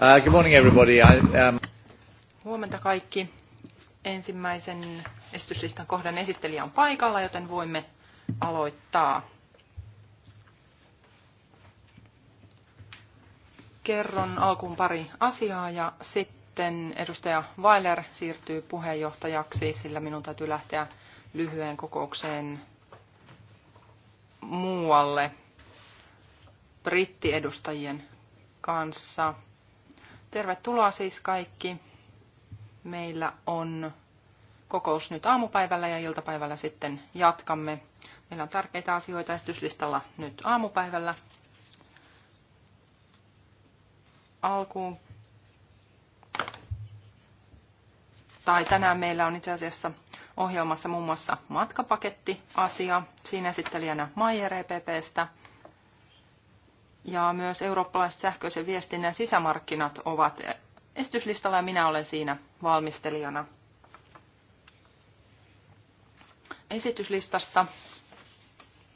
Uh, good morning everybody. I, um... Huomenta kaikki. Ensimmäisen esityslistan kohdan esittelijä on paikalla, joten voimme aloittaa. Kerron alkuun pari asiaa ja sitten edustaja Weiler siirtyy puheenjohtajaksi, sillä minun täytyy lähteä lyhyen kokoukseen muualle brittiedustajien kanssa. Tervetuloa siis kaikki. Meillä on kokous nyt aamupäivällä ja iltapäivällä sitten jatkamme. Meillä on tärkeitä asioita esityslistalla nyt aamupäivällä. Alkuun. Tai tänään meillä on itse asiassa ohjelmassa muun muassa matkapakettiasia. Siinä esittelijänä Maija EPPstä ja myös eurooppalaiset sähköisen viestinnän sisämarkkinat ovat esityslistalla ja minä olen siinä valmistelijana. Esityslistasta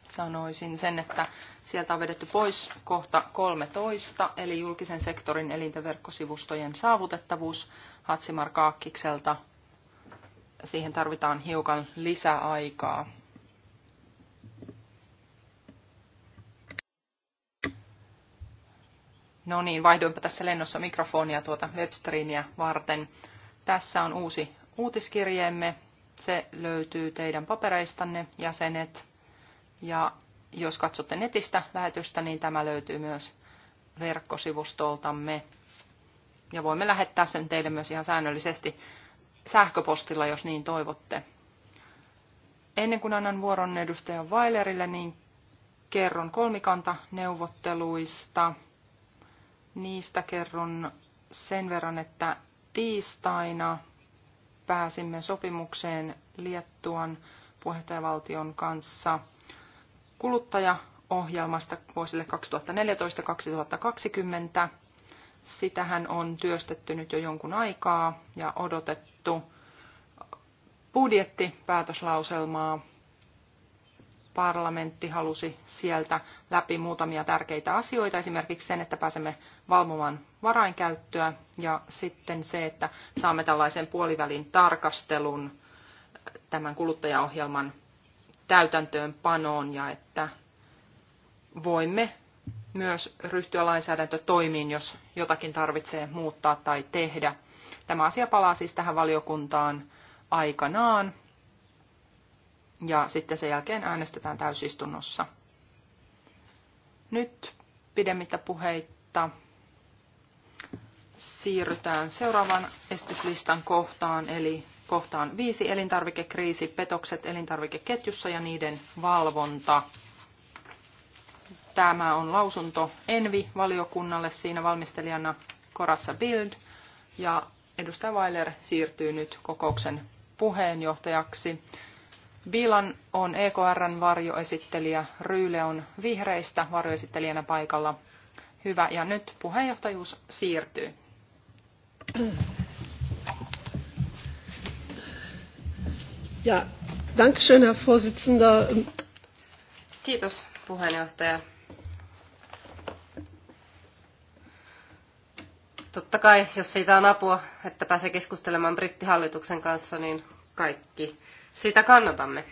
sanoisin sen, että sieltä on vedetty pois kohta 13, eli julkisen sektorin elintäverkkosivustojen saavutettavuus Hatsimar Kaakkikselta. Siihen tarvitaan hiukan lisäaikaa. No niin, vaihdoinpa tässä lennossa mikrofonia tuota webstreamia varten. Tässä on uusi uutiskirjeemme. Se löytyy teidän papereistanne, jäsenet. Ja jos katsotte netistä lähetystä, niin tämä löytyy myös verkkosivustoltamme. Ja voimme lähettää sen teille myös ihan säännöllisesti sähköpostilla, jos niin toivotte. Ennen kuin annan vuoron edustajan Vailerille, niin kerron kolmikanta neuvotteluista. Niistä kerron sen verran, että tiistaina pääsimme sopimukseen Liettuan puheenjohtajavaltion kanssa kuluttajaohjelmasta vuosille 2014-2020. Sitähän on työstetty nyt jo jonkun aikaa ja odotettu budjettipäätöslauselmaa parlamentti halusi sieltä läpi muutamia tärkeitä asioita, esimerkiksi sen, että pääsemme valvomaan varainkäyttöä ja sitten se, että saamme tällaisen puolivälin tarkastelun äh, tämän kuluttajaohjelman täytäntöönpanoon ja että voimme myös ryhtyä lainsäädäntötoimiin, jos jotakin tarvitsee muuttaa tai tehdä. Tämä asia palaa siis tähän valiokuntaan aikanaan ja sitten sen jälkeen äänestetään täysistunnossa. Nyt pidemmittä puheitta siirrytään seuraavan esityslistan kohtaan, eli kohtaan viisi elintarvikekriisi, petokset elintarvikeketjussa ja niiden valvonta. Tämä on lausunto Envi-valiokunnalle, siinä valmistelijana Koratsa Bild ja edustaja Weiler siirtyy nyt kokouksen puheenjohtajaksi. Bilan on EKRn varjoesittelijä, Ryyle on vihreistä varjoesittelijänä paikalla. Hyvä, ja nyt puheenjohtajuus siirtyy. Ja, Dankeschön, Herr Vorsitzender. Kiitos, puheenjohtaja. Totta kai, jos siitä on apua, että pääsee keskustelemaan brittihallituksen kanssa, niin kaikki sitä kannatamme.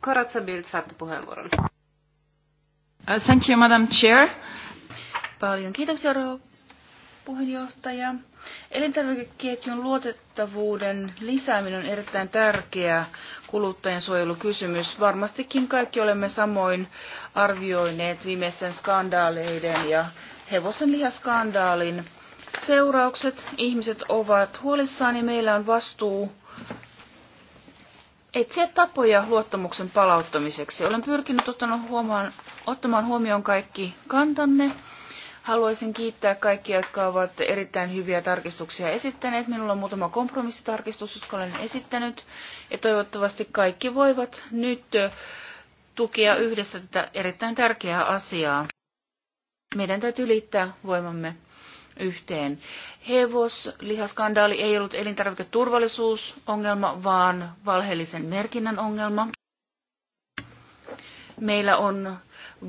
Koratsa Bild, saatte puheenvuoron. Uh, thank you, Madam Chair. Paljon kiitoksia, rouva puheenjohtaja. Elintarvikeketjun luotettavuuden lisääminen on erittäin tärkeä suojelukysymys. Varmastikin kaikki olemme samoin arvioineet viimeisten skandaaleiden ja hevosen lihaskandaalin seuraukset. Ihmiset ovat huolissaan ja meillä on vastuu etsiä tapoja luottamuksen palauttamiseksi. Olen pyrkinyt ottanut huomaan, ottamaan huomioon kaikki kantanne. Haluaisin kiittää kaikkia, jotka ovat erittäin hyviä tarkistuksia esittäneet. Minulla on muutama kompromissitarkistus, jotka olen esittänyt. Ja toivottavasti kaikki voivat nyt tukea yhdessä tätä erittäin tärkeää asiaa. Meidän täytyy liittää voimamme yhteen. Hevoslihaskandaali ei ollut elintarviketurvallisuusongelma, vaan valheellisen merkinnän ongelma. Meillä on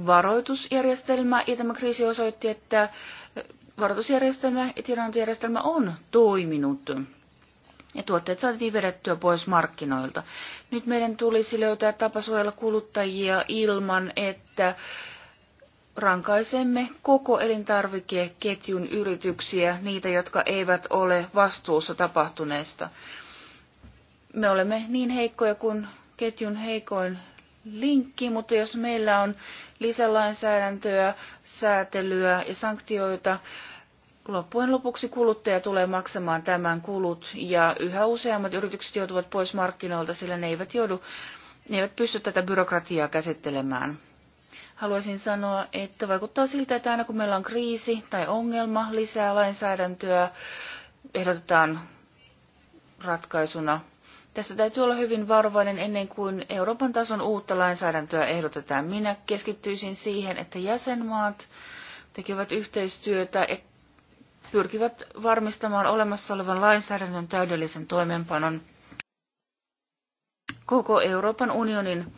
varoitusjärjestelmä ja tämä kriisi osoitti, että varoitusjärjestelmä ja tiedonantojärjestelmä on toiminut. Ja tuotteet saatiin vedettyä pois markkinoilta. Nyt meidän tulisi löytää tapa suojella kuluttajia ilman, että rankaisemme koko elintarvikeketjun yrityksiä, niitä, jotka eivät ole vastuussa tapahtuneesta. Me olemme niin heikkoja kuin ketjun heikoin linkki, mutta jos meillä on lisälainsäädäntöä, säätelyä ja sanktioita, loppujen lopuksi kuluttaja tulee maksamaan tämän kulut ja yhä useammat yritykset joutuvat pois markkinoilta, sillä ne eivät joudu, ne eivät pysty tätä byrokratiaa käsittelemään haluaisin sanoa, että vaikuttaa siltä, että aina kun meillä on kriisi tai ongelma, lisää lainsäädäntöä ehdotetaan ratkaisuna. Tässä täytyy olla hyvin varovainen ennen kuin Euroopan tason uutta lainsäädäntöä ehdotetaan. Minä keskittyisin siihen, että jäsenmaat tekevät yhteistyötä ja pyrkivät varmistamaan olemassa olevan lainsäädännön täydellisen toimeenpanon koko Euroopan unionin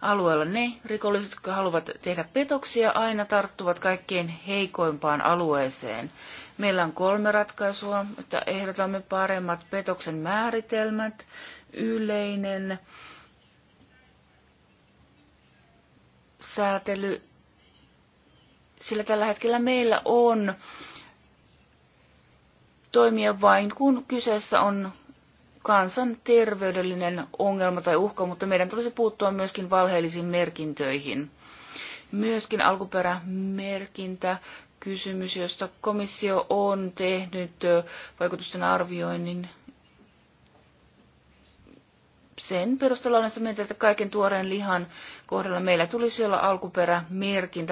alueella ne rikolliset, jotka haluavat tehdä petoksia, aina tarttuvat kaikkein heikoimpaan alueeseen. Meillä on kolme ratkaisua, että ehdotamme paremmat petoksen määritelmät, yleinen säätely, sillä tällä hetkellä meillä on toimia vain, kun kyseessä on kansan terveydellinen ongelma tai uhka, mutta meidän tulisi puuttua myöskin valheellisiin merkintöihin. Myöskin alkuperämerkintä, kysymys, josta komissio on tehnyt vaikutusten arvioinnin. Sen perusteella olen sitä mieltä, että kaiken tuoreen lihan kohdalla meillä tulisi olla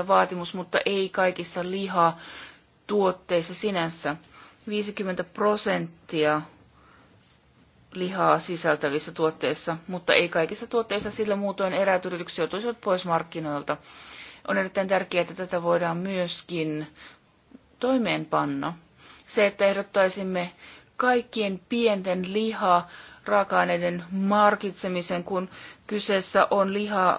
vaatimus, mutta ei kaikissa liha tuotteissa sinänsä. 50 prosenttia lihaa sisältävissä tuotteissa, mutta ei kaikissa tuotteissa, sillä muutoin eräät yritykset joutuisivat pois markkinoilta. On erittäin tärkeää, että tätä voidaan myöskin toimeenpanna. Se, että ehdottaisimme kaikkien pienten liha raaka-aineiden markitsemisen, kun kyseessä on liha,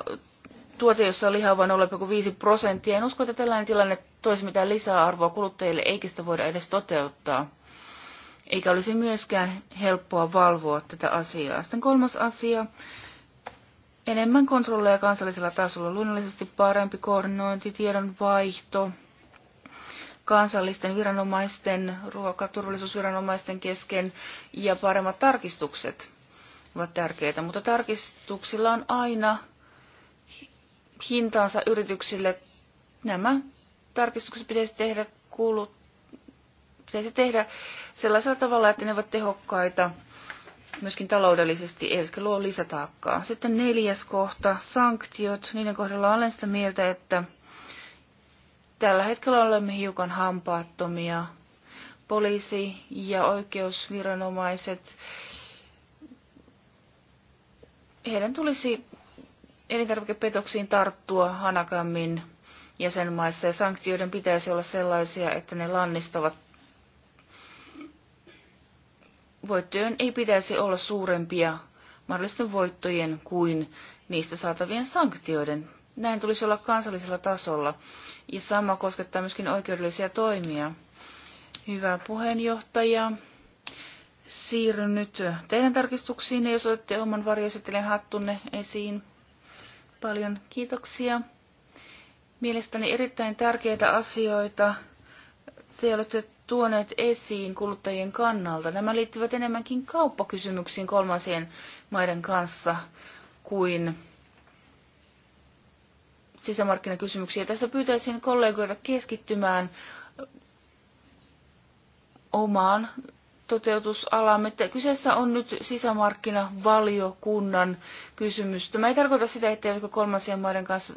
tuote, jossa on lihaa vain 0,5 prosenttia. En usko, että tällainen tilanne toisi mitään lisäarvoa kuluttajille, eikä sitä voida edes toteuttaa eikä olisi myöskään helppoa valvoa tätä asiaa. Sitten kolmas asia, enemmän kontrolleja kansallisella tasolla, luonnollisesti parempi koordinointi, tiedonvaihto, kansallisten viranomaisten, ruokaturvallisuusviranomaisten kesken ja paremmat tarkistukset ovat tärkeitä, mutta tarkistuksilla on aina hintaansa yrityksille. Nämä tarkistukset pitäisi tehdä kulut pitäisi tehdä sellaisella tavalla, että ne ovat tehokkaita myöskin taloudellisesti, eivätkä luo lisätaakkaa. Sitten neljäs kohta, sanktiot. Niiden kohdalla olen sitä mieltä, että tällä hetkellä olemme hiukan hampaattomia. Poliisi ja oikeusviranomaiset, heidän tulisi elintarvikepetoksiin tarttua hanakammin jäsenmaissa ja sanktioiden pitäisi olla sellaisia, että ne lannistavat voittojen ei pitäisi olla suurempia mahdollisten voittojen kuin niistä saatavien sanktioiden. Näin tulisi olla kansallisella tasolla. Ja sama koskettaa myöskin oikeudellisia toimia. Hyvä puheenjohtaja. Siirryn nyt teidän tarkistuksiin, jos olette oman varjoesittelijän hattunne esiin. Paljon kiitoksia. Mielestäni erittäin tärkeitä asioita. Te olette tuoneet esiin kuluttajien kannalta. Nämä liittyvät enemmänkin kauppakysymyksiin kolmansien maiden kanssa kuin sisämarkkinakysymyksiä. Tässä pyytäisin kollegoita keskittymään omaan toteutusalamme. Kyseessä on nyt sisämarkkinavaliokunnan kysymys. Tämä ei tarkoita sitä, etteivätkö kolmansien maiden kanssa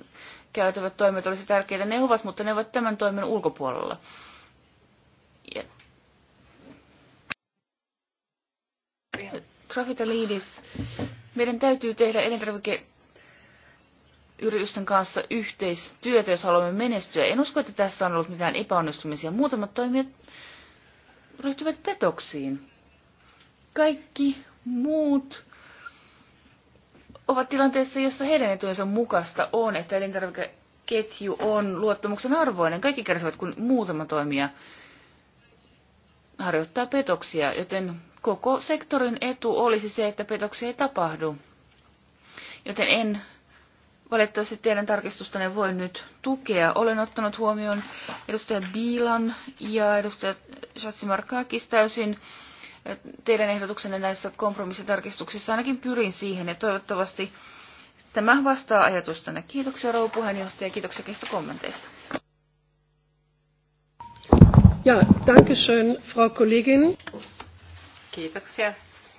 käytävät toimet olisi tärkeitä. Ne ovat, mutta ne ovat tämän toimen ulkopuolella. Trafitaliidis, meidän täytyy tehdä elintarvikeyritysten kanssa yhteistyötä, jos haluamme menestyä. En usko, että tässä on ollut mitään epäonnistumisia. Muutamat toimijat ryhtyvät petoksiin. Kaikki muut ovat tilanteessa, jossa heidän etujensa mukaista on, että elintarvikeketju on luottamuksen arvoinen. Kaikki kärsivät, kun muutama toimija harjoittaa petoksia, joten koko sektorin etu olisi se, että petoksia ei tapahdu. Joten en valitettavasti teidän tarkistustanne voi nyt tukea. Olen ottanut huomioon edustaja Biilan ja edustaja Shatsimarkakis täysin teidän ehdotuksenne näissä kompromissitarkistuksissa. Ainakin pyrin siihen ja toivottavasti tämä vastaa ajatustanne. Kiitoksia rouva puheenjohtaja ja kiitoksia kestä kommenteista. Ja, danke schön, Frau Kollegin. Kiitoksia,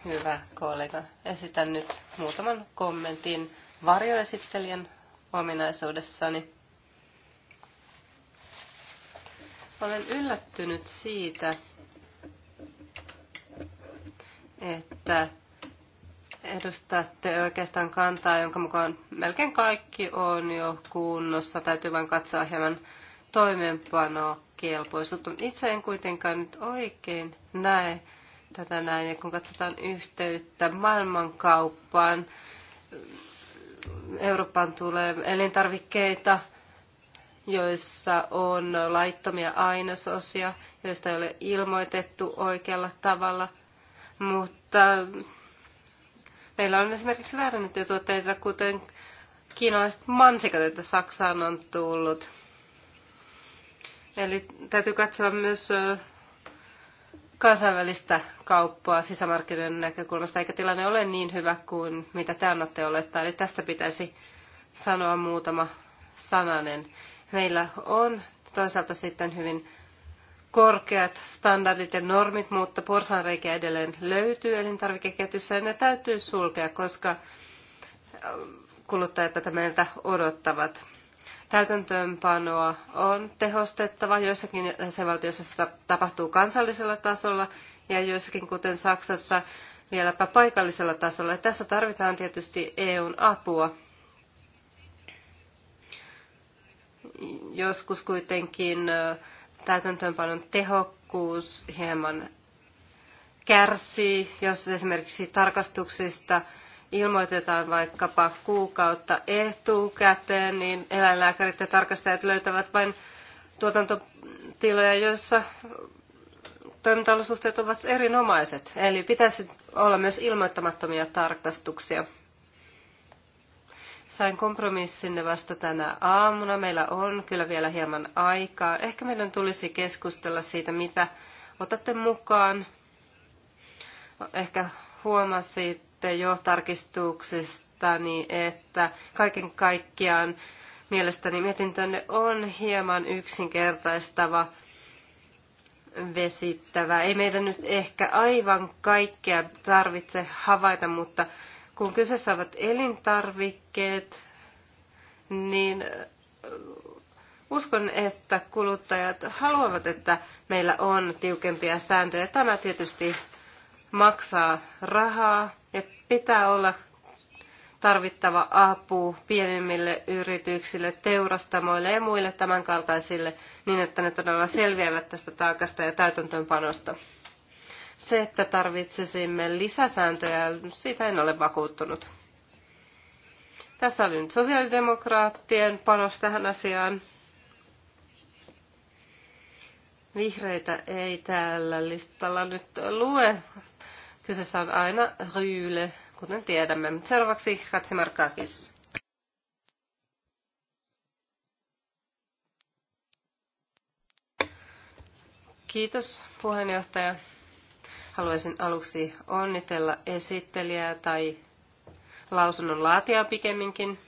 hyvä kollega. Esitän nyt muutaman kommentin varjoesittelijän ominaisuudessani. Olen yllättynyt siitä, että edustatte oikeastaan kantaa, jonka mukaan melkein kaikki on jo kunnossa. Täytyy vain katsoa hieman toimeenpanoa kelpoisuutta. Itse en kuitenkaan nyt oikein näe, tätä näin. Ja kun katsotaan yhteyttä maailmankauppaan, Eurooppaan tulee elintarvikkeita, joissa on laittomia ainesosia, joista ei ole ilmoitettu oikealla tavalla. Mutta meillä on esimerkiksi väärännettyjä tuotteita, kuten kiinalaiset mansikat, joita Saksaan on tullut. Eli täytyy katsoa myös kansainvälistä kauppaa sisämarkkinoiden näkökulmasta, eikä tilanne ole niin hyvä kuin mitä te annatte olettaa. Eli tästä pitäisi sanoa muutama sananen. Meillä on toisaalta sitten hyvin korkeat standardit ja normit, mutta porsaanreikä edelleen löytyy elintarvikeketjussa ja ne täytyy sulkea, koska kuluttajat tätä meiltä odottavat. Täytäntöönpanoa on tehostettava. Joissakin jäsenvaltioissa se tapahtuu kansallisella tasolla ja joissakin, kuten Saksassa, vieläpä paikallisella tasolla. Ja tässä tarvitaan tietysti EUn apua. Joskus kuitenkin täytäntöönpanon tehokkuus hieman kärsii, jos esimerkiksi tarkastuksista – ilmoitetaan vaikkapa kuukautta etukäteen, niin eläinlääkärit ja tarkastajat löytävät vain tuotantotiloja, joissa toimintaolosuhteet ovat erinomaiset. Eli pitäisi olla myös ilmoittamattomia tarkastuksia. Sain kompromissinne vasta tänä aamuna. Meillä on kyllä vielä hieman aikaa. Ehkä meidän tulisi keskustella siitä, mitä otatte mukaan. Ehkä huomasit, sitten jo tarkistuksestani, että kaiken kaikkiaan mielestäni mietintönne on hieman yksinkertaistava vesittävä. Ei meidän nyt ehkä aivan kaikkea tarvitse havaita, mutta kun kyseessä ovat elintarvikkeet, niin äh, uskon, että kuluttajat haluavat, että meillä on tiukempia sääntöjä. Tämä tietysti maksaa rahaa ja pitää olla tarvittava apu pienemmille yrityksille, teurastamoille ja muille tämänkaltaisille niin, että ne todella selviävät tästä taakasta ja täytäntöönpanosta. Se, että tarvitsisimme lisäsääntöjä, siitä en ole vakuuttunut. Tässä oli nyt sosiaalidemokraattien panos tähän asiaan. Vihreitä ei täällä listalla nyt lue, Kyseessä on aina ryyle, kuten tiedämme. Seuraavaksi Katsimarkakis. Kiitos puheenjohtaja. Haluaisin aluksi onnitella esittelijää tai lausunnon laatijaa pikemminkin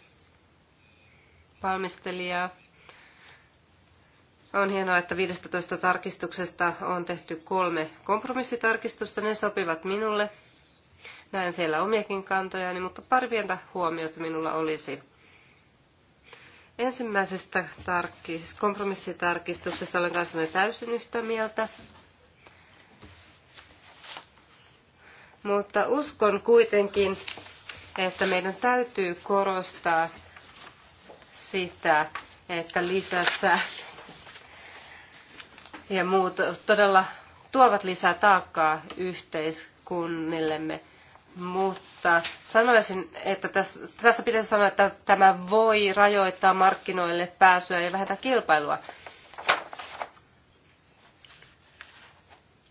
valmistelijaa on hienoa, että 15 tarkistuksesta on tehty kolme kompromissitarkistusta. Ne sopivat minulle. Näen siellä omiakin kantojani, mutta pari pientä huomiota minulla olisi. Ensimmäisestä tarkis, kompromissitarkistuksesta olen kanssanne täysin yhtä mieltä. Mutta uskon kuitenkin, että meidän täytyy korostaa sitä, että lisäsäännöt ja muut todella tuovat lisää taakkaa yhteiskunnillemme. Mutta sanoisin, että tässä, tässä pitäisi sanoa, että tämä voi rajoittaa markkinoille pääsyä ja vähentää kilpailua.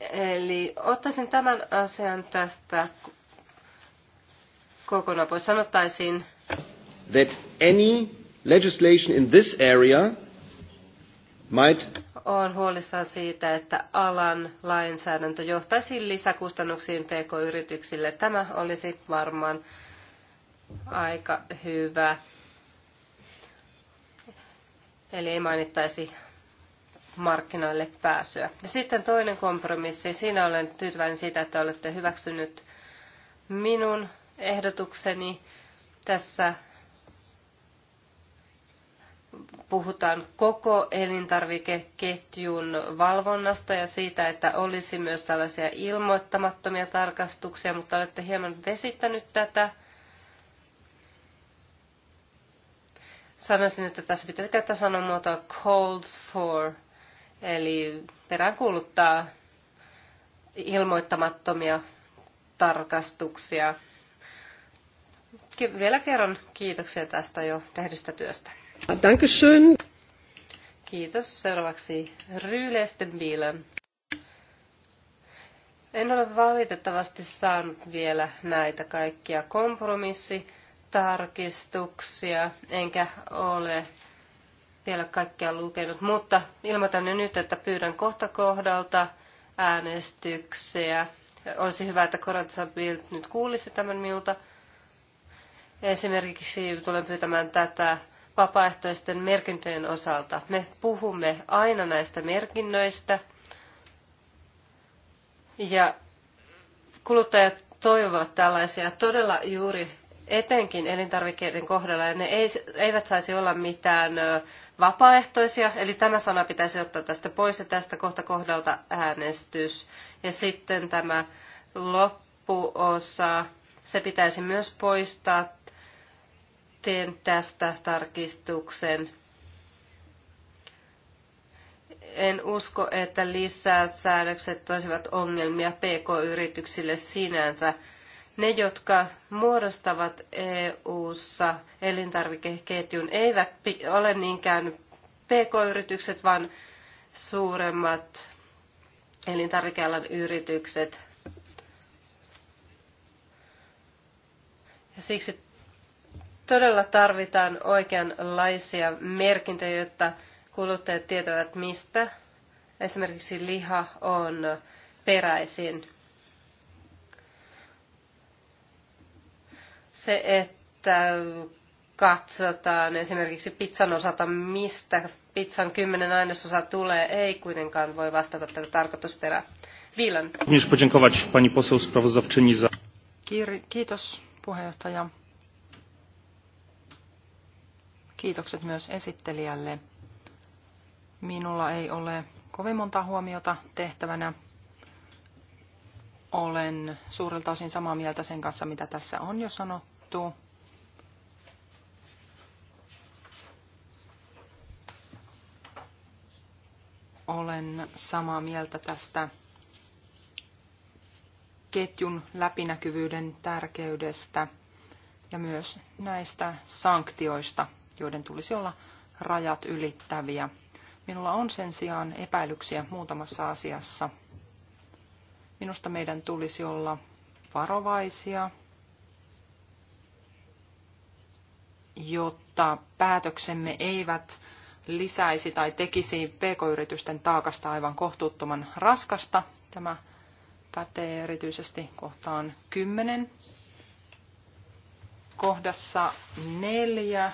Eli ottaisin tämän asian tästä kokonaan pois. Sanottaisiin, that any legislation in this area might on huolissaan siitä, että alan lainsäädäntö johtaisi lisäkustannuksiin pk-yrityksille. Tämä olisi varmaan aika hyvä. Eli ei mainittaisi markkinoille pääsyä. Ja sitten toinen kompromissi. Siinä olen tyytyväinen siitä, että olette hyväksynyt minun ehdotukseni. Tässä puhutaan koko elintarvikeketjun valvonnasta ja siitä, että olisi myös tällaisia ilmoittamattomia tarkastuksia, mutta olette hieman vesittänyt tätä. Sanoisin, että tässä pitäisi käyttää sanamuotoa calls for, eli peräänkuuluttaa ilmoittamattomia tarkastuksia. Vielä kerran kiitoksia tästä jo tehdystä työstä. Ah, Kiitos. Seuraavaksi Ryle En ole valitettavasti saanut vielä näitä kaikkia kompromissitarkistuksia, enkä ole vielä kaikkia lukenut, mutta ilmoitan jo nyt, että pyydän kohta kohdalta äänestyksiä. Olisi hyvä, että Koratsa Bild nyt kuulisi tämän minulta. Esimerkiksi tulen pyytämään tätä vapaaehtoisten merkintöjen osalta. Me puhumme aina näistä merkinnöistä ja kuluttajat toivovat tällaisia todella juuri etenkin elintarvikkeiden kohdalla, ja ne eivät saisi olla mitään vapaaehtoisia, eli tämä sana pitäisi ottaa tästä pois ja tästä kohta kohdalta äänestys. Ja sitten tämä loppuosa, se pitäisi myös poistaa teen tästä tarkistuksen. En usko, että lisää säädökset toisivat ongelmia pk-yrityksille sinänsä. Ne, jotka muodostavat EU-ssa elintarvikeketjun, eivät ole niinkään pk-yritykset, vaan suuremmat elintarvikealan yritykset. Ja siksi todella tarvitaan oikeanlaisia merkintöjä, jotta kuluttajat tietävät, mistä esimerkiksi liha on peräisin. Se, että katsotaan esimerkiksi pizzan osalta, mistä pizzan kymmenen ainesosa tulee, ei kuitenkaan voi vastata tätä tarkoitusperää. Viilan. Kiitos puheenjohtaja. Kiitokset myös esittelijälle. Minulla ei ole kovin monta huomiota tehtävänä. Olen suurelta osin samaa mieltä sen kanssa, mitä tässä on jo sanottu. Olen samaa mieltä tästä ketjun läpinäkyvyyden tärkeydestä ja myös näistä sanktioista, joiden tulisi olla rajat ylittäviä. Minulla on sen sijaan epäilyksiä muutamassa asiassa. Minusta meidän tulisi olla varovaisia, jotta päätöksemme eivät lisäisi tai tekisi pk-yritysten taakasta aivan kohtuuttoman raskasta. Tämä pätee erityisesti kohtaan 10. Kohdassa 4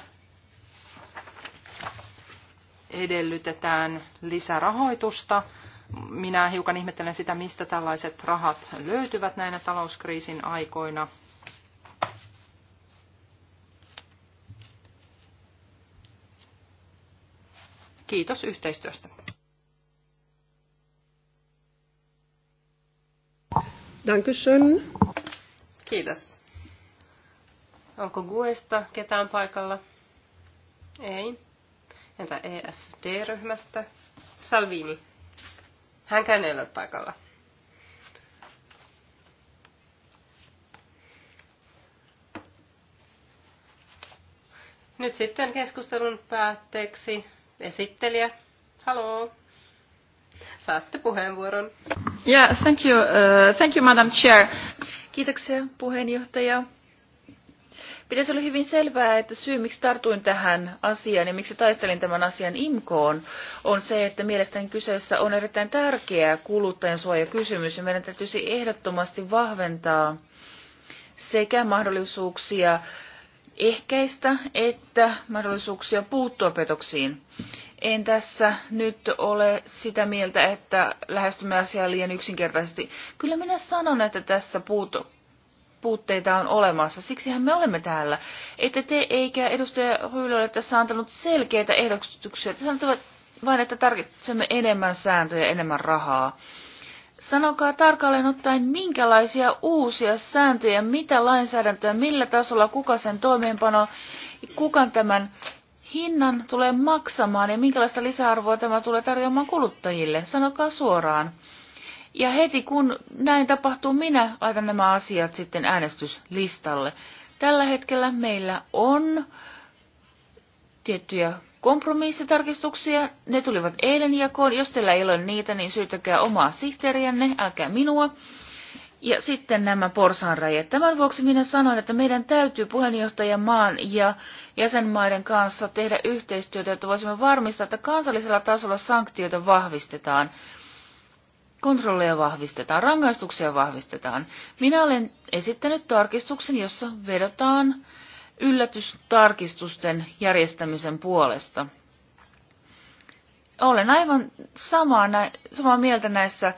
edellytetään lisärahoitusta. Minä hiukan ihmettelen sitä, mistä tällaiset rahat löytyvät näinä talouskriisin aikoina. Kiitos yhteistyöstä. Dankeschön. Kiitos. Onko Guesta ketään paikalla? Ei. Entä EFD-ryhmästä? Salvini. hän ei ole paikalla. Nyt sitten keskustelun päätteeksi esittelijä. Haloo. Saatte puheenvuoron. Yeah, thank you, uh, thank you, Madam Chair. Kiitoksia puheenjohtaja. Pitäisi olla hyvin selvää, että syy, miksi tartuin tähän asiaan ja miksi taistelin tämän asian imkoon, on se, että mielestäni kyseessä on erittäin tärkeä kuluttajansuojakysymys ja meidän täytyisi ehdottomasti vahventaa sekä mahdollisuuksia ehkäistä että mahdollisuuksia puuttua petoksiin. En tässä nyt ole sitä mieltä, että lähestymme asiaa liian yksinkertaisesti. Kyllä minä sanon, että tässä puutto puutteita on olemassa. Siksihän me olemme täällä. Että te eikä edustaja Hyyli ole tässä antanut selkeitä ehdotuksia. Te sanotte vain, että tarvitsemme enemmän sääntöjä, enemmän rahaa. Sanokaa tarkalleen ottaen, minkälaisia uusia sääntöjä, mitä lainsäädäntöä, millä tasolla, kuka sen toimeenpano, kuka tämän hinnan tulee maksamaan ja minkälaista lisäarvoa tämä tulee tarjoamaan kuluttajille. Sanokaa suoraan. Ja heti kun näin tapahtuu, minä laitan nämä asiat sitten äänestyslistalle. Tällä hetkellä meillä on tiettyjä kompromissitarkistuksia. Ne tulivat eilen jakoon. Jos teillä ei ole niitä, niin syytäkää omaa sihteeriänne, älkää minua. Ja sitten nämä porsaanrajat. Tämän vuoksi minä sanoin, että meidän täytyy maan ja jäsenmaiden kanssa tehdä yhteistyötä, että voisimme varmistaa, että kansallisella tasolla sanktioita vahvistetaan – kontrolleja vahvistetaan, rangaistuksia vahvistetaan. Minä olen esittänyt tarkistuksen, jossa vedotaan yllätystarkistusten järjestämisen puolesta. Olen aivan samaa, samaa mieltä näissä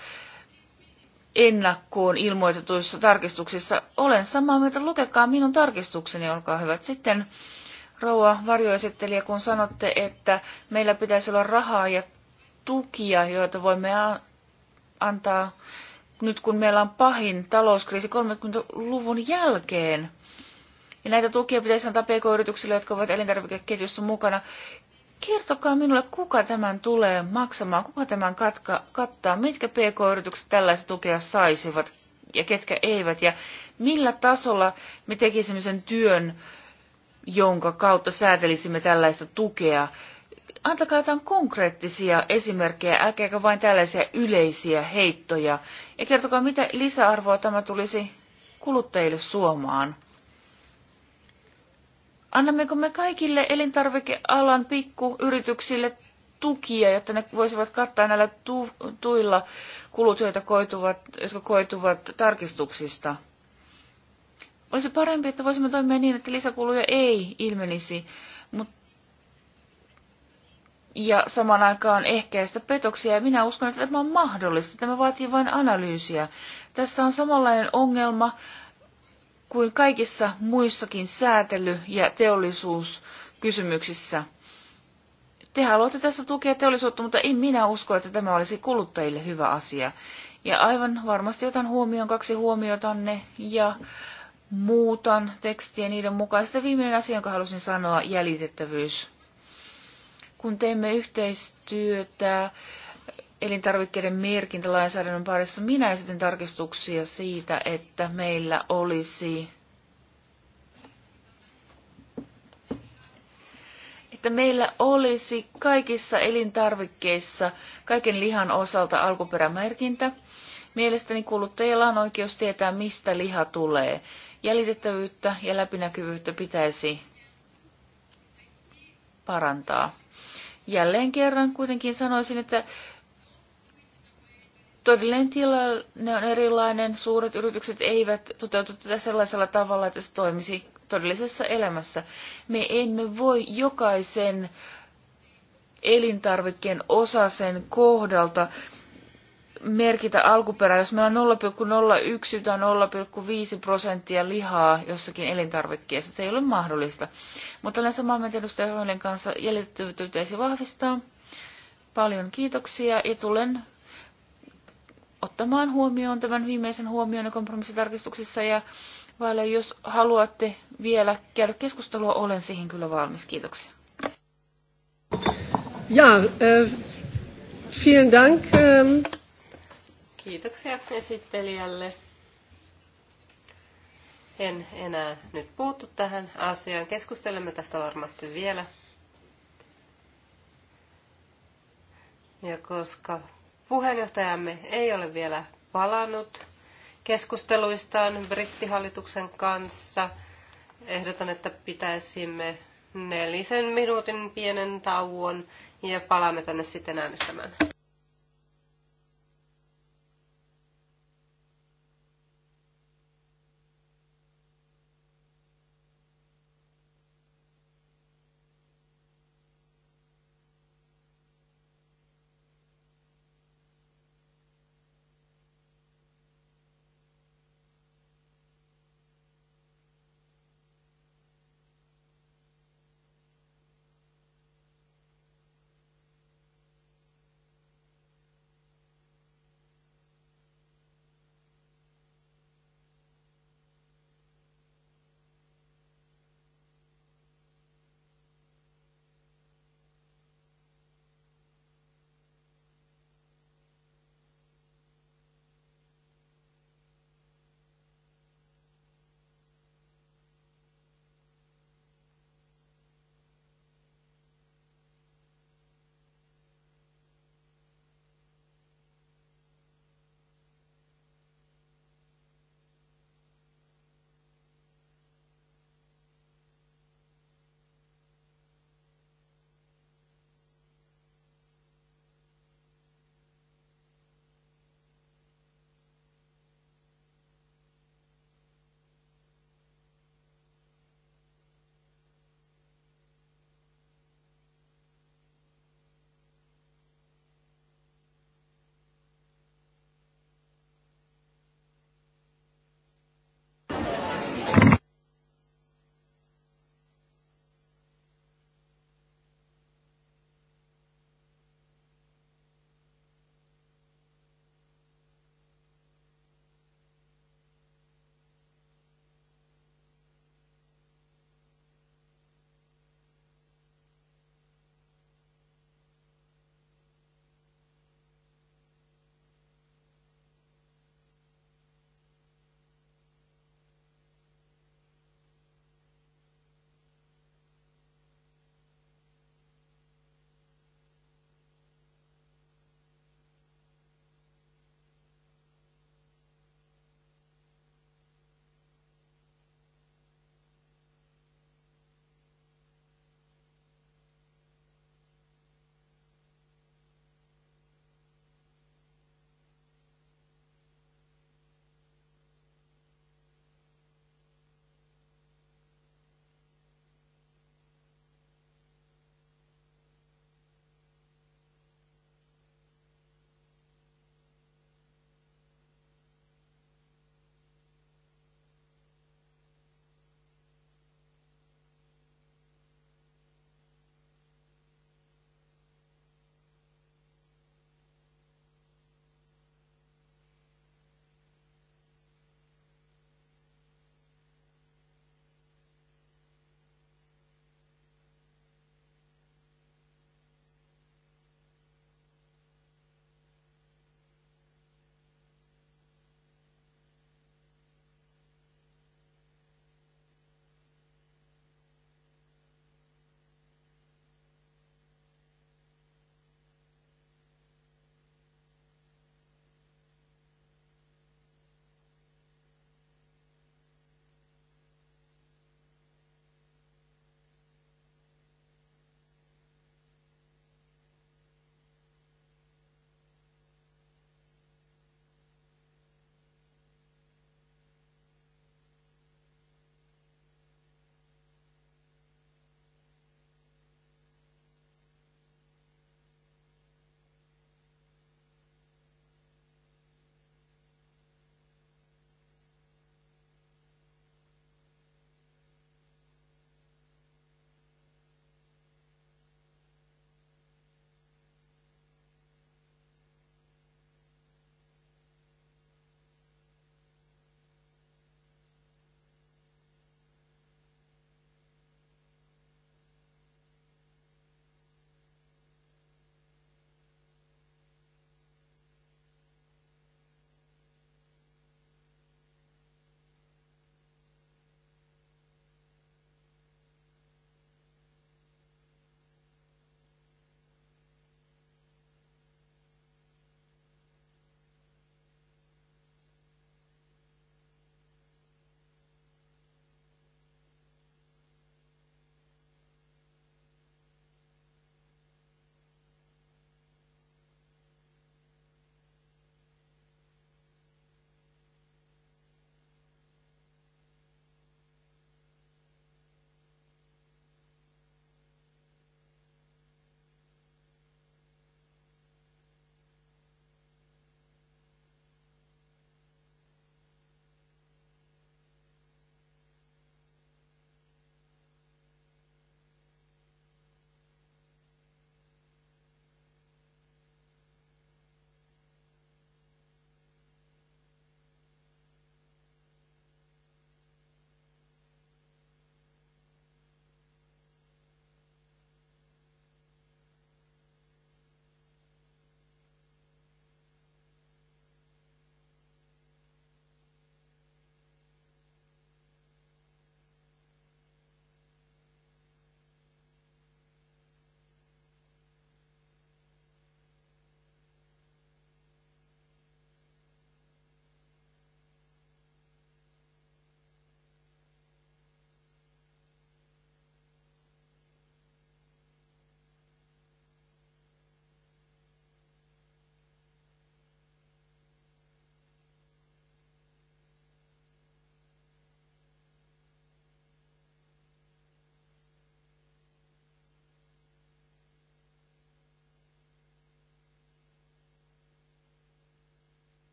ennakkoon ilmoitetuissa tarkistuksissa. Olen samaa mieltä, lukekaa minun tarkistukseni, olkaa hyvät. Sitten rouva varjoesittelijä, kun sanotte, että meillä pitäisi olla rahaa ja tukia, joita voimme antaa nyt kun meillä on pahin talouskriisi 30-luvun jälkeen. Ja näitä tukia pitäisi antaa pk-yrityksille, jotka ovat elintarvikeketjussa mukana. Kertokaa minulle, kuka tämän tulee maksamaan, kuka tämän katka, kattaa, mitkä pk-yritykset tällaista tukea saisivat ja ketkä eivät, ja millä tasolla me tekisimme sen työn, jonka kautta säätelisimme tällaista tukea antakaa jotain konkreettisia esimerkkejä, älkääkä vain tällaisia yleisiä heittoja. Ja kertokaa, mitä lisäarvoa tämä tulisi kuluttajille suomaan. Annammeko me kaikille elintarvikealan pikkuyrityksille tukia, jotta ne voisivat kattaa näillä tu- tuilla kulut, joita koituvat, jotka koituvat tarkistuksista? Olisi parempi, että voisimme toimia niin, että lisäkuluja ei ilmenisi, mutta ja saman aikaan ehkäistä petoksia. Ja minä uskon, että tämä on mahdollista. Tämä vaatii vain analyysiä. Tässä on samanlainen ongelma kuin kaikissa muissakin säätely- ja teollisuuskysymyksissä. Te haluatte tässä tukea teollisuutta, mutta en minä usko, että tämä olisi kuluttajille hyvä asia. Ja aivan varmasti otan huomioon kaksi huomiotanne ja muutan tekstiä niiden mukaisesti. Viimeinen asia, jonka halusin sanoa, jäljitettävyys kun teimme yhteistyötä elintarvikkeiden merkintälainsäädännön parissa, minä esitin tarkistuksia siitä, että meillä olisi että meillä olisi kaikissa elintarvikkeissa kaiken lihan osalta alkuperämerkintä. Mielestäni kuluttajilla on oikeus tietää, mistä liha tulee. Jäljitettävyyttä ja läpinäkyvyyttä pitäisi parantaa. Jälleen kerran kuitenkin sanoisin, että todellinen tilanne on erilainen. Suuret yritykset eivät toteutu tätä sellaisella tavalla, että se toimisi todellisessa elämässä. Me emme voi jokaisen elintarvikkeen osasen kohdalta merkitä alkuperää. Jos meillä on 0,01 tai 0,5 prosenttia lihaa jossakin elintarvikkeessa, se ei ole mahdollista. Mutta olen samaa mieltä edustaja Hoilen kanssa. Jäljitettävyyttä vahvistaa. Paljon kiitoksia ja tulen ottamaan huomioon tämän viimeisen huomioon ja kompromissitarkistuksissa. Ja vaille, jos haluatte vielä käydä keskustelua, olen siihen kyllä valmis. Kiitoksia. Ja, äh, vielen dank. Ähm. Kiitoksia esittelijälle. En enää nyt puuttu tähän asiaan. Keskustelemme tästä varmasti vielä. Ja koska puheenjohtajamme ei ole vielä palannut keskusteluistaan brittihallituksen kanssa, ehdotan, että pitäisimme nelisen minuutin pienen tauon ja palaamme tänne sitten äänestämään.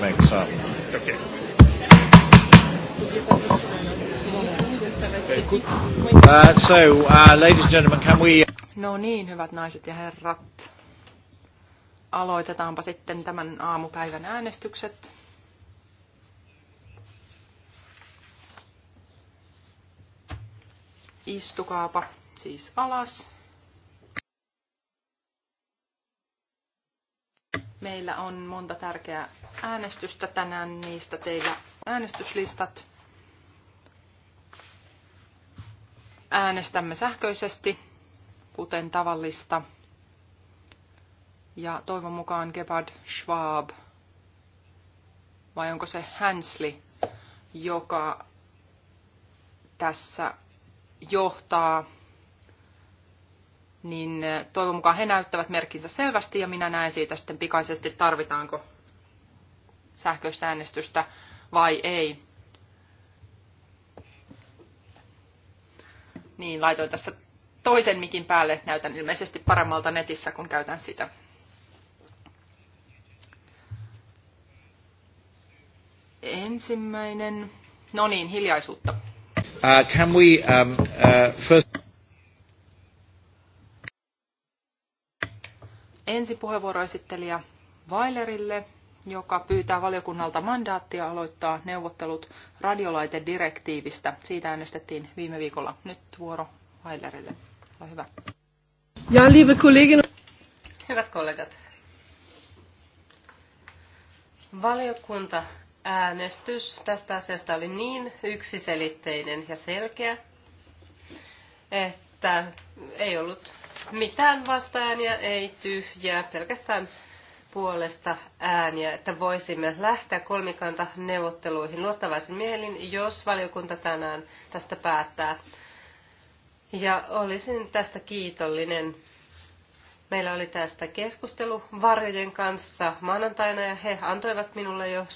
make some. Okay. Uh, so, uh, ladies and gentlemen, can we... No niin, hyvät naiset ja herrat. Aloitetaanpa sitten tämän aamupäivän äänestykset. Istukaapa siis alas. Meillä on monta tärkeää äänestystä tänään, niistä teillä äänestyslistat. Äänestämme sähköisesti, kuten tavallista. Ja toivon mukaan Gebhard Schwab, vai onko se Hansli, joka tässä johtaa niin toivon mukaan he näyttävät merkinsä selvästi ja minä näen siitä sitten pikaisesti, tarvitaanko sähköistä äänestystä vai ei. Niin, laitoin tässä toisen mikin päälle. Näytän ilmeisesti paremmalta netissä, kun käytän sitä. Ensimmäinen. No niin, hiljaisuutta. Uh, can we, um, uh, first... ensi puheenvuoroesittelijä Weilerille, joka pyytää valiokunnalta mandaattia aloittaa neuvottelut radiolaitedirektiivistä. Siitä äänestettiin viime viikolla. Nyt vuoro Weilerille. Ole hyvä. Ja, liebe Kollegin. Hyvät kollegat. Valiokunta äänestys tästä asiasta oli niin yksiselitteinen ja selkeä, että ei ollut mitään vastaääniä, ei tyhjää, pelkästään puolesta ääniä, että voisimme lähteä kolmikanta neuvotteluihin luottavaisin mielin, jos valiokunta tänään tästä päättää. Ja olisin tästä kiitollinen. Meillä oli tästä keskustelu varjojen kanssa maanantaina ja he antoivat minulle jo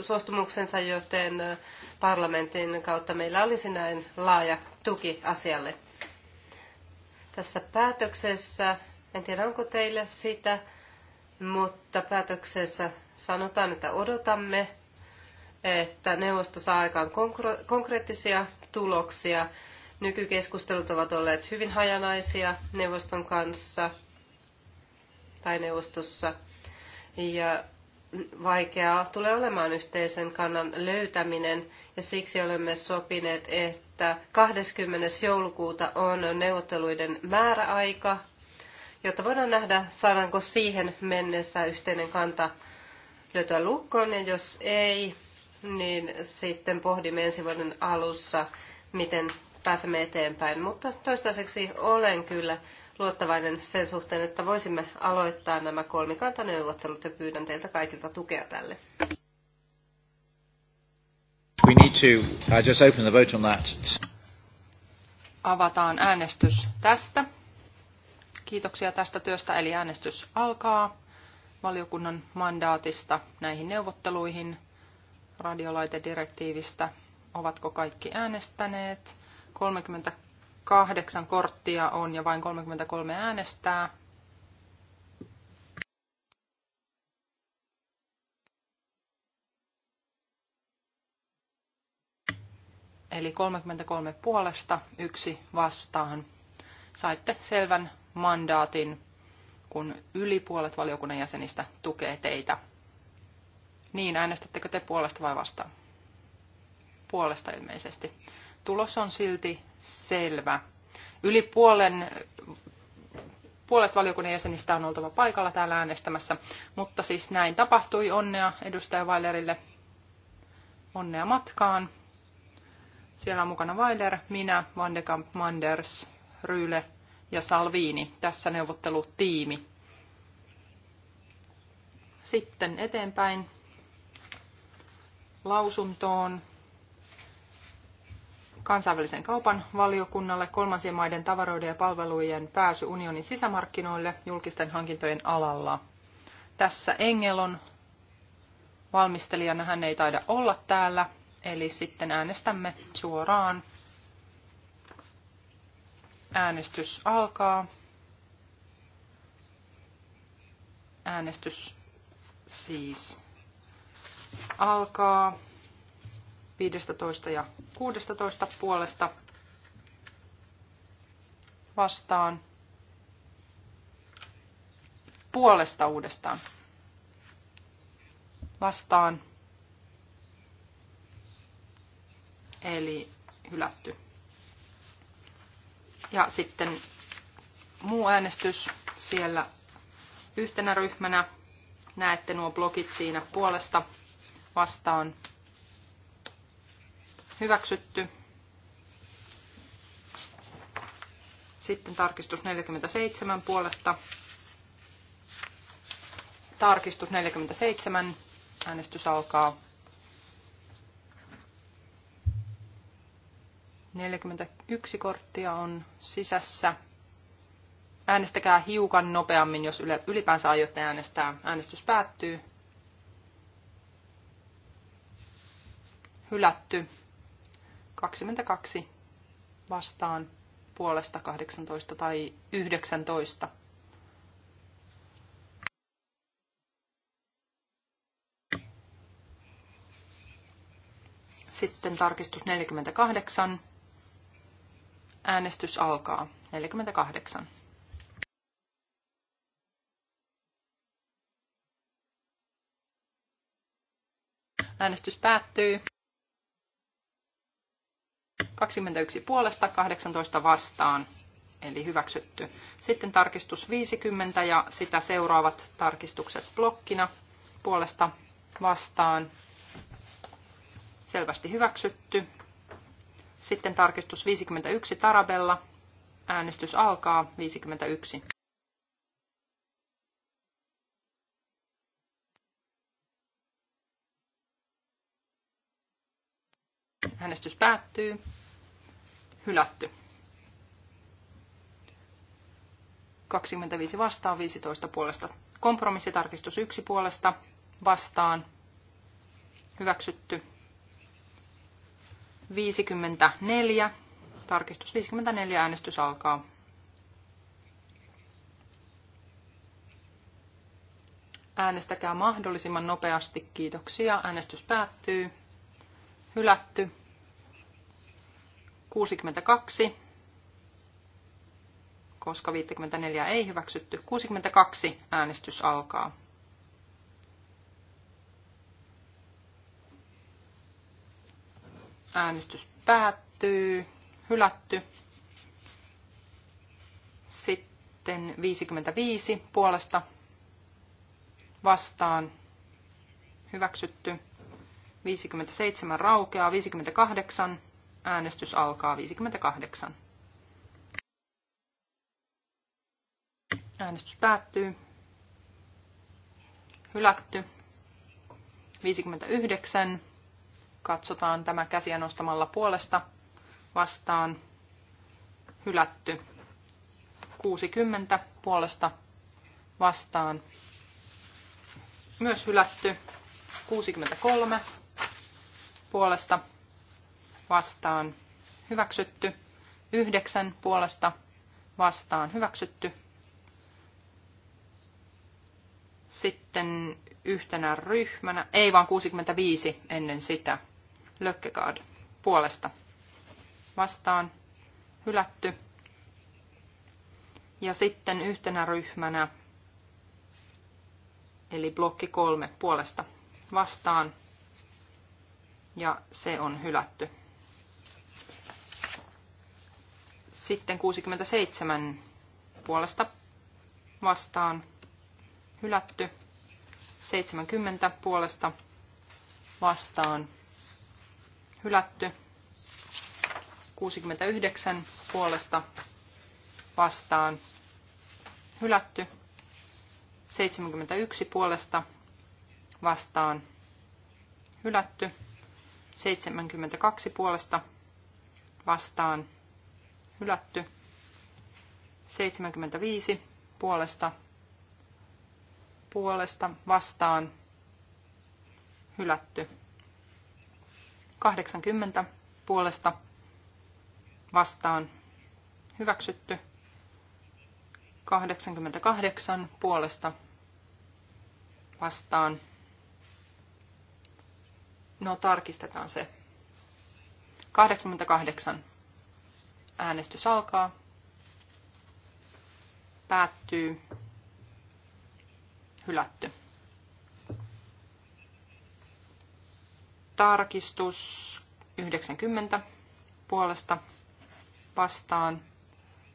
suostumuksensa, joten äh, parlamentin kautta meillä olisi näin laaja tuki asialle tässä päätöksessä, en tiedä onko teille sitä, mutta päätöksessä sanotaan, että odotamme, että neuvosto saa aikaan konkreettisia tuloksia. Nykykeskustelut ovat olleet hyvin hajanaisia neuvoston kanssa tai neuvostossa. Ja vaikeaa tulee olemaan yhteisen kannan löytäminen ja siksi olemme sopineet, että 20. joulukuuta on neuvotteluiden määräaika, jotta voidaan nähdä, saadaanko siihen mennessä yhteinen kanta löytyä lukkoon ja jos ei, niin sitten pohdimme ensi vuoden alussa, miten pääsemme eteenpäin. Mutta toistaiseksi olen kyllä luottavainen sen suhteen, että voisimme aloittaa nämä kolmikantaneuvottelut ja pyydän teiltä kaikilta tukea tälle. We need to uh, just open the vote on that. Avataan äänestys tästä. Kiitoksia tästä työstä, eli äänestys alkaa valiokunnan mandaatista näihin neuvotteluihin radiolaitedirektiivistä. Ovatko kaikki äänestäneet? 30 Kahdeksan korttia on ja vain 33 äänestää. Eli 33 puolesta, yksi vastaan. Saitte selvän mandaatin, kun yli puolet valiokunnan jäsenistä tukee teitä. Niin, äänestättekö te puolesta vai vastaan? Puolesta ilmeisesti tulos on silti selvä. Yli puolen, puolet valiokunnan jäsenistä on oltava paikalla täällä äänestämässä, mutta siis näin tapahtui. Onnea edustaja Weilerille. Onnea matkaan. Siellä on mukana Weiler, minä, Van de Kamp, Manders, Ryyle ja Salviini. Tässä neuvottelutiimi. Sitten eteenpäin lausuntoon kansainvälisen kaupan valiokunnalle kolmansien maiden tavaroiden ja palvelujen pääsy unionin sisämarkkinoille julkisten hankintojen alalla. Tässä Engel on valmistelijana, hän ei taida olla täällä, eli sitten äänestämme suoraan. Äänestys alkaa. Äänestys siis alkaa. 15 ja 16 puolesta vastaan puolesta uudestaan vastaan eli hylätty. Ja sitten muu äänestys siellä yhtenä ryhmänä. Näette nuo blogit siinä puolesta vastaan Hyväksytty. Sitten tarkistus 47 puolesta. Tarkistus 47. Äänestys alkaa. 41 korttia on sisässä. Äänestäkää hiukan nopeammin, jos ylipäänsä aiotte äänestää. Äänestys päättyy. Hylätty. 22 vastaan puolesta 18 tai 19. Sitten tarkistus 48. Äänestys alkaa. 48. Äänestys päättyy. 21 puolesta, 18 vastaan, eli hyväksytty. Sitten tarkistus 50 ja sitä seuraavat tarkistukset blokkina puolesta vastaan, selvästi hyväksytty. Sitten tarkistus 51 Tarabella, äänestys alkaa 51. Äänestys päättyy hylätty. 25 vastaan, 15 puolesta. Kompromissitarkistus 1 puolesta vastaan. Hyväksytty. 54. Tarkistus 54. Äänestys alkaa. Äänestäkää mahdollisimman nopeasti. Kiitoksia. Äänestys päättyy. Hylätty. 62, koska 54 ei hyväksytty. 62 äänestys alkaa. Äänestys päättyy. Hylätty. Sitten 55 puolesta vastaan hyväksytty. 57 raukeaa. 58 Äänestys alkaa 58. Äänestys päättyy. Hylätty. 59. Katsotaan tämä käsiä nostamalla puolesta vastaan. Hylätty. 60 puolesta vastaan. Myös hylätty. 63 puolesta vastaan hyväksytty. Yhdeksän puolesta vastaan hyväksytty. Sitten yhtenä ryhmänä, ei vaan 65 ennen sitä, Lökkegaard puolesta vastaan hylätty. Ja sitten yhtenä ryhmänä, eli blokki kolme puolesta vastaan, ja se on hylätty. Sitten 67 puolesta vastaan hylätty. 70 puolesta vastaan hylätty. 69 puolesta vastaan hylätty. 71 puolesta vastaan hylätty. 72 puolesta vastaan hylätty hylätty. 75 puolesta, puolesta vastaan hylätty. 80 puolesta vastaan hyväksytty. 88 puolesta vastaan. No tarkistetaan se. 88 Äänestys alkaa. Päättyy. Hylätty. Tarkistus 90 puolesta vastaan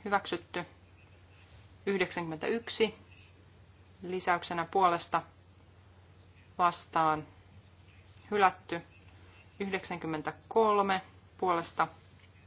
hyväksytty 91 lisäyksenä puolesta vastaan hylätty 93 puolesta vastaan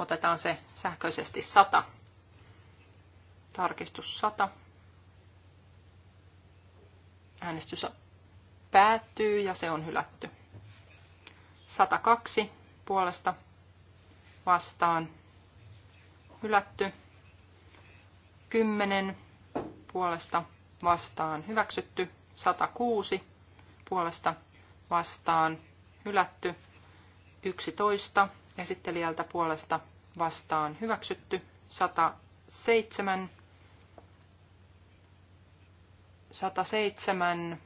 Otetaan se sähköisesti 100. Tarkistus 100. Äänestys päättyy ja se on hylätty. 102 puolesta vastaan hylätty. 10 puolesta vastaan hyväksytty. 106 puolesta vastaan hylätty. 11 esittelijältä puolesta vastaan hyväksytty. 107. 107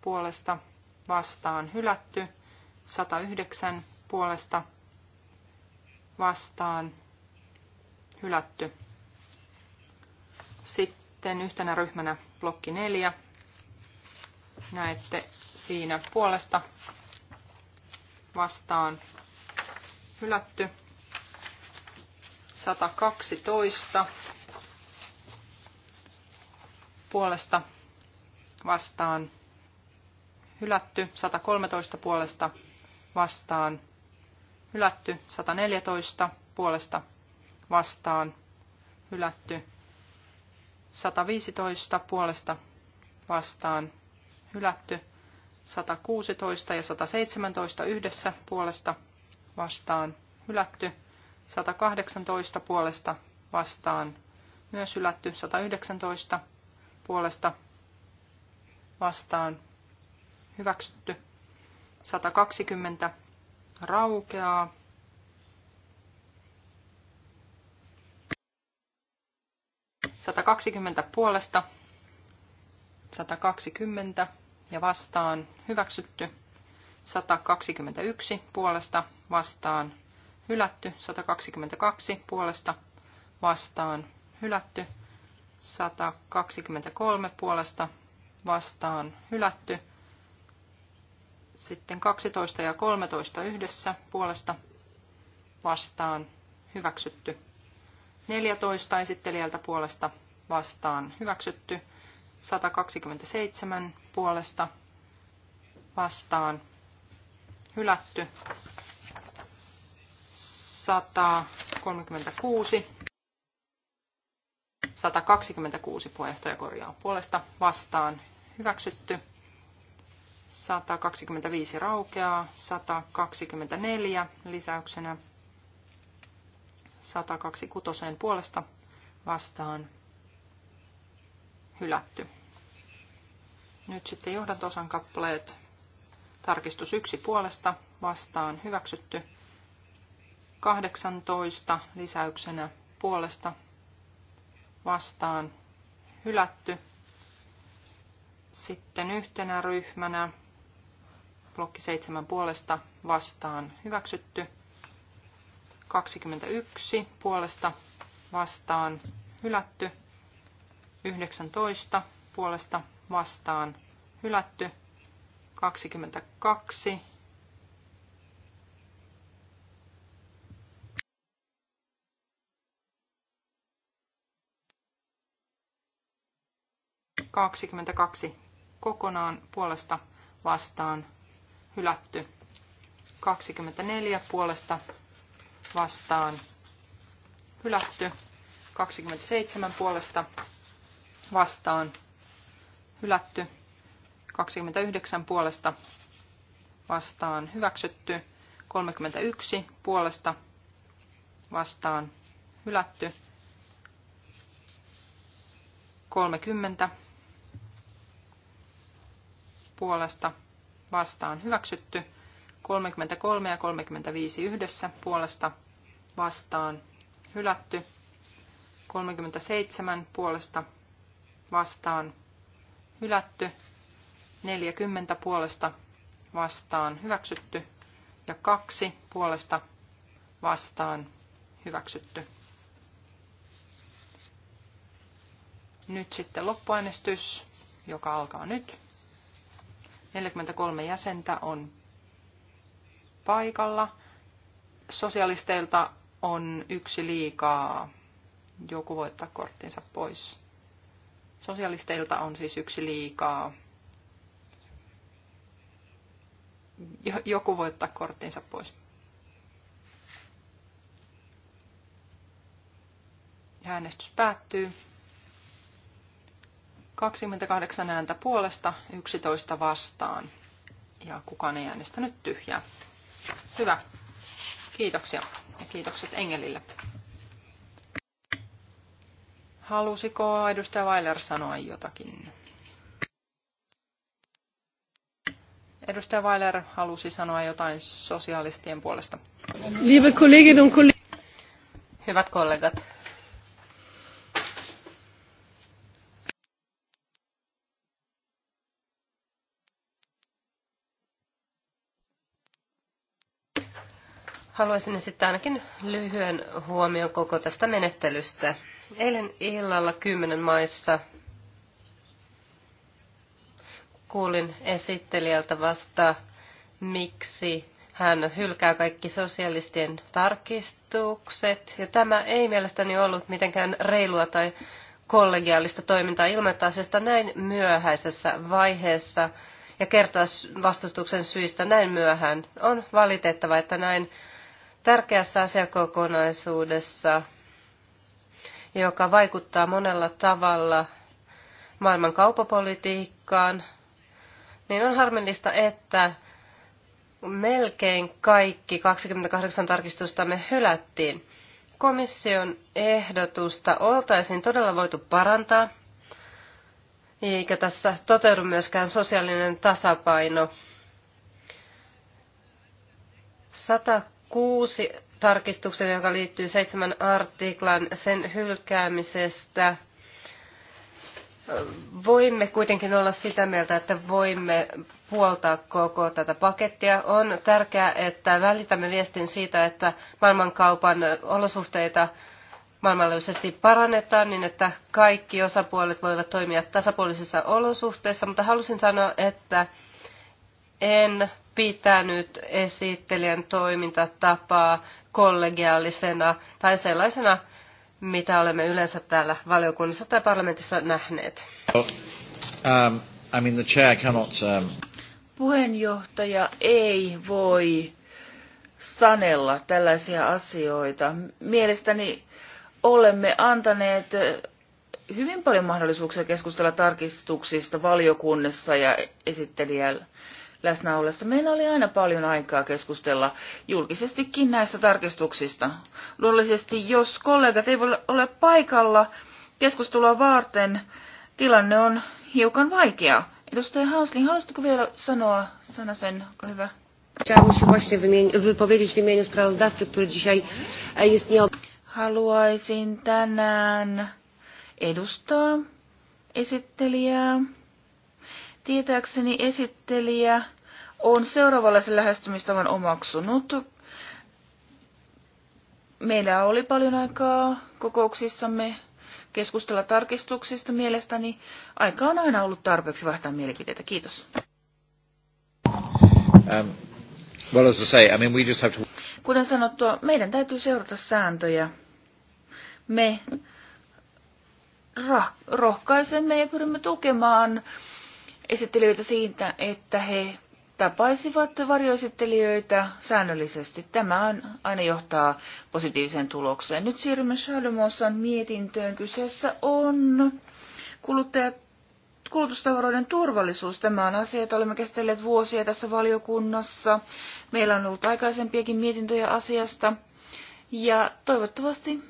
puolesta vastaan hylätty. 109 puolesta vastaan hylätty. Sitten yhtenä ryhmänä blokki 4. Näette siinä puolesta vastaan hylätty. 112 puolesta vastaan hylätty, 113 puolesta vastaan hylätty, 114 puolesta vastaan hylätty, 115 puolesta vastaan hylätty, 116 ja 117 yhdessä puolesta vastaan hylätty, 118 puolesta vastaan myös hylätty. 119 puolesta vastaan hyväksytty. 120 raukeaa. kaksikymmentä puolesta, kaksikymmentä ja vastaan hyväksytty, yksi puolesta vastaan hylätty, 122 puolesta vastaan hylätty, 123 puolesta vastaan hylätty, sitten 12 ja 13 yhdessä puolesta vastaan hyväksytty, 14 esittelijältä puolesta vastaan hyväksytty, 127 puolesta vastaan hylätty, 136. 126 puheenjohtaja korjaa puolesta vastaan hyväksytty. 125 raukeaa, 124 lisäyksenä 126 puolesta vastaan hylätty. Nyt sitten johdantosan kappaleet. Tarkistus 1 puolesta vastaan hyväksytty. 18 lisäyksenä puolesta vastaan hylätty. Sitten yhtenä ryhmänä blokki 7 puolesta vastaan hyväksytty. 21 puolesta vastaan hylätty. 19 puolesta vastaan hylätty. 22 22 kokonaan puolesta vastaan hylätty. 24 puolesta vastaan hylätty. 27 puolesta vastaan hylätty. 29 puolesta vastaan hyväksytty. 31 puolesta vastaan hylätty. 30 puolesta vastaan hyväksytty. 33 ja 35 yhdessä puolesta vastaan hylätty. 37 puolesta vastaan hylätty. 40 puolesta vastaan hyväksytty ja 2 puolesta vastaan hyväksytty. Nyt sitten loppuäänestys, joka alkaa nyt. 43 jäsentä on paikalla. Sosialisteilta on yksi liikaa. Joku voi ottaa korttinsa pois. Sosialisteilta on siis yksi liikaa. Joku voi ottaa korttinsa pois. Äänestys päättyy. 28 ääntä puolesta, 11 vastaan. Ja kukaan ei äänestänyt tyhjää. Hyvä. Kiitoksia. Ja kiitokset Engelille. Halusiko edustaja Weiler sanoa jotakin? Edustaja Weiler halusi sanoa jotain sosialistien puolesta. Liebe Kolleginnen und Kollegen. Hyvät kollegat, Haluaisin esittää ainakin lyhyen huomion koko tästä menettelystä. Eilen illalla kymmenen maissa kuulin esittelijältä vasta, miksi hän hylkää kaikki sosialistien tarkistukset. Ja tämä ei mielestäni ollut mitenkään reilua tai kollegiaalista toimintaa ilmoittaa asiasta näin myöhäisessä vaiheessa ja kertoa vastustuksen syistä näin myöhään. On valitettava, että näin tärkeässä asiakokonaisuudessa, joka vaikuttaa monella tavalla maailman kaupapolitiikkaan, niin on harmillista, että melkein kaikki 28 tarkistustamme hylättiin. Komission ehdotusta oltaisiin todella voitu parantaa, eikä tässä toteudu myöskään sosiaalinen tasapaino. 100 kuusi tarkistuksen, joka liittyy seitsemän artiklan sen hylkäämisestä. Voimme kuitenkin olla sitä mieltä, että voimme puoltaa koko tätä pakettia. On tärkeää, että välitämme viestin siitä, että maailmankaupan olosuhteita maailmanlaajuisesti parannetaan niin, että kaikki osapuolet voivat toimia tasapuolisissa olosuhteissa, mutta halusin sanoa, että en pitänyt esittelijän toimintatapaa kollegiaalisena tai sellaisena, mitä olemme yleensä täällä valiokunnassa tai parlamentissa nähneet. Oh, um, I mean the chair cannot, um... Puheenjohtaja ei voi sanella tällaisia asioita. Mielestäni olemme antaneet hyvin paljon mahdollisuuksia keskustella tarkistuksista valiokunnassa ja esittelijällä läsnä ollessa. Meillä oli aina paljon aikaa keskustella julkisestikin näistä tarkistuksista. Luonnollisesti, jos kollegat eivät ole paikalla keskustelua varten, tilanne on hiukan vaikea. Edustaja Hausling, haluaisitko vielä sanoa sana sen, onko hyvä? E, Haluaisin tänään edustaa esittelijää. Tietääkseni esittelijä on seuraavanlaisen lähestymistavan omaksunut. Meillä oli paljon aikaa kokouksissamme keskustella tarkistuksista mielestäni. Aika on aina ollut tarpeeksi vaihtaa mielipiteitä. Kiitos. Um, well, as I say, I mean, we just have to... Kuten sanottua, meidän täytyy seurata sääntöjä. Me rohkaisemme ja pyrimme tukemaan esittelijöitä siitä, että he tapaisivat varjoesittelijöitä säännöllisesti. Tämä aina johtaa positiiviseen tulokseen. Nyt siirrymme Shadomosan mietintöön. Kyseessä on kuluttajat kulutustavaroiden turvallisuus. Tämä on asia, jota olemme käsitelleet vuosia tässä valiokunnassa. Meillä on ollut aikaisempiakin mietintöjä asiasta. Ja toivottavasti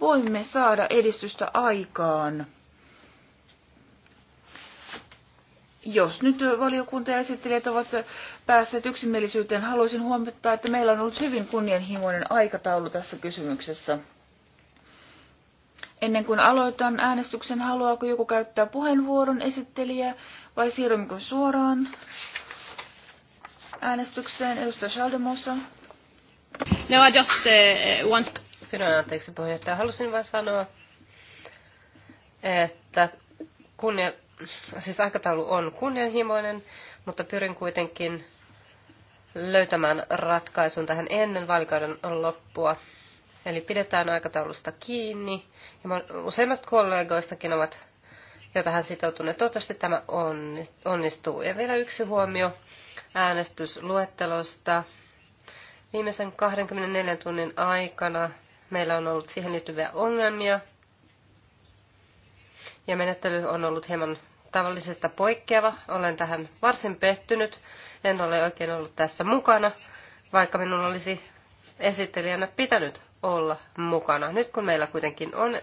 voimme saada edistystä aikaan jos nyt valiokunta ja esittelijät ovat päässeet yksimielisyyteen, haluaisin huomittaa, että meillä on ollut hyvin kunnianhimoinen aikataulu tässä kysymyksessä. Ennen kuin aloitan äänestyksen, haluaako joku käyttää puheenvuoron esittelijä vai siirrymmekö suoraan äänestykseen? Edustaja Schaldemossa. No, I just uh, want... Pyydän anteeksi puheenjohtaja. Halusin vain sanoa, että kunnia siis aikataulu on kunnianhimoinen, mutta pyrin kuitenkin löytämään ratkaisun tähän ennen vaalikauden loppua. Eli pidetään aikataulusta kiinni. Ja useimmat kollegoistakin ovat jo tähän sitoutuneet. Toivottavasti tämä onnistuu. Ja vielä yksi huomio äänestysluettelosta. Viimeisen 24 tunnin aikana meillä on ollut siihen liittyviä ongelmia – ja menettely on ollut hieman tavallisesta poikkeava. Olen tähän varsin pettynyt. En ole oikein ollut tässä mukana, vaikka minun olisi esittelijänä pitänyt olla mukana. Nyt kun meillä kuitenkin on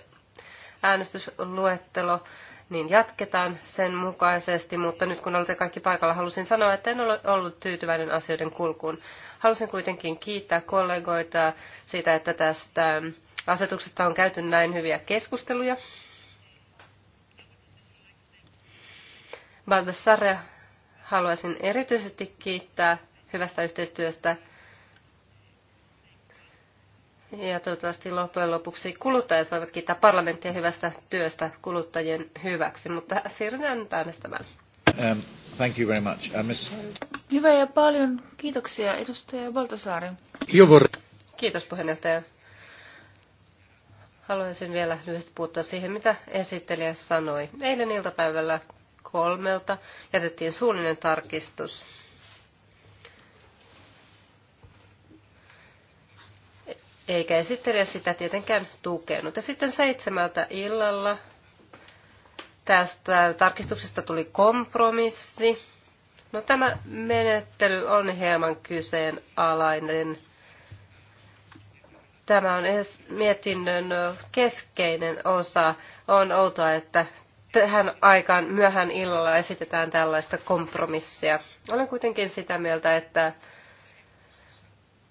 äänestysluettelo, niin jatketaan sen mukaisesti, mutta nyt kun olette kaikki paikalla, halusin sanoa, että en ole ollut tyytyväinen asioiden kulkuun. Halusin kuitenkin kiittää kollegoita siitä, että tästä asetuksesta on käyty näin hyviä keskusteluja. Baldassare haluaisin erityisesti kiittää hyvästä yhteistyöstä. Ja toivottavasti loppujen lopuksi kuluttajat voivat kiittää parlamenttia hyvästä työstä kuluttajien hyväksi, mutta siirrytään nyt äänestämään. Um, thank you very much. Uh, miss... Hyvä ja paljon kiitoksia edustaja Valtasaari. Kiitos puheenjohtaja. Haluaisin vielä lyhyesti puuttua siihen, mitä esittelijä sanoi. Eilen iltapäivällä kolmelta jätettiin suullinen tarkistus. Eikä esittelijä sitä tietenkään tukenut. Ja sitten seitsemältä illalla tästä tarkistuksesta tuli kompromissi. No tämä menettely on hieman kyseenalainen. Tämä on mietinnön keskeinen osa. On outoa, että tähän aikaan myöhään illalla esitetään tällaista kompromissia. Olen kuitenkin sitä mieltä, että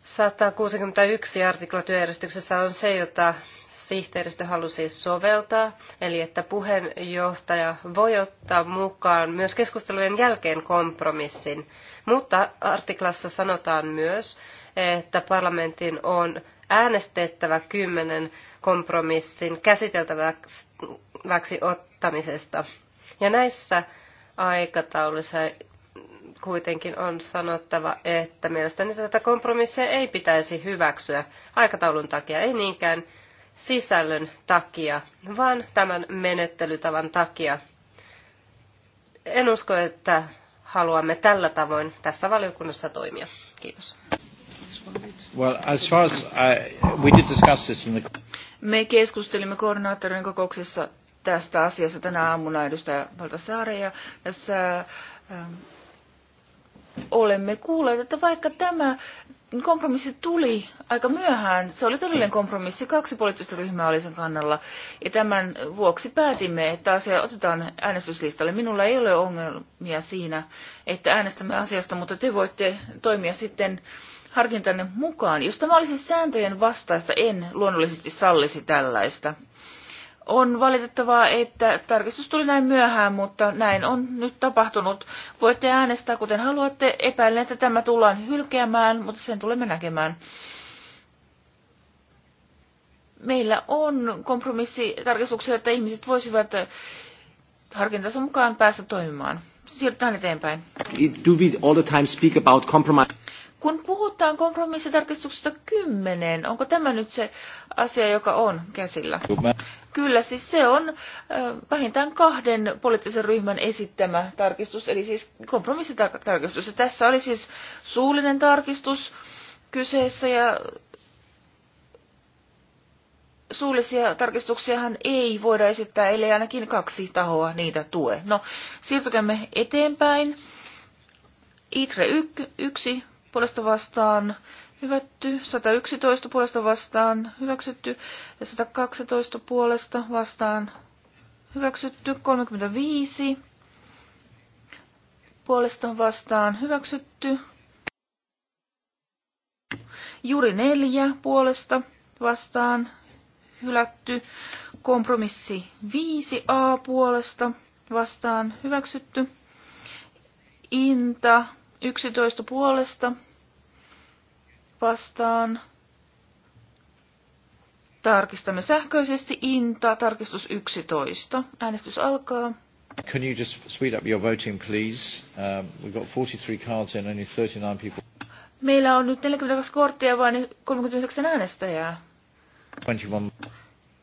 161 artikla työjärjestyksessä on se, jota sihteeristö halusi soveltaa, eli että puheenjohtaja voi ottaa mukaan myös keskustelujen jälkeen kompromissin. Mutta artiklassa sanotaan myös, että parlamentin on äänestettävä kymmenen kompromissin käsiteltäväksi ottamisesta. Ja näissä aikataulussa kuitenkin on sanottava, että mielestäni tätä kompromissia ei pitäisi hyväksyä aikataulun takia, ei niinkään sisällön takia, vaan tämän menettelytavan takia. En usko, että haluamme tällä tavoin tässä valiokunnassa toimia. Kiitos. Me keskustelimme koordinaattorin kokouksessa tästä asiasta tänä aamuna edustaja Valtasaari ja tässä ähm, olemme kuulleet, että vaikka tämä kompromissi tuli aika myöhään, se oli todellinen kompromissi, kaksi poliittista ryhmää oli sen kannalla ja tämän vuoksi päätimme, että asia otetaan äänestyslistalle. Minulla ei ole ongelmia siinä, että äänestämme asiasta, mutta te voitte toimia sitten harkintanne mukaan. Jos tämä olisi sääntöjen vastaista, en luonnollisesti sallisi tällaista. On valitettavaa, että tarkistus tuli näin myöhään, mutta näin on nyt tapahtunut. Voitte äänestää kuten haluatte. Epäilen, että tämä tullaan hylkeämään, mutta sen tulemme näkemään. Meillä on kompromissitarkistuksia, että ihmiset voisivat harkintansa mukaan päästä toimimaan. Siirrytään eteenpäin. Do we all the time speak about compromise? Kun puhutaan kompromissitarkistuksesta kymmeneen, onko tämä nyt se asia, joka on käsillä? Kyllä, siis se on vähintään kahden poliittisen ryhmän esittämä tarkistus, eli siis kompromissitarkistus. Ja tässä oli siis suullinen tarkistus kyseessä ja suullisia tarkistuksiahan ei voida esittää, eli ainakin kaksi tahoa niitä tue. No, siirtykäämme eteenpäin. ITRE 1, puolesta vastaan hyvätty, 111 puolesta vastaan hyväksytty ja 112 puolesta vastaan hyväksytty, 35 puolesta vastaan hyväksytty, juuri neljä puolesta vastaan hylätty, kompromissi 5a puolesta vastaan hyväksytty, Inta 11 puolesta vastaan. Tarkistamme sähköisesti Inta, tarkistus 11. Äänestys alkaa. Can you just speed up your voting, please? Um, we've got 43 cards and only 39 people. Meillä on nyt 42 korttia vain 39 äänestäjää. 21.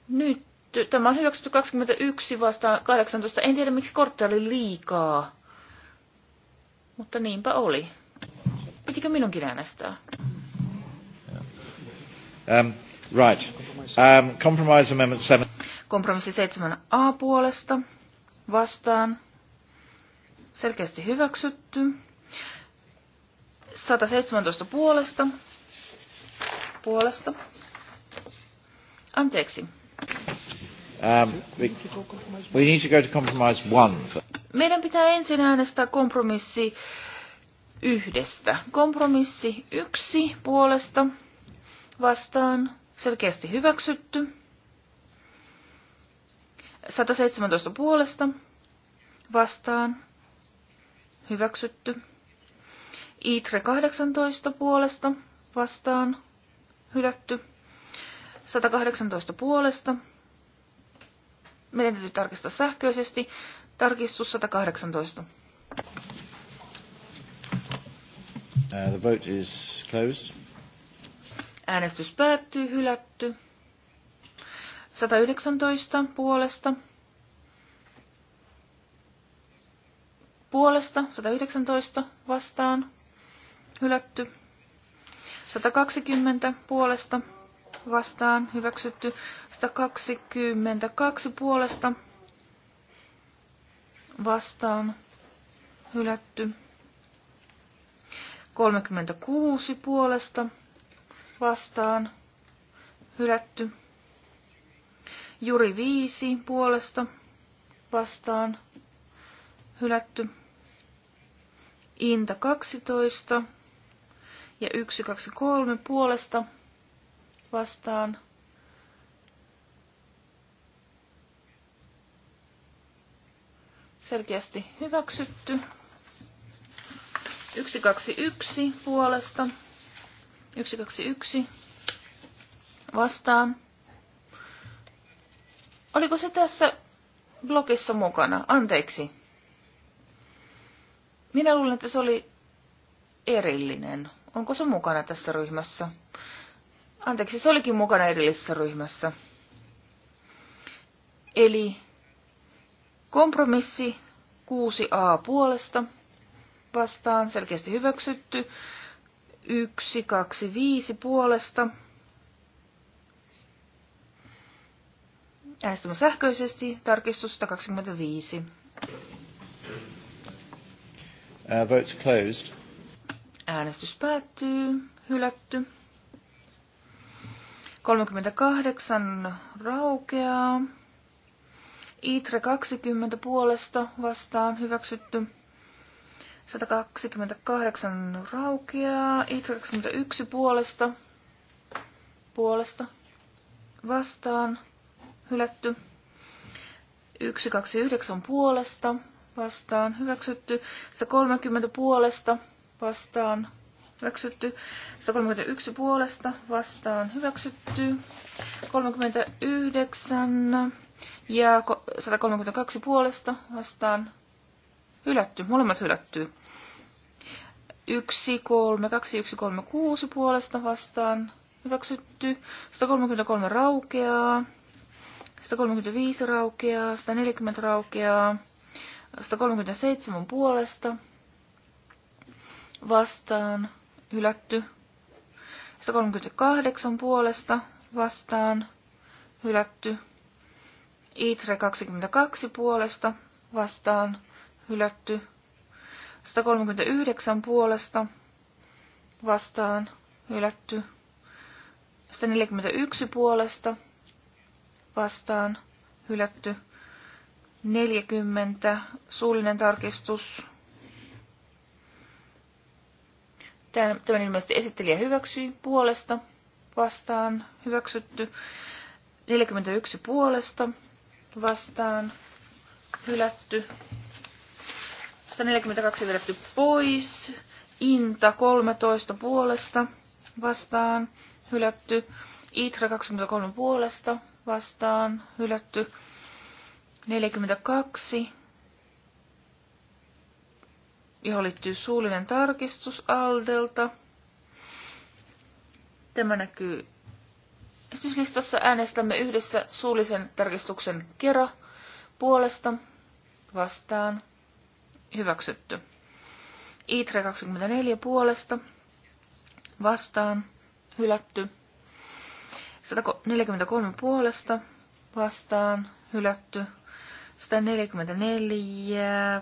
Nyt tämä on hyväksytty 21 vastaan 18. En tiedä, miksi kortteja oli liikaa. Mutta niinpä oli. Pitikö minunkin äänestää? Um, right. Um, compromise amendment seven. Kompromissi 7a puolesta vastaan. Selkeästi hyväksytty. 117 puolesta. Puolesta. Anteeksi. Um, we, we need to go to compromise one. Meidän pitää ensin äänestää kompromissi yhdestä. Kompromissi yksi puolesta vastaan selkeästi hyväksytty. 117 puolesta vastaan hyväksytty. Itre 18 puolesta vastaan hylätty. 118 puolesta. Meidän täytyy tarkistaa sähköisesti. Tarkistus 118. Uh, the vote is closed. Äänestys päättyy, hylätty. 119 puolesta. Puolesta 119 vastaan, hylätty. 120 puolesta vastaan, hyväksytty. 122 puolesta vastaan hylätty. 36 puolesta vastaan hylätty. Juri 5 puolesta vastaan hylätty. Inta 12 ja 123 puolesta vastaan selkeästi hyväksytty. 121 puolesta. 121 vastaan. Oliko se tässä blogissa mukana? Anteeksi. Minä luulen, että se oli erillinen. Onko se mukana tässä ryhmässä? Anteeksi, se olikin mukana erillisessä ryhmässä. Eli Kompromissi 6a puolesta vastaan selkeästi hyväksytty. 1, 2, 5 puolesta. Äänestämme sähköisesti tarkistus 125. Uh, votes closed. Äänestys päättyy. Hylätty. 38 raukeaa. Itre 20 puolesta vastaan hyväksytty. 128 raukeaa. Itre 21 puolesta puolesta vastaan hylätty. 129 puolesta vastaan hyväksytty. 130 puolesta vastaan hyväksytty. 131 puolesta vastaan hyväksytty. 39 ja 132 puolesta vastaan hylätty, molemmat hylätty. 1, 1, 3, 2, 3, 6 puolesta vastaan hyväksytty, 133 raukeaa, 135 raukeaa, 140 raukeaa, 137 puolesta vastaan hylätty, 138 puolesta vastaan hylätty, Itre 22 puolesta vastaan hylätty. 139 puolesta vastaan hylätty. 141 puolesta vastaan hylätty. 40 suullinen tarkistus. Tämän ilmeisesti esittelijä hyväksyi puolesta vastaan hyväksytty. 41 puolesta vastaan hylätty. 142 vedetty pois. Inta 13 puolesta vastaan hylätty. Itra 23 puolesta vastaan hylätty. 42 johon liittyy suullinen tarkistus Aldelta. Tämä näkyy äänestyslistassa äänestämme yhdessä suullisen tarkistuksen kera puolesta vastaan hyväksytty. Itre 24 puolesta vastaan hylätty. 143 puolesta vastaan hylätty. 144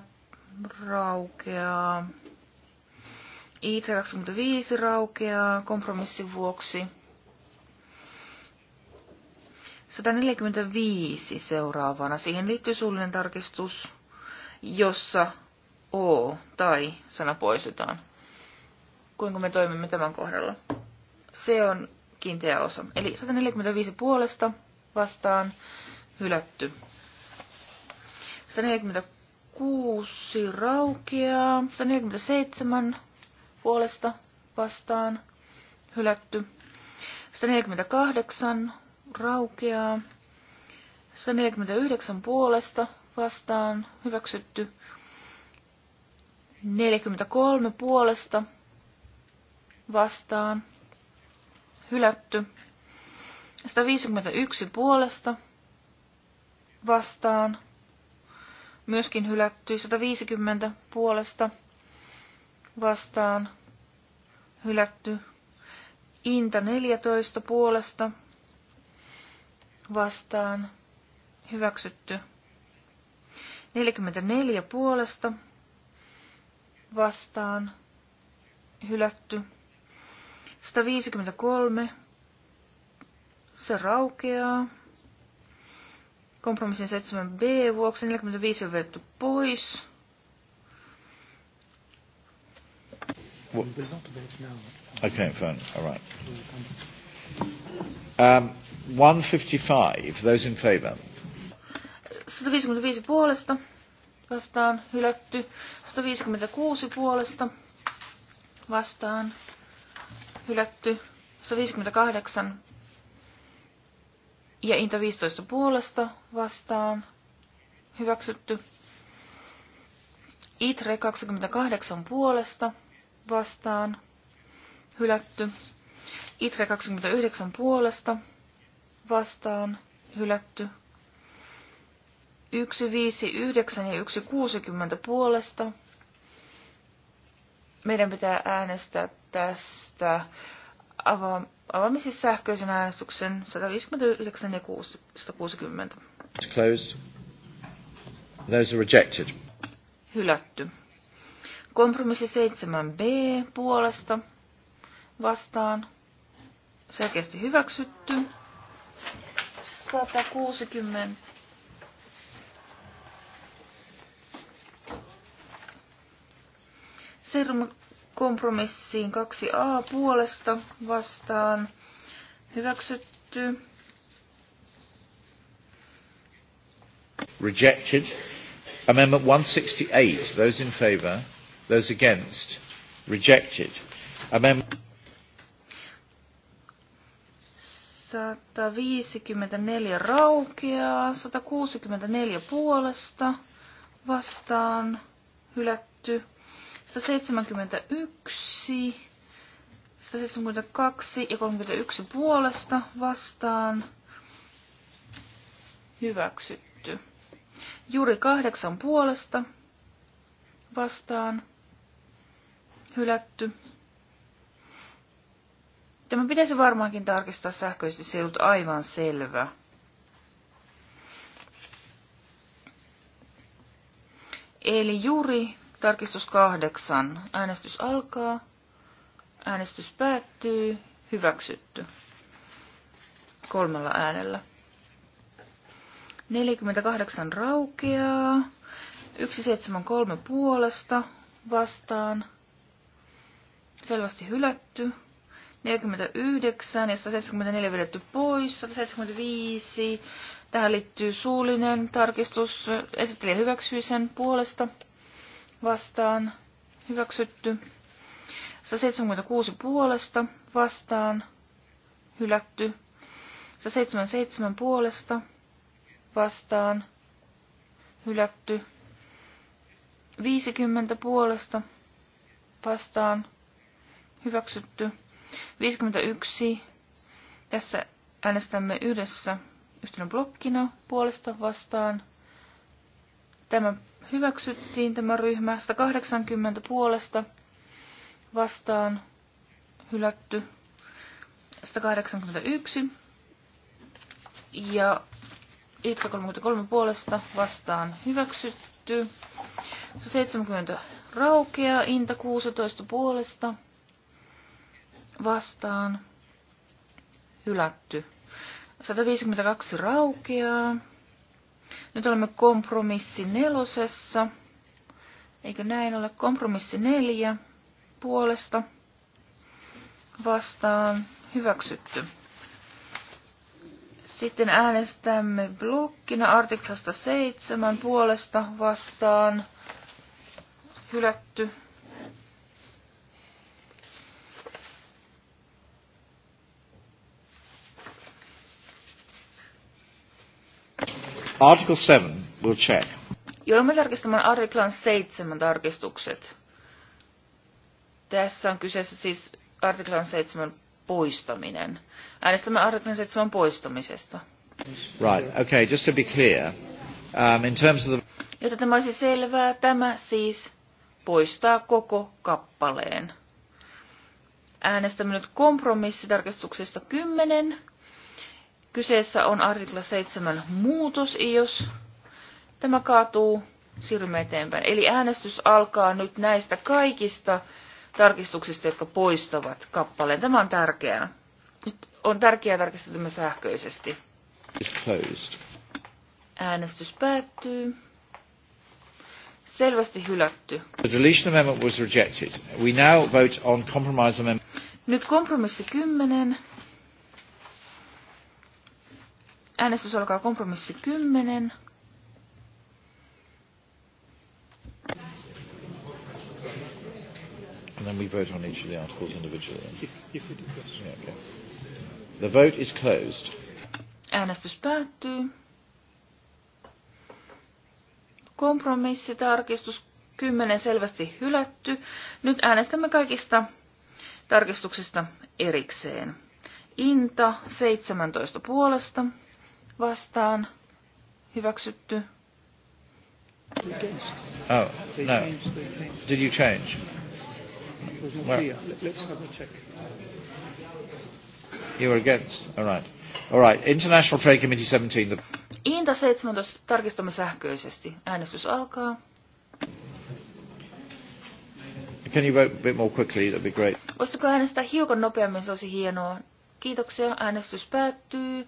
raukeaa. Itre 25 raukeaa kompromissin vuoksi. 145 seuraavana. Siihen liittyy suullinen tarkistus, jossa O tai sana poistetaan. Kuinka me toimimme tämän kohdalla? Se on kiinteä osa. Eli 145 puolesta vastaan hylätty. 146 raukeaa. 147 puolesta vastaan hylätty. 148 raukeaa. 149 puolesta vastaan hyväksytty. 43 puolesta vastaan hylätty. 151 puolesta vastaan myöskin hylätty. 150 puolesta vastaan hylätty. Inta 14 puolesta vastaan hyväksytty. 44 puolesta vastaan hylätty. 153 se raukeaa. Kompromissin 7b vuoksi 45 on vedetty pois. What? Okay, fine. All right. Um, 155, those in favour. 155 puolesta, vastaan hylätty. 156 puolesta, vastaan hylätty. 158 ja Inta 15 puolesta vastaan hyväksytty. Itre 28 puolesta vastaan hylätty. Itre 29 puolesta vastaan hylätty. 159 ja 160 puolesta. Meidän pitää äänestää tästä ava- avaamisessa siis sähköisen äänestyksen 159 ja 160. It's closed. Those are rejected. Hylätty. Kompromissi 7b puolesta vastaan. Selkeästi hyväksytty. 160 Serum kompromissiin 2a puolesta vastaan hyväksytty. Rejected. Amendment 168. Those in favour. Those against. Rejected. Amendment 154 raukeaa, 164 puolesta vastaan hylätty, 171, 172 ja 31 puolesta vastaan hyväksytty. Juuri kahdeksan puolesta vastaan hylätty. Tämä pitäisi varmaankin tarkistaa sähköisesti, se ei ollut aivan selvä. Eli juuri tarkistus kahdeksan. Äänestys alkaa. Äänestys päättyy. Hyväksytty. Kolmella äänellä. 48 raukeaa. 173 puolesta vastaan. Selvästi hylätty. 49 ja 174 vedetty pois, 175. Tähän liittyy suullinen tarkistus. Esittelijä hyväksyi sen puolesta vastaan. Hyväksytty. 176 puolesta vastaan. Hylätty. 177 puolesta vastaan. Hylätty. 50 puolesta vastaan. Hyväksytty. 51. Tässä äänestämme yhdessä yhtenä blokkina puolesta vastaan. Tämä hyväksyttiin tämä ryhmä 180 puolesta vastaan hylätty 181 ja Itka 33 puolesta vastaan hyväksytty. 170 raukeaa, Inta 16 puolesta vastaan hylätty. 152 raukeaa. Nyt olemme kompromissi nelosessa. Eikö näin ole? Kompromissi neljä puolesta vastaan hyväksytty. Sitten äänestämme blokkina artiklasta 7 puolesta vastaan hylätty. Article 7, we'll check. Joudumme tarkistamaan artiklan 7 tarkistukset. Tässä on kyseessä siis artiklan 7 poistaminen. Äänestämme artiklan 7 poistamisesta. Right, okay, just to be clear. Um, in terms of the... Jotta tämä olisi selvää, tämä siis poistaa koko kappaleen. Äänestämme nyt kompromissitarkistuksesta 10 Kyseessä on artikla 7 muutos, jos tämä kaatuu, siirrymme eteenpäin. Eli äänestys alkaa nyt näistä kaikista tarkistuksista, jotka poistavat kappaleen. Tämä on tärkeää. Nyt on tärkeää tarkistaa tämä sähköisesti. Äänestys päättyy. Selvästi hylätty. The deletion amendment was rejected. We now vote on compromise amendment. Nyt kompromissi 10 Äänestys alkaa kompromissi 10. And then we vote on each of the articles individually. If, if Yeah, okay. The vote is closed. Äänestys päättyy. Kompromissitarkistus 10 selvästi hylätty. Nyt äänestämme kaikista tarkistuksista erikseen. Inta 17 puolesta vastaan hyväksytty. Oh, no. Did you change? No well, you were against. All right. All right. International Trade Committee 17. The... Inta 17 tarkistamme sähköisesti. Äänestys alkaa. Can you vote a bit more quickly? That'd be great. Voisitko äänestää hiukan nopeammin? Se olisi hienoa. Kiitoksia. Äänestys päättyy.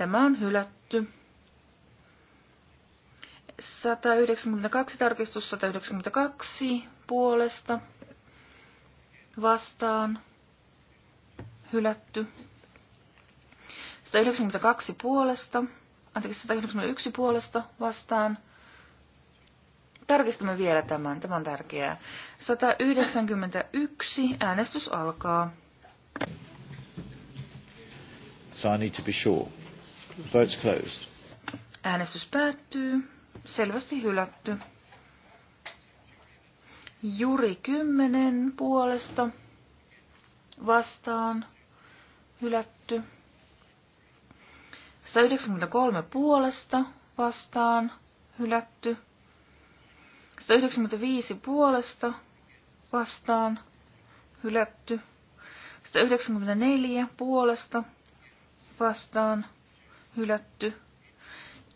Tämä on hylätty. 192 tarkistus 192 puolesta vastaan hylätty. 192 puolesta, anteeksi 191 puolesta vastaan. Tarkistamme vielä tämän, tämä on tärkeää. 191, äänestys alkaa. So I need to be sure. Votes closed. Äänestys päättyy. Selvästi hylätty. Juri 10 puolesta vastaan hylätty. 193 puolesta vastaan hylätty. 195 puolesta vastaan hylätty. 194 puolesta vastaan hylätty hylätty.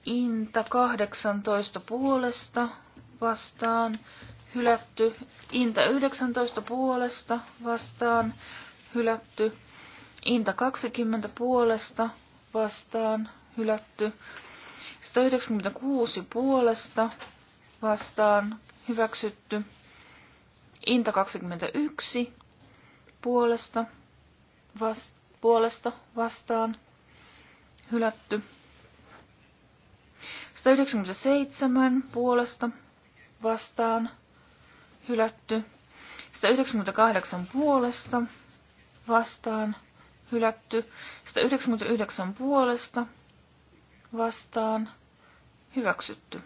Inta 18 puolesta vastaan hylätty. Inta 19 puolesta vastaan hylätty. Inta 20 puolesta vastaan hylätty. 196 puolesta vastaan hyväksytty. Inta 21 puolesta, vas, puolesta vastaan hylätty. 197 puolesta vastaan hylätty. 198 puolesta vastaan hylätty. 199 puolesta vastaan hyväksytty.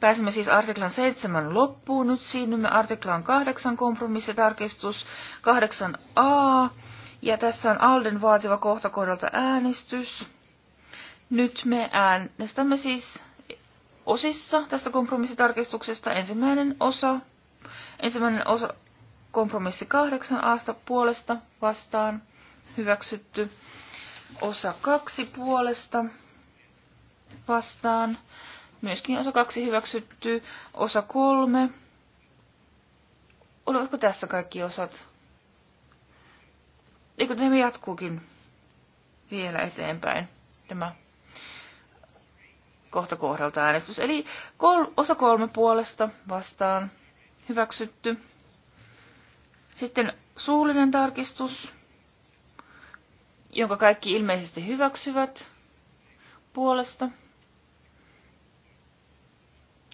Pääsemme siis artiklan 7 loppuun. Nyt siirrymme artiklan 8 kompromissitarkistus 8a ja tässä on Alden vaativa kohta kohdalta äänestys. Nyt me äänestämme siis osissa tästä kompromissitarkistuksesta ensimmäinen osa. Ensimmäinen osa kompromissi kahdeksan aasta puolesta vastaan hyväksytty. Osa kaksi puolesta vastaan. Myöskin osa kaksi hyväksytty. Osa kolme. Oletko tässä kaikki osat? Eikö tämä jatkuukin vielä eteenpäin, tämä kohta kohdalta äänestys. Eli kol, osa kolme puolesta vastaan hyväksytty. Sitten suullinen tarkistus, jonka kaikki ilmeisesti hyväksyvät puolesta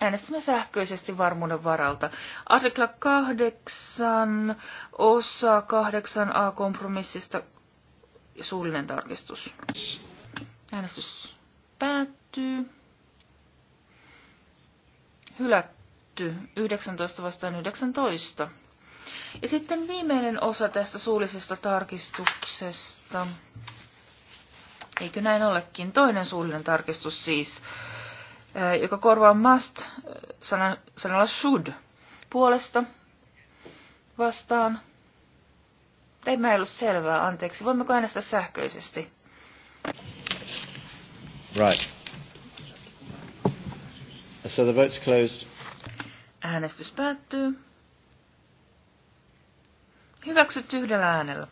äänestämme sähköisesti varmuuden varalta. Artikla 8, osa 8a kompromissista, suullinen tarkistus. Äänestys päättyy. Hylätty 19 vastaan 19. Ja sitten viimeinen osa tästä suullisesta tarkistuksesta. Eikö näin olekin? Toinen suullinen tarkistus siis joka korvaa must sanan, sanalla should puolesta vastaan. Ei mä ollut selvää, anteeksi. Voimmeko äänestää sähköisesti? Right. So the vote's closed. Äänestys päättyy. Hyväksytty yhdellä äänellä.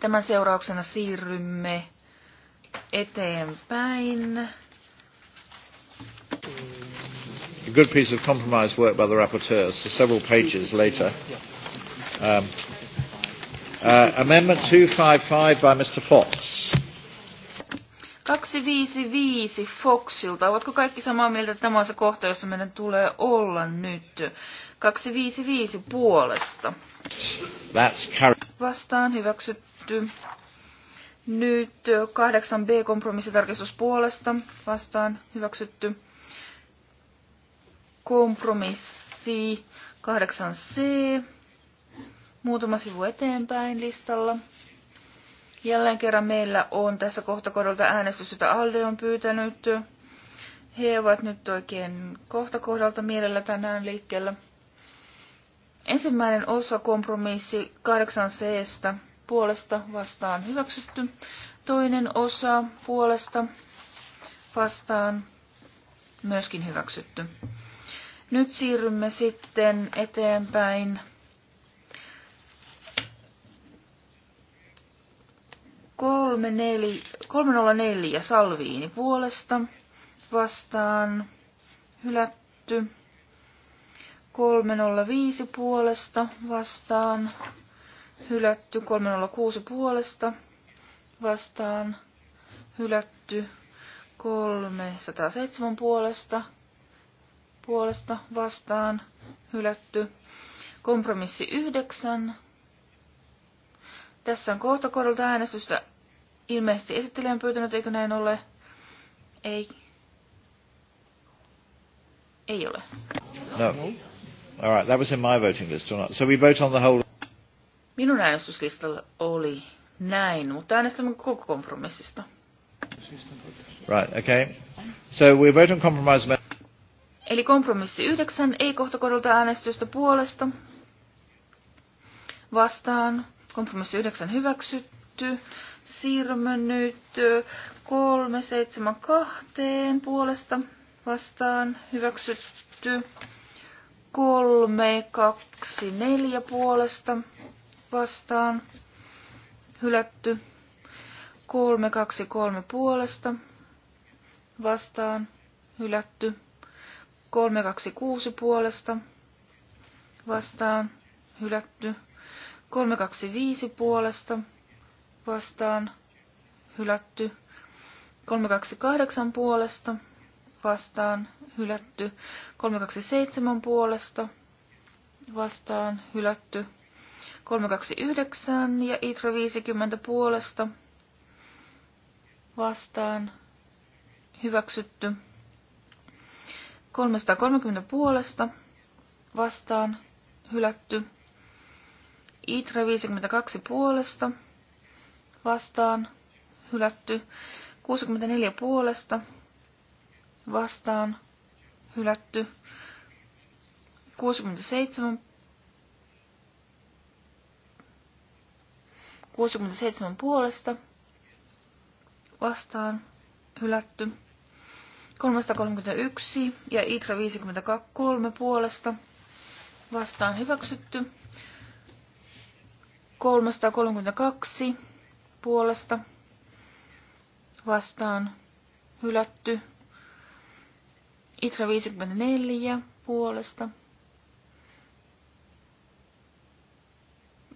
Tämän seurauksena siirrymme eteenpäin. A good piece of compromise work by the rapporteurs, so several pages later. Um, uh, amendment 255 by Mr. Fox. 255 Foxilta. Ovatko kaikki samaa mieltä, että tämä on se kohta, jossa meidän tulee olla nyt? 255 puolesta. That's Vastaan hyväksytty. Nyt 8b kompromissitarkistus puolesta vastaan hyväksytty. Kompromissi 8c. Muutama sivu eteenpäin listalla. Jälleen kerran meillä on tässä kohtakohdalta äänestys, jota Alde on pyytänyt. He ovat nyt oikein kohtakohdalta mielellä tänään liikkeellä. Ensimmäinen osa kompromissi 8c puolesta vastaan hyväksytty. Toinen osa puolesta vastaan myöskin hyväksytty. Nyt siirrymme sitten eteenpäin kolme neli, 304 Salviini puolesta vastaan hylätty. 305 puolesta vastaan hylätty, 306 puolesta vastaan, hylätty, 307 puolesta, puolesta vastaan, hylätty, kompromissi 9. Tässä on kohta kohdalta äänestystä. Ilmeisesti esittelijä on pyytänyt, eikö näin ole? Ei. Ei ole. No. All right, that was in my voting list. So we vote on the whole Minun äänestyslistalla oli näin, mutta äänestämme koko kompromissista. Right, okay. So we vote on compromise. Eli kompromissi yhdeksän, ei kohtakohdalta äänestystä puolesta. Vastaan. Kompromissi yhdeksän hyväksytty. Siirrymme nyt kolme seitsemän kahteen puolesta vastaan hyväksytty. kolme kaksi neljä puolesta vastaan hylätty. 323 puolesta vastaan hylätty. 326 puolesta vastaan hylätty. 325 puolesta vastaan hylätty. 328 puolesta vastaan hylätty. 327 puolesta vastaan hylätty. 329 ja ITRA 50 puolesta vastaan hyväksytty. 330 puolesta vastaan hylätty. ITRA 52 puolesta vastaan hylätty. 64 puolesta vastaan hylätty. 67 67 puolesta vastaan hylätty. 331 ja Itra 53 puolesta vastaan hyväksytty. 332 puolesta vastaan hylätty. Itra 54 puolesta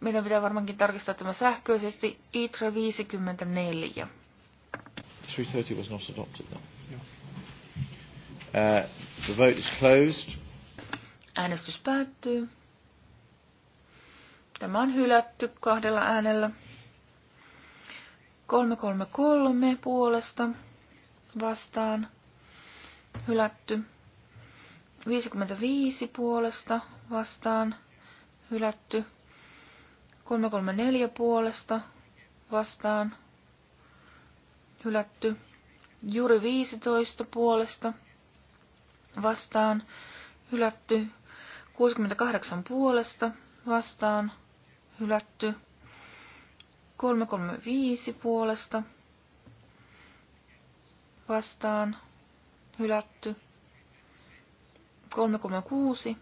meidän pitää varmaankin tarkistaa tämä sähköisesti. ITRA 54. 330 was not adopted though. No. Uh, the vote is closed. Äänestys päättyy. Tämä on hylätty kahdella äänellä. 333 puolesta vastaan hylätty. 55 puolesta vastaan hylätty. 334 puolesta vastaan hylätty. Juri 15 puolesta vastaan hylätty. 68 puolesta vastaan hylätty. 335 puolesta vastaan hylätty. 336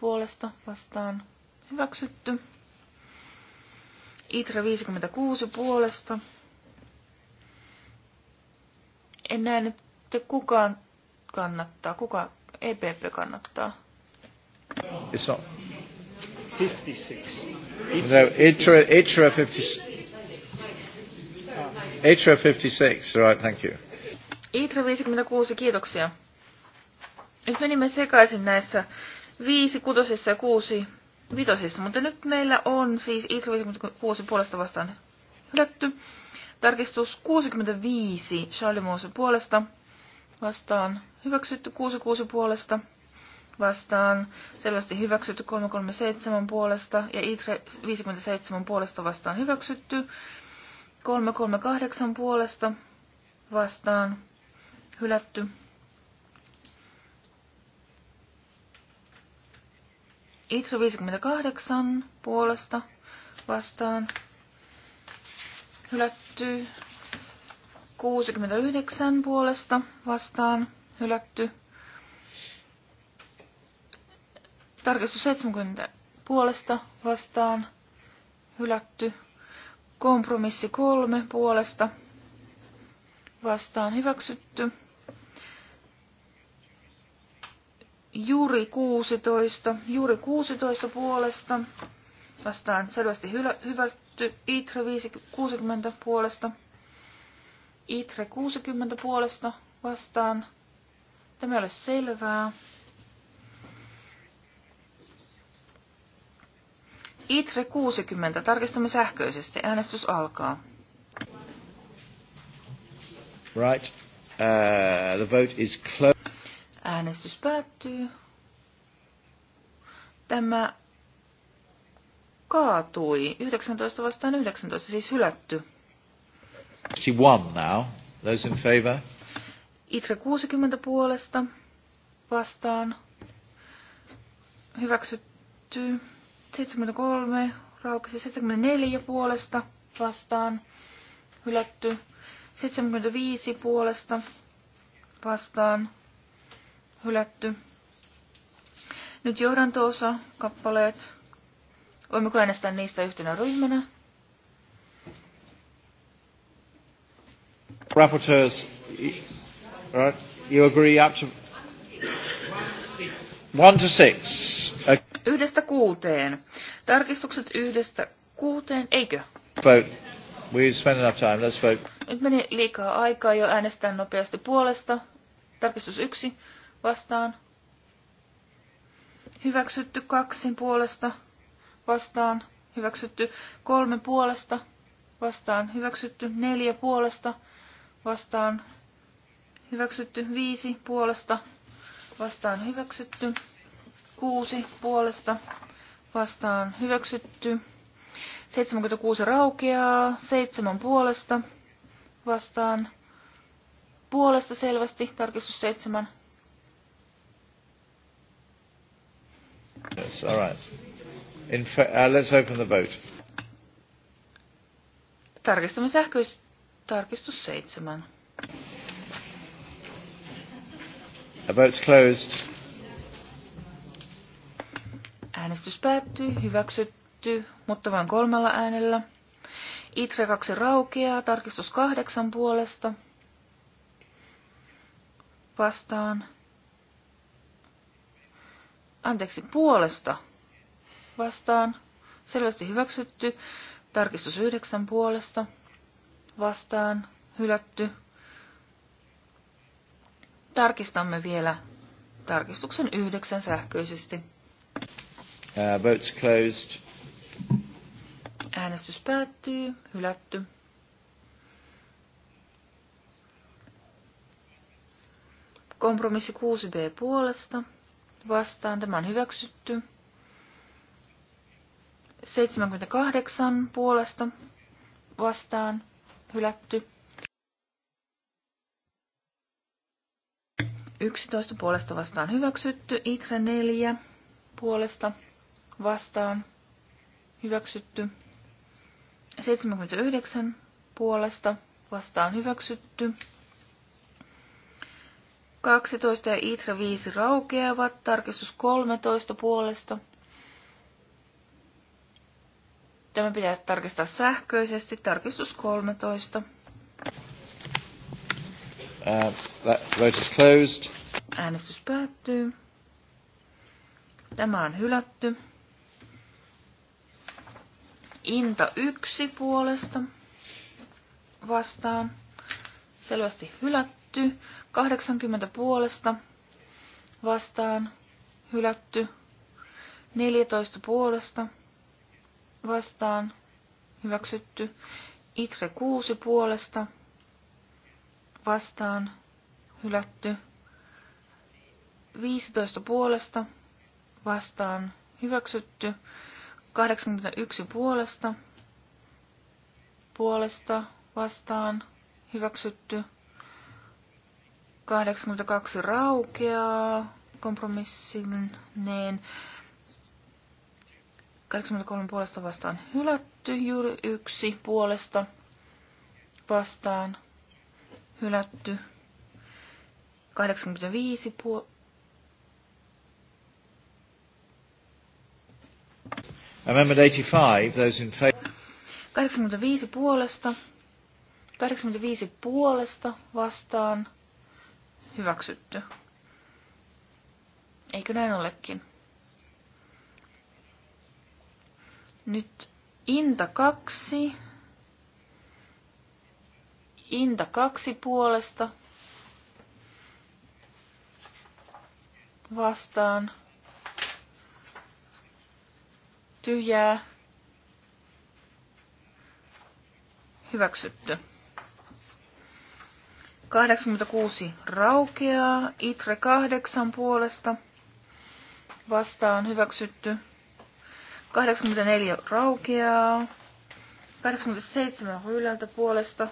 puolesta vastaan hyväksytty. Itra 56 puolesta. En näe nyt, että kukaan kannattaa, kuka EPP kannattaa. It's not. 56. Itra, Itra 56. Itra 56, right, thank you. Itra 56, kiitoksia. Nyt menimme sekaisin näissä 5, 6 ja 6 vitosissa. mutta nyt meillä on siis ITRO 56 puolesta vastaan hylätty. Tarkistus 65 Charlemagne puolesta vastaan hyväksytty 66 puolesta vastaan selvästi hyväksytty 337 puolesta ja ITRE 57 puolesta vastaan hyväksytty 338 puolesta vastaan hylätty Itro 58 puolesta vastaan. Hylätty 69 puolesta vastaan. Hylätty. Tarkistus 70 puolesta vastaan. Hylätty. Kompromissi 3 puolesta vastaan hyväksytty. Juuri 16, juuri 16 puolesta. Vastaan selvästi hylä, hyvätty. Itre 60 puolesta. Itre 60 puolesta vastaan. Tämä ei ole selvää. ITRE 60. Tarkistamme sähköisesti. Äänestys alkaa. Right. Uh, the vote is closed. Äänestys päättyy. Tämä kaatui. 19 vastaan 19, siis hylätty. She won now. Those in favor. Itre 60 puolesta vastaan. Hyväksytty. 73 raukesi 74 puolesta vastaan. Hylätty. 75 puolesta vastaan hylätty. Nyt johdantoosa, kappaleet. Voimmeko äänestää niistä yhtenä ryhmänä? Rapporteurs, right, you agree up to one to six. Yhdestä kuuteen. Tarkistukset yhdestä kuuteen, eikö? Vote. We spend enough time, let's vote. Nyt meni liikaa aikaa jo äänestään nopeasti puolesta. Tarkistus yksi vastaan. Hyväksytty kaksin puolesta vastaan. Hyväksytty kolme puolesta vastaan. Hyväksytty neljä puolesta vastaan. Hyväksytty viisi puolesta vastaan. Hyväksytty kuusi puolesta vastaan. Hyväksytty 76 raukeaa. seitsemän puolesta vastaan. Puolesta selvästi tarkistus seitsemän Yes, all right. In fa- uh, let's open the vote. Tarkistamme sähköis... Tarkistus seitsemän. The vote's closed. Äänestys päättyy, hyväksytty, mutta vain kolmella äänellä. ITRE 2 raukeaa, tarkistus kahdeksan puolesta. Vastaan anteeksi, puolesta vastaan, selvästi hyväksytty, tarkistus yhdeksän puolesta vastaan, hylätty. Tarkistamme vielä tarkistuksen yhdeksän sähköisesti. Uh, votes closed. Äänestys päättyy, hylätty. Kompromissi 6b puolesta vastaan. Tämä on hyväksytty. 78 puolesta vastaan hylätty. 11 puolesta vastaan hyväksytty. Itra 4 puolesta vastaan hyväksytty. 79 puolesta vastaan hyväksytty. 12 ja Itra 5 raukeavat. Tarkistus 13 puolesta. Tämä pitää tarkistaa sähköisesti. Tarkistus 13. Uh, that vote is closed. Äänestys päättyy. Tämä on hylätty. Inta yksi puolesta vastaan. Selvästi hylätty. 80 puolesta vastaan hylätty. 14 puolesta vastaan hyväksytty. Itre 6 puolesta vastaan hylätty. 15 puolesta vastaan hyväksytty. 81 puolesta puolesta vastaan hyväksytty. 82 raukeaa kompromissineen. 83 puolesta vastaan hylätty, juuri yksi puolesta vastaan hylätty. 85 puol... Amendment 85, those in favor. 85 puolesta. 85 puolesta vastaan hyväksytty. Eikö näin olekin? Nyt Inta 2. Inta 2 puolesta. Vastaan. Tyhjää. Hyväksytty. 86 raukeaa. Itre 8 puolesta vastaan hyväksytty. 84 raukeaa. 87 hyylältä puolesta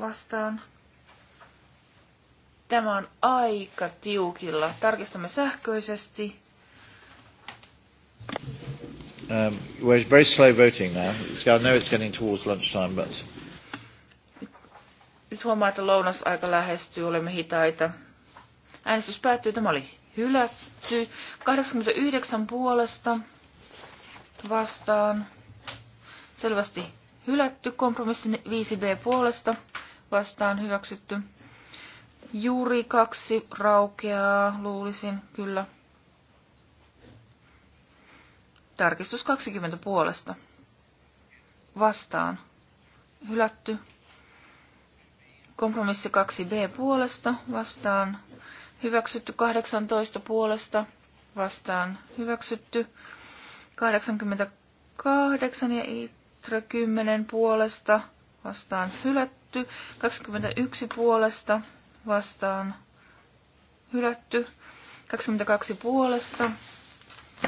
vastaan. Tämä on aika tiukilla. Tarkistamme sähköisesti. Um, we're very slow voting now. I know it's getting towards lunchtime, but nyt huomaa, että lounasaika lähestyy, olemme hitaita. Äänestys päättyy, tämä oli hylätty. 89 puolesta vastaan. Selvästi hylätty. Kompromissi 5b puolesta vastaan hyväksytty. Juuri kaksi raukeaa, luulisin, kyllä. Tarkistus 20 puolesta. Vastaan. Hylätty. Kompromissi 2b puolesta vastaan hyväksytty 18 puolesta vastaan hyväksytty 88 ja Itra 10 puolesta vastaan hylätty 21 puolesta vastaan hylätty 22 puolesta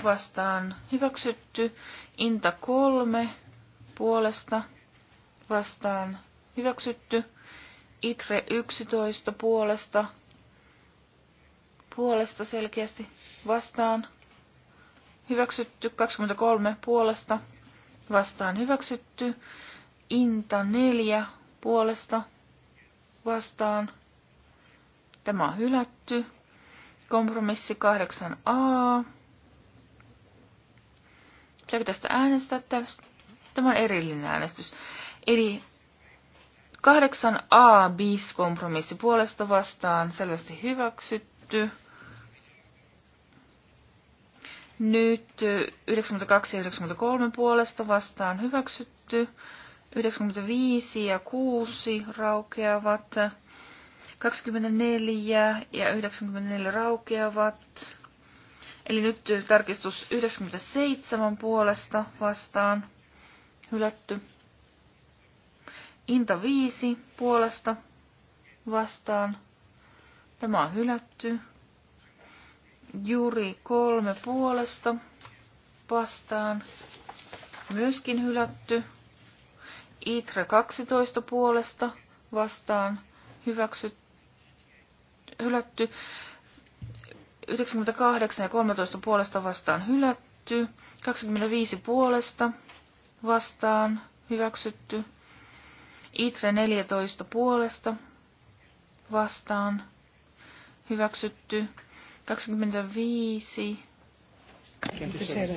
vastaan hyväksytty Inta 3 puolesta vastaan hyväksytty ITRE 11 puolesta, puolesta selkeästi vastaan. Hyväksytty 23 puolesta, vastaan hyväksytty. Inta 4 puolesta, vastaan. Tämä on hylätty. Kompromissi 8a. Pitääkö tästä äänestää? Tämä on erillinen äänestys. Eli 8a bis kompromissi puolesta vastaan selvästi hyväksytty. Nyt 92 ja 93 puolesta vastaan hyväksytty. 95 ja 6 raukeavat. 24 ja 94 raukeavat. Eli nyt tarkistus 97 puolesta vastaan hylätty. Inta 5 puolesta vastaan. Tämä on hylätty. Juri 3 puolesta vastaan. Myöskin hylätty. Itra 12 puolesta vastaan hyväksytty. Hylätty. 98 ja 13 puolesta vastaan hylätty. 25 puolesta vastaan hyväksytty. Itre 14 puolesta vastaan hyväksytty 25. 27.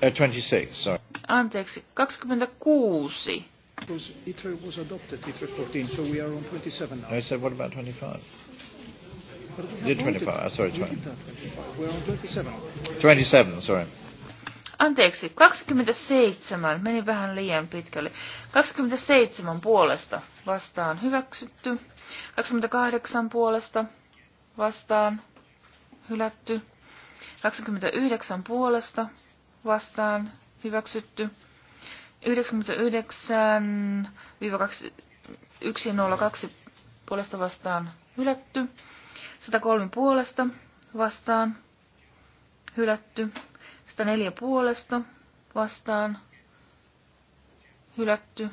26, sorry. Anteeksi, 26. Was, ITRE was adopted, ITRE 14, so we are on 27 now. I said, what about 25? Did 25, sorry, 20. We're on 27. 27, sorry. Anteeksi, 27. Meni vähän liian pitkälle. 27 puolesta vastaan hyväksytty. 28 puolesta vastaan hylätty. 29 puolesta vastaan hyväksytty. 99-102 puolesta vastaan hylätty. 103 puolesta vastaan hylätty. 104 puolesta vastaan hylätty.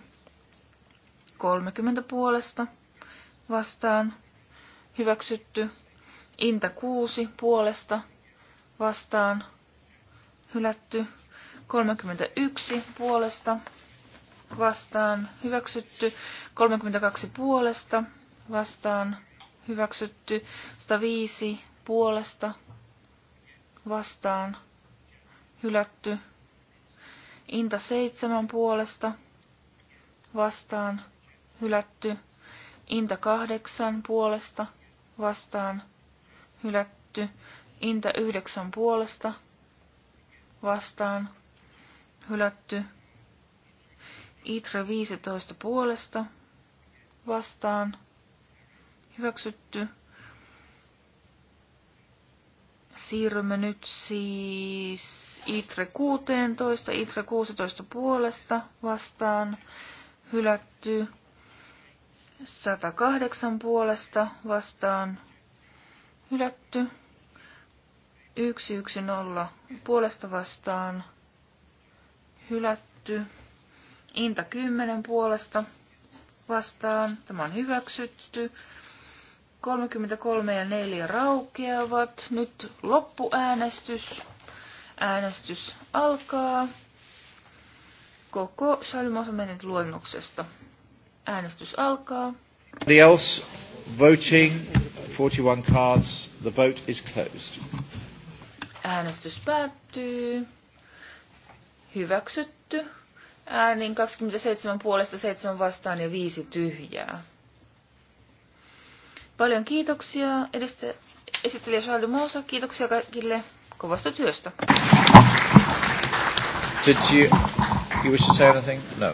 30 puolesta vastaan hyväksytty. Inta 6 puolesta vastaan hylätty. 31 puolesta vastaan hyväksytty. 32 puolesta vastaan hyväksytty. 105 puolesta vastaan hyväksytty hylätty. Inta seitsemän puolesta vastaan hylätty. Inta kahdeksan puolesta vastaan hylätty. Inta yhdeksän puolesta vastaan hylätty. Itra 15 puolesta vastaan hyväksytty. Siirrymme nyt siis ITRE 16, ITRE 16 puolesta vastaan hylätty, 108 puolesta vastaan hylätty, 110 puolesta vastaan hylätty, Inta 10 puolesta vastaan, tämä on hyväksytty, 33 ja 4 raukeavat. Nyt loppuäänestys. Äänestys alkaa. Koko Salmosomenin luonnoksesta. Äänestys alkaa. Anybody else voting? 41 cards. The vote is closed. Äänestys päättyy. Hyväksytty. Äänin 27 puolesta, 7 vastaan ja 5 tyhjää. Paljon kiitoksia edestä, esittelijä Charles Mosa. Kiitoksia kaikille kovasta työstä. Did you, you wish to say anything? No.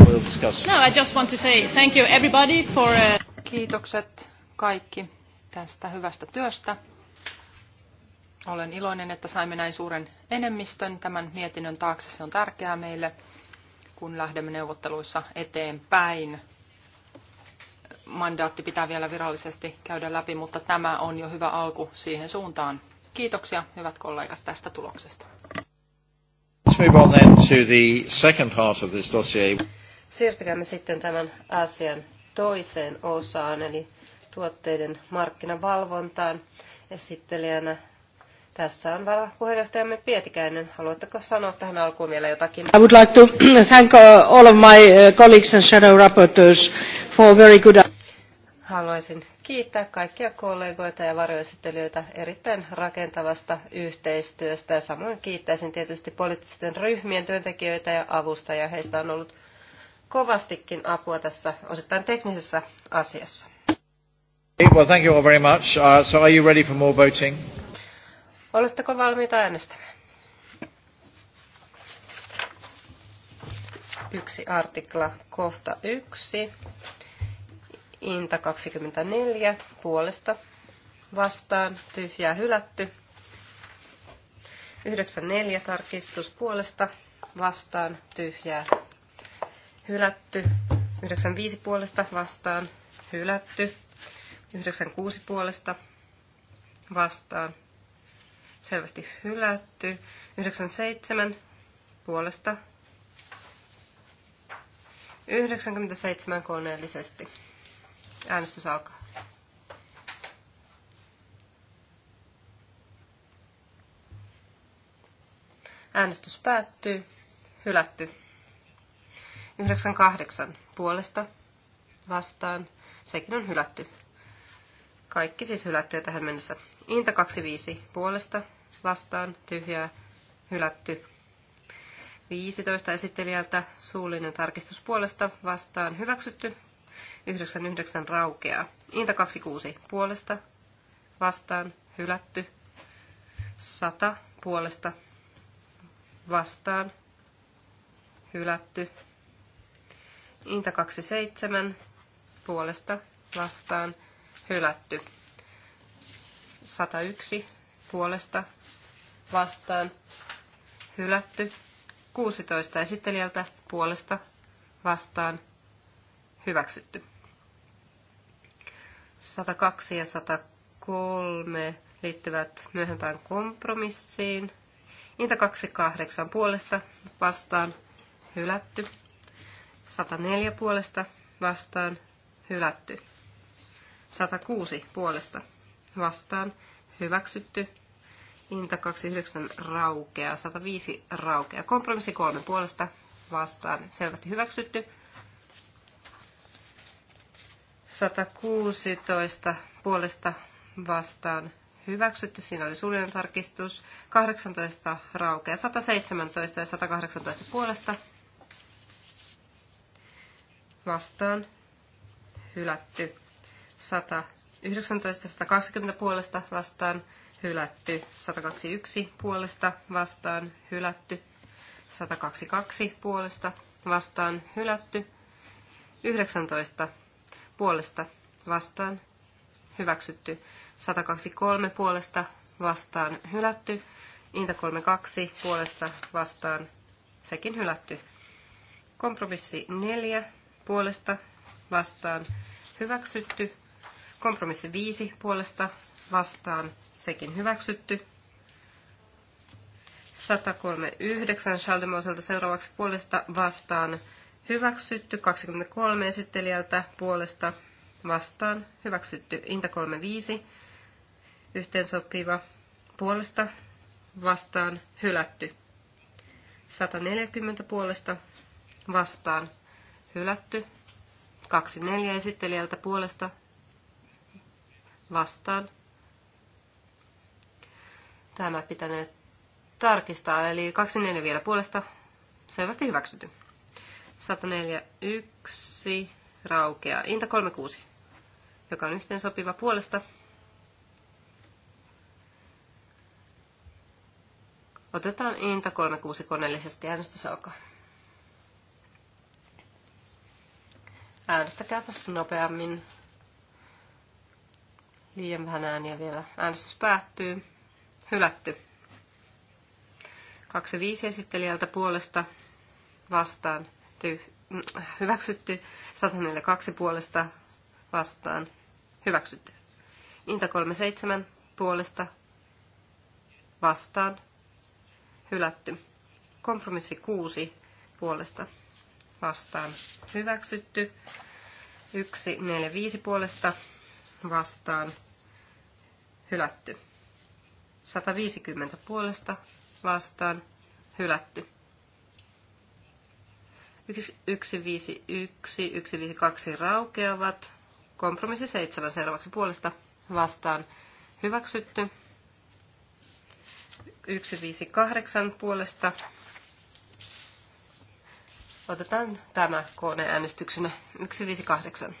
We'll discuss. No, I just want to say thank you everybody for... A... Uh, Kiitokset kaikki tästä hyvästä työstä. Olen iloinen, että saimme näin suuren enemmistön tämän mietinnön taakse. Se on tärkeää meille, kun lähdemme neuvotteluissa eteenpäin mandaatti pitää vielä virallisesti käydä läpi, mutta tämä on jo hyvä alku siihen suuntaan. Kiitoksia, hyvät kollegat, tästä tuloksesta. Siirtykäämme sitten tämän asian toiseen osaan, eli tuotteiden markkinavalvontaan. Esittelijänä tässä on varapuheenjohtajamme Pietikäinen. Haluatteko sanoa tähän alkuun vielä jotakin? I would like to thank all of my uh, colleagues and shadow rapporteurs for very good haluaisin kiittää kaikkia kollegoita ja varjoesittelijöitä erittäin rakentavasta yhteistyöstä. Ja samoin kiittäisin tietysti poliittisten ryhmien työntekijöitä ja avustajia. Heistä on ollut kovastikin apua tässä osittain teknisessä asiassa. Well, thank you all very much. Uh, so are you ready for more voting? Oletteko valmiita äänestämään? Yksi artikla, kohta yksi. Inta 24 puolesta vastaan tyhjää hylätty. 94 tarkistus puolesta vastaan tyhjää hylätty. 95 puolesta vastaan hylätty. 96 puolesta vastaan selvästi hylätty. 97 puolesta 97 koneellisesti. Äänestys alkaa. Äänestys päättyy. Hylätty. 98 puolesta vastaan. Sekin on hylätty. Kaikki siis hylättyä tähän mennessä. Inta 25 puolesta vastaan. Tyhjää. Hylätty. 15 esittelijältä suullinen tarkistus puolesta vastaan hyväksytty. 99 raukeaa. Inta 26 puolesta vastaan hylätty. 100 puolesta vastaan hylätty. Inta 27 puolesta vastaan hylätty. 101 puolesta vastaan hylätty. 16 esittelijältä puolesta vastaan hyväksytty. 102 ja 103 liittyvät myöhempään kompromissiin. Inta 28 puolesta vastaan hylätty. 104 puolesta vastaan hylätty. 106 puolesta vastaan hyväksytty. Inta 29 raukeaa, 105 raukeaa. Kompromissi 3 puolesta vastaan selvästi hyväksytty. 116 puolesta vastaan hyväksytty. Siinä oli suullinen tarkistus. 18 raukea. 117 ja 118 puolesta vastaan hylätty. 119 120 puolesta vastaan hylätty. 121 puolesta vastaan hylätty. 122 puolesta vastaan hylätty. 19 puolesta vastaan hyväksytty. 123 puolesta vastaan hylätty. Inta 32 puolesta vastaan sekin hylätty. Kompromissi 4 puolesta vastaan hyväksytty. Kompromissi 5 puolesta vastaan sekin hyväksytty. 139 Schaldemoselta seuraavaksi puolesta vastaan hyväksytty. 23 esittelijältä puolesta vastaan hyväksytty. Inta 35 yhteensopiva puolesta vastaan hylätty. 140 puolesta vastaan hylätty. 24 esittelijältä puolesta vastaan. Tämä pitänee tarkistaa, eli 24 vielä puolesta selvästi hyväksytty. 141 raukeaa. Inta 36, joka on yhteen sopiva puolesta. Otetaan Inta 36 koneellisesti äänestys alkaa. Äänestäkääpäs nopeammin. Liian vähän ääniä vielä. Äänestys päättyy. Hylätty. 25 esittelijältä puolesta vastaan hylätty, hyväksytty, 142 puolesta vastaan hyväksytty. Inta 37 puolesta vastaan hylätty. Kompromissi 6 puolesta vastaan hyväksytty. 1, 4, 5 puolesta vastaan hylätty. 150 puolesta vastaan hylätty. 151, siis 152 raukeavat. Kompromissi 7 seuraavaksi puolesta vastaan hyväksytty. 158 puolesta. Otetaan tämä äänestyksenä. 158.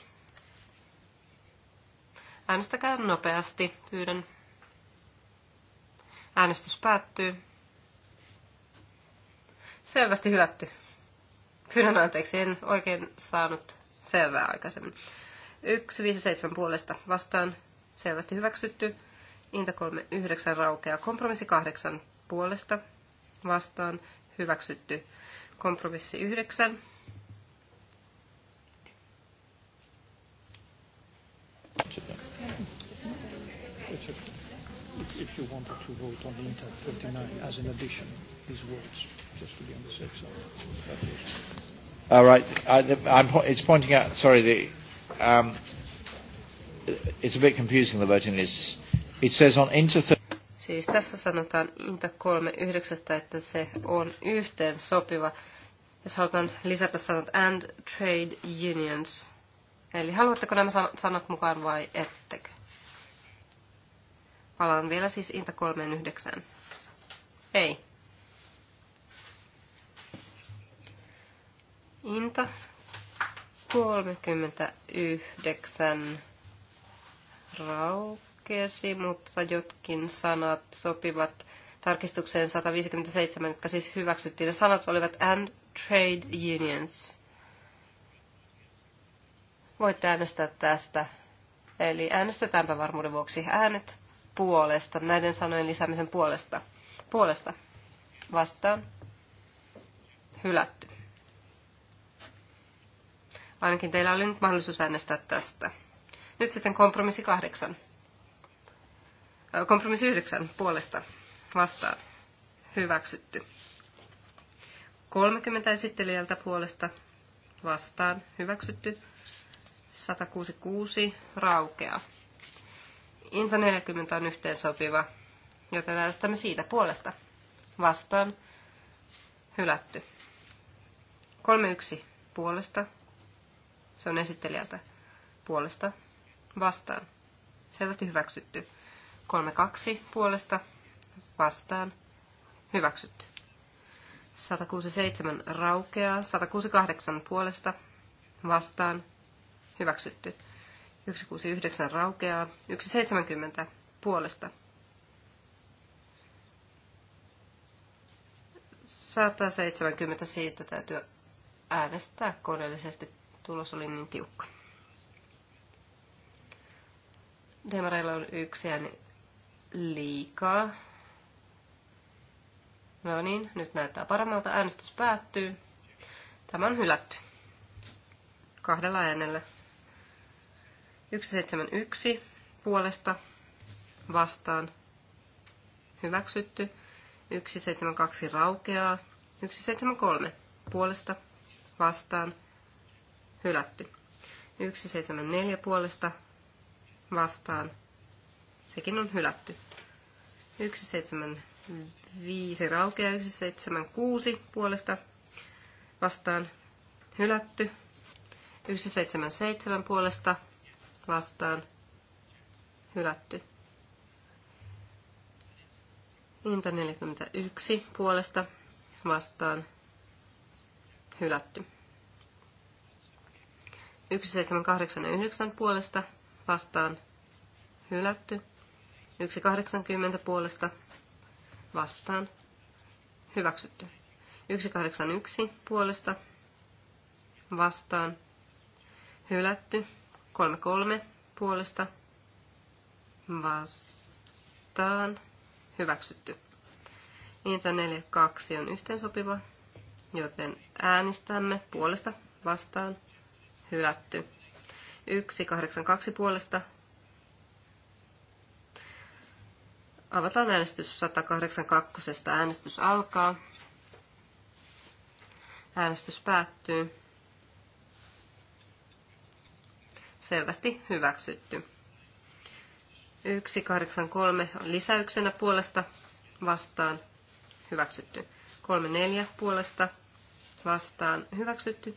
Äänestäkää nopeasti, pyydän. Äänestys päättyy. Selvästi hylätty. Pyydän anteeksi, en oikein saanut selvää aikaisemmin. 157 puolesta vastaan selvästi hyväksytty. Inta 39 raukea. Kompromissi 8 puolesta vastaan hyväksytty. Kompromissi 9 if you wanted to vote on INTA 39 as an addition, these words, just to be on the safe side. All right. I, the, I'm, it's pointing out, sorry, the, um, it's a bit confusing the voting list. It says on Inter 39. Siis tässä sanotaan INTA 39, että se on yhteen sopiva, jos halutaan lisätä sanat and trade unions. Eli haluatteko nämä sanat mukaan vai ettekö? Palaan vielä siis Inta 39. Ei. Inta 39 raukesi, mutta jotkin sanat sopivat tarkistukseen 157, jotka siis hyväksyttiin. Ne sanat olivat and trade unions. Voitte äänestää tästä. Eli äänestetäänpä varmuuden vuoksi äänet puolesta, näiden sanojen lisäämisen puolesta. Puolesta vastaan hylätty. Ainakin teillä oli nyt mahdollisuus äänestää tästä. Nyt sitten kompromissi kahdeksan. Kompromissi yhdeksän puolesta vastaan hyväksytty. 30 esittelijältä puolesta vastaan hyväksytty. 166 raukeaa. Inta 40 on yhteensopiva, joten äänestämme siitä puolesta. Vastaan. Hylätty. 31 puolesta. Se on esittelijältä puolesta. Vastaan. Selvästi hyväksytty. 32 puolesta. Vastaan. Hyväksytty. 167 raukeaa. 168 puolesta. Vastaan. Hyväksytty. 169 raukeaa. 170 puolesta. 70 siitä täytyy äänestää koneellisesti. Tulos oli niin tiukka. Demareilla on yksi ääni liikaa. No niin, nyt näyttää paremmalta. Äänestys päättyy. Tämä on hylätty. Kahdella äänellä. 171 puolesta vastaan hyväksytty. 172 raukeaa. 173 puolesta vastaan hylätty. 174 puolesta vastaan sekin on hylätty. 175 raukeaa. 176 puolesta vastaan hylätty. 177 puolesta vastaan hylätty. Inta 41 puolesta vastaan hylätty. 1789 puolesta vastaan hylätty. 180 puolesta vastaan hyväksytty. 181 puolesta vastaan hylätty. 33 puolesta vastaan hyväksytty. Niitä 42 on yhteensopiva, joten äänestämme puolesta vastaan hylätty. 182 puolesta Avataan äänestys 182. Äänestys alkaa. Äänestys päättyy. selvästi hyväksytty. 183 on lisäyksenä puolesta vastaan hyväksytty. 34 puolesta vastaan hyväksytty.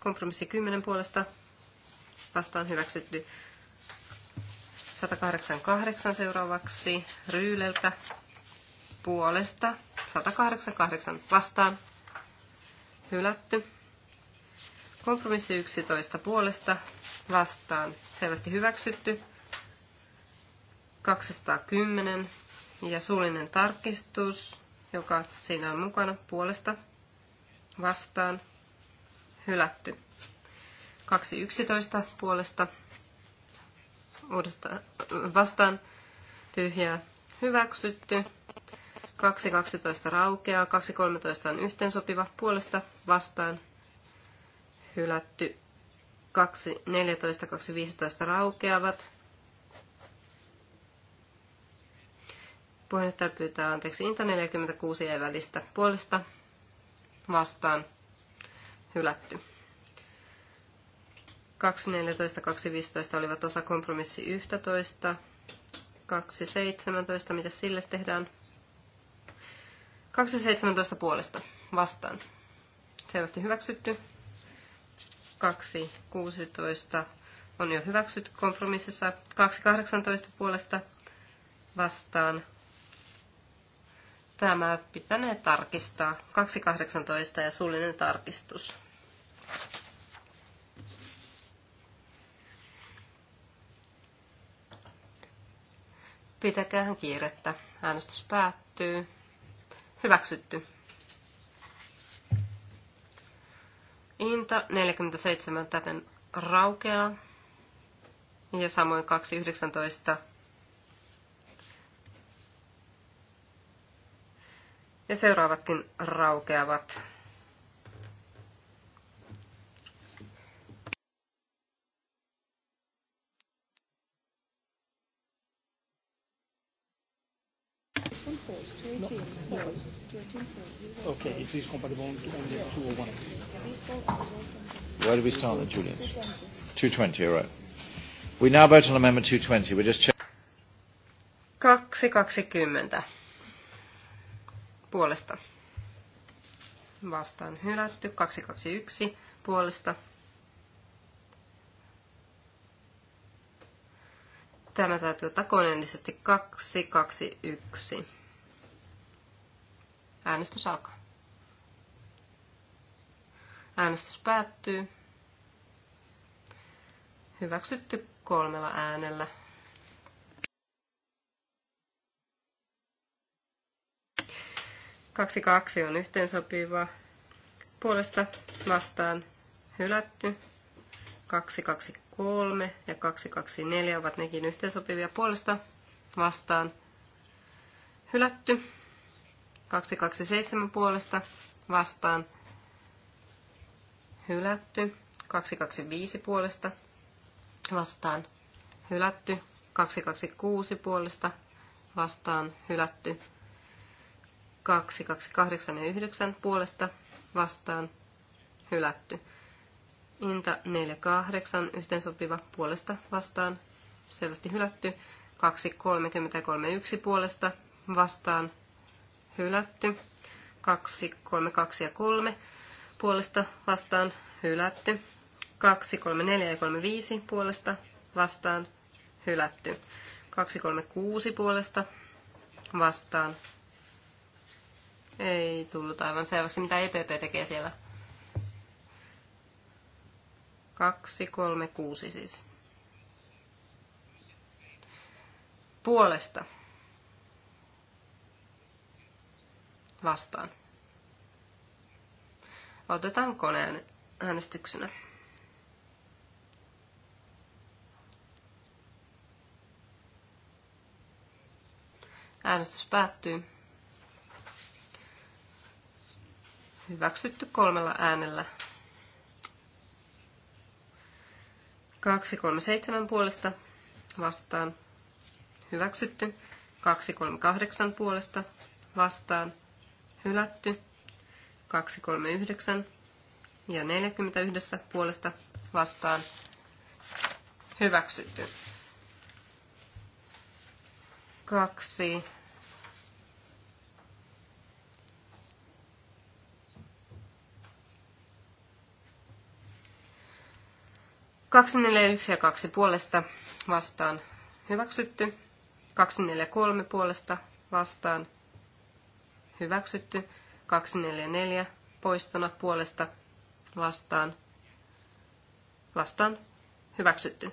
Kompromissi 10 puolesta vastaan hyväksytty. 188 seuraavaksi Ryyleltä puolesta 188 vastaan hylätty. Kompromissi 11 puolesta vastaan selvästi hyväksytty. 210 ja suullinen tarkistus, joka siinä on mukana puolesta vastaan hylätty. 211 puolesta uudesta, vastaan tyhjää hyväksytty. 2.12 raukeaa, 2.13 on yhteensopiva puolesta vastaan hylätty. 2.14, 2.15 raukeavat. Puheenjohtaja pyytää anteeksi Inta 46 ja välistä puolesta vastaan hylätty. 2.14.2.15 olivat osa kompromissi 11. 2.17, mitä sille tehdään? 2.17 puolesta vastaan. Selvästi hyväksytty. 2, 16 on jo hyväksytty kompromississa. 2, 18 puolesta vastaan. Tämä pitänee tarkistaa. 2.18 ja suullinen tarkistus. Pitäkäähän kiirettä. Äänestys päättyy. Hyväksytty. Inta 47 täten raukeaa. Ja samoin 219. Ja seuraavatkin raukeavat. No. Okay, it is compatible on the 201. Where do we start then, Julian? 220, 220, all right. We now vote on amendment 220. We're just checking. 220. Puolesta. Vastaan hylätty. 221. Puolesta. Tämä täytyy ottaa 221. Äänestys alkaa. Äänestys päättyy. Hyväksytty kolmella äänellä. Kaksi kaksi on yhteensopiva. Puolesta vastaan hylätty. 223 ja 224 ovat nekin yhteensopivia puolesta vastaan hylätty. 227 puolesta vastaan hylätty. 225 puolesta vastaan hylätty. 226 puolesta vastaan hylätty. 228 ja 9 puolesta vastaan hylätty. Inta 48 yhteensopiva puolesta vastaan selvästi hylätty. 233 puolesta vastaan hylätty. 2, 3, 2 ja 3 puolesta vastaan hylätty. 2, 3, 4 ja 3, 5 puolesta vastaan hylätty. 2, 3, 6 puolesta vastaan. Ei tullut aivan selväksi, mitä EPP tekee siellä. 2, 3, 6 siis. Puolesta vastaan. Otetaan koneen äänestyksenä. Äänestys päättyy. Hyväksytty kolmella äänellä. 237 puolesta vastaan. Hyväksytty. 238 puolesta vastaan hylätty. 239 ja 41 puolesta vastaan hyväksytty. 2 241 ja 2 puolesta vastaan hyväksytty. 243 puolesta vastaan hyväksytty. 244 poistona puolesta vastaan, vastaan hyväksytty.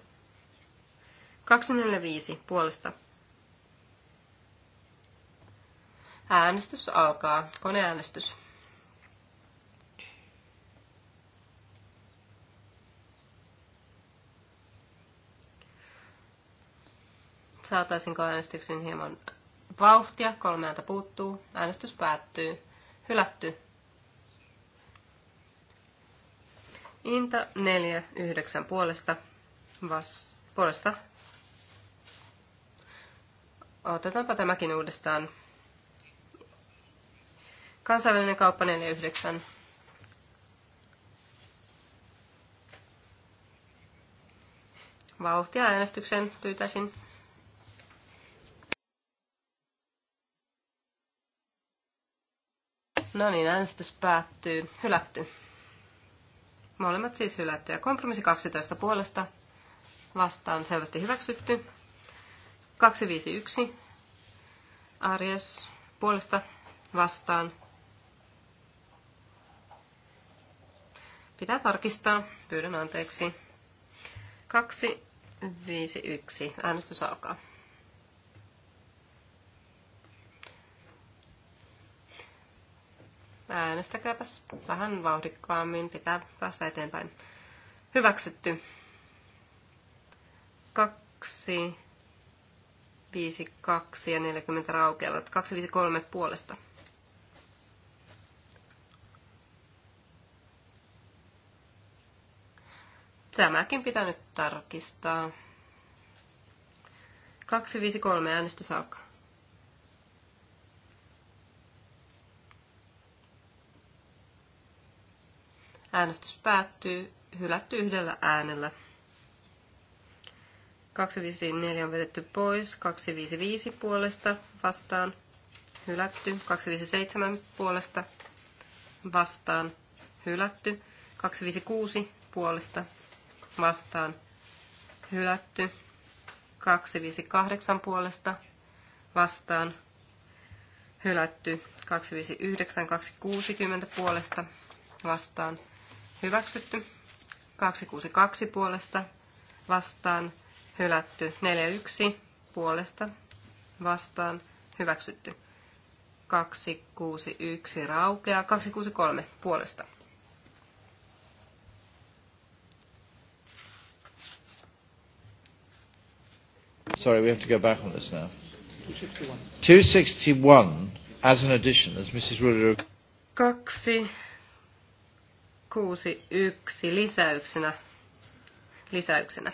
245 puolesta. Äänestys alkaa. Koneäänestys. Saataisinko äänestyksen hieman vauhtia, kolmeelta puuttuu, äänestys päättyy, hylätty. Inta 4, 9 puolesta, vas, puolesta. Otetaanpa tämäkin uudestaan. Kansainvälinen kauppa yhdeksän Vauhtia äänestyksen pyytäisin No niin, äänestys päättyy. Hylätty. Molemmat siis Ja Kompromissi 12 puolesta vastaan selvästi hyväksytty. 251 Arjes puolesta vastaan. Pitää tarkistaa. Pyydän anteeksi. 251. Äänestys alkaa. Äänestäkääpäs vähän vauhdikkaammin, pitää päästä eteenpäin. Hyväksytty. Kaksi kaksi ja 40 raukeavat. kolme puolesta. Tämäkin pitää nyt tarkistaa. 253 äänestys alkaa. Äänestys päättyy. Hylätty yhdellä äänellä. 254 on vedetty pois. 255 puolesta vastaan. Hylätty. 257 puolesta vastaan. Hylätty. 256 puolesta vastaan. Hylätty. 258 puolesta vastaan hylätty 259-260 puolesta vastaan hyväksytty. 262 puolesta vastaan hylätty. 41 puolesta vastaan hyväksytty. 261 raukeaa. 263 puolesta. Sorry, we have to go back on this now. 261. 261 as an addition, as Mrs. Ruler. Kaksi 61 lisäyksenä. lisäyksenä.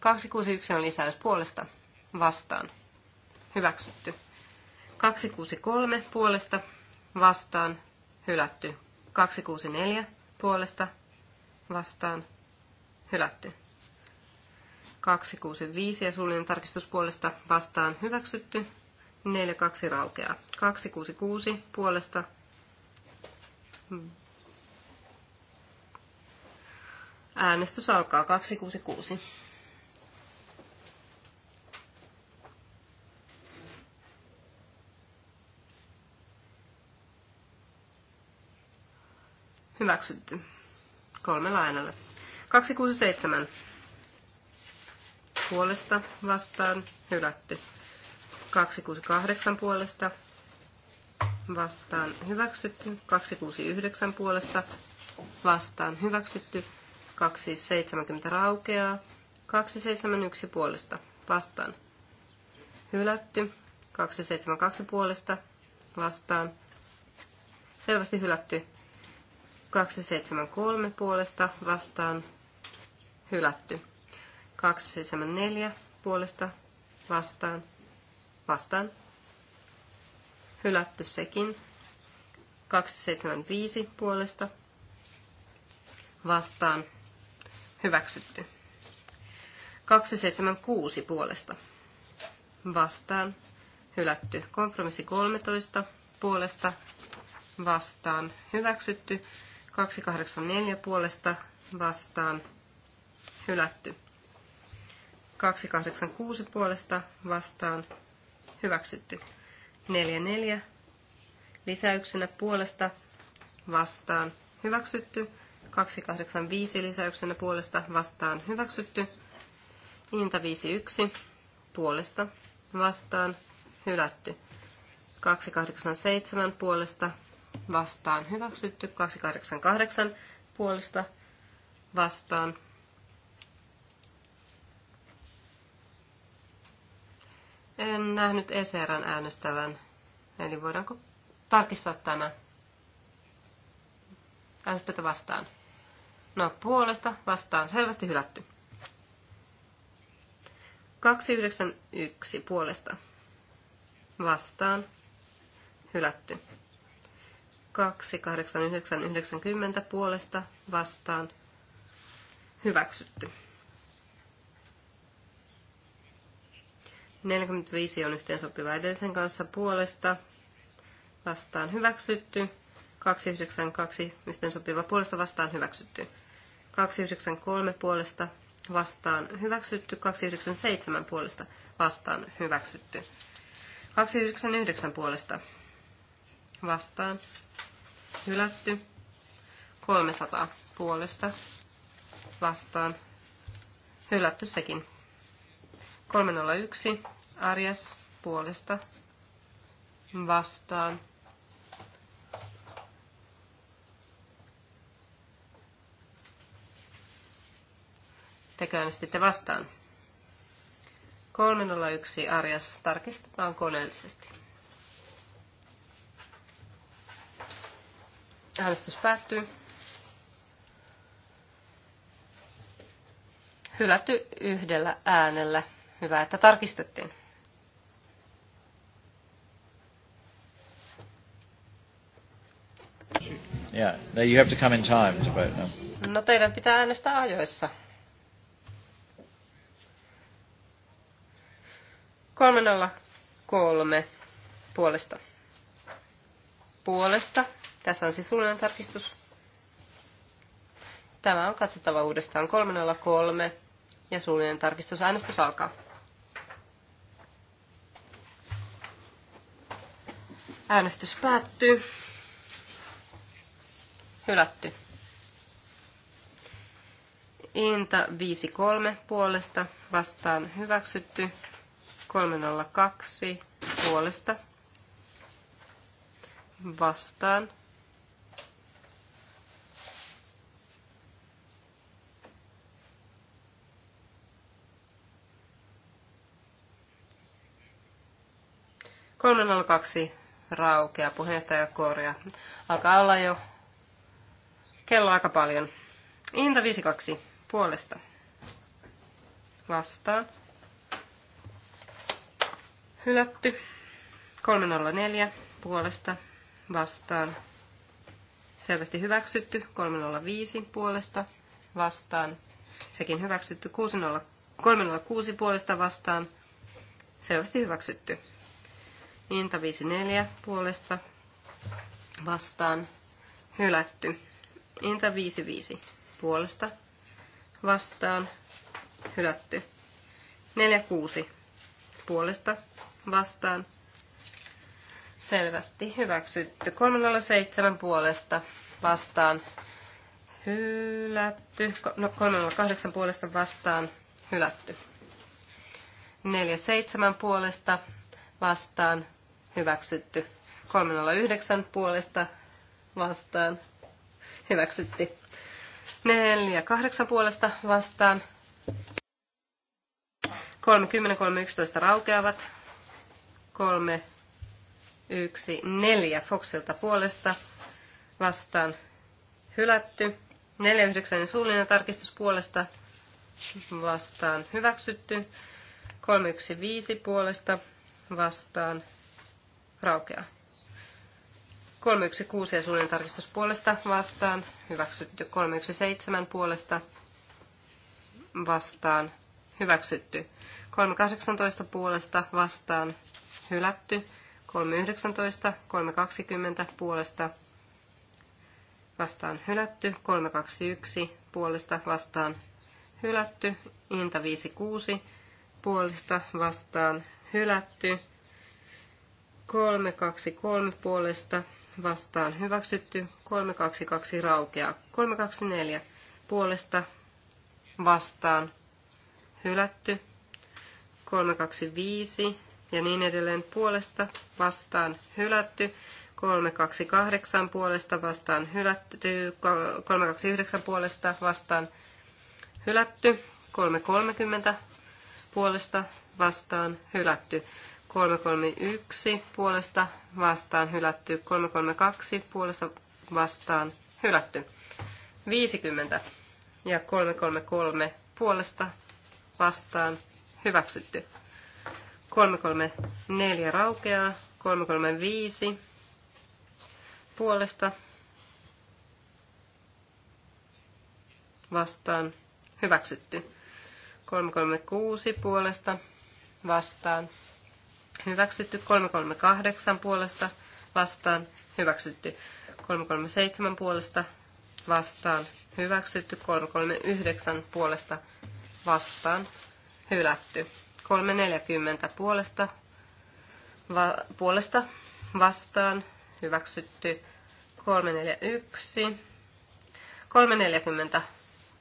261 on lisäys puolesta vastaan. Hyväksytty. 263 puolesta vastaan. Hylätty. 264 puolesta vastaan. Hylätty. 265 ja suullinen tarkistus puolesta vastaan hyväksytty. 42 raukeaa. 266 puolesta Hmm. Äänestys alkaa 266. Hyväksytty. Kolme lainalle. 267. Puolesta vastaan hylätty. 268 puolesta vastaan hyväksytty, 269 puolesta vastaan hyväksytty, 270 raukeaa, 271 puolesta vastaan hylätty, 272 puolesta vastaan selvästi hylätty, 273 puolesta vastaan hylätty, 274 puolesta vastaan vastaan hylätty sekin. 275 puolesta vastaan hyväksytty. 276 puolesta vastaan hylätty. Kompromissi 13 puolesta vastaan hyväksytty. 284 puolesta vastaan hylätty. 286 puolesta vastaan hyväksytty. 44 lisäyksenä puolesta vastaan hyväksytty. 285 lisäyksenä puolesta vastaan hyväksytty. Inta 51 puolesta vastaan hylätty. 287 puolesta vastaan hyväksytty. 288 puolesta vastaan En nähnyt Eseran äänestävän. Eli voidaanko tarkistaa tämä? Äänestetä vastaan. No, puolesta vastaan. Selvästi hylätty. 291 puolesta. Vastaan. Hylätty. 28990 puolesta. Vastaan. Hyväksytty. 45 on yhteensopiva edellisen kanssa puolesta. Vastaan hyväksytty. 292 yhteensopiva puolesta vastaan hyväksytty. 293 puolesta vastaan hyväksytty. 297 puolesta vastaan hyväksytty. 299 puolesta vastaan hylätty. 300 puolesta vastaan hylätty sekin. 301 Arjas puolesta vastaan. Te käynnistitte vastaan? 301 Arjas tarkistetaan koneellisesti. Äänestys päättyy. Hylätty yhdellä äänellä. Hyvä, että tarkistettiin. Yeah, no, you have to come in time to vote now. No teidän pitää äänestää ajoissa. 303 puolesta. Puolesta. Tässä on siis suullinen tarkistus. Tämä on katsottava uudestaan 303 ja suullinen tarkistus. Äänestys alkaa. Äänestys päättyy. Hylätty. Inta 53 puolesta vastaan hyväksytty. 302 puolesta vastaan. Kolmen kaksi raukea puheenjohtajakorja. Alkaa olla jo kello aika paljon. Inta 52 puolesta. vastaa. Hylätty. 304 puolesta. Vastaan. Selvästi hyväksytty. 305 puolesta. Vastaan. Sekin hyväksytty. 306 puolesta vastaan. Selvästi hyväksytty. Inta 54 puolesta vastaan hylätty. Inta 55 puolesta vastaan hylätty. 46 puolesta vastaan selvästi hyväksytty. 307 puolesta vastaan hylätty. No, 308 puolesta vastaan hylätty. 47 puolesta vastaan hyväksytty. 309 puolesta vastaan hyväksytti. 48 puolesta vastaan. 30, 311 raukeavat. 3, 1, 4 Foxilta puolesta vastaan hylätty. 49 suullinen tarkistus puolesta vastaan hyväksytty. 315 puolesta vastaan raukeaa. 316 ja suunnan tarkistus puolesta vastaan. Hyväksytty 317 puolesta vastaan. Hyväksytty 318 puolesta vastaan. Hylätty 319, 320 puolesta vastaan hylätty, 321 puolesta vastaan hylätty, Inta 56 puolesta vastaan hylätty, 323 puolesta vastaan hyväksytty, 322 raukeaa, 324 puolesta vastaan hylätty, 325 ja niin edelleen puolesta vastaan hylätty, 328 puolesta vastaan hylätty, 329 puolesta vastaan hylätty, 330 puolesta vastaan hylätty, 331 puolesta vastaan hylätty, 332 puolesta vastaan hylätty, 50 ja 333 puolesta vastaan hyväksytty. 334 raukeaa, 335 puolesta vastaan hyväksytty. 336 puolesta vastaan Hyväksytty 338 puolesta vastaan. Hyväksytty 337 puolesta vastaan. Hyväksytty 339 puolesta vastaan. Hylätty 340 puolesta, va, puolesta vastaan. Hyväksytty 341. 340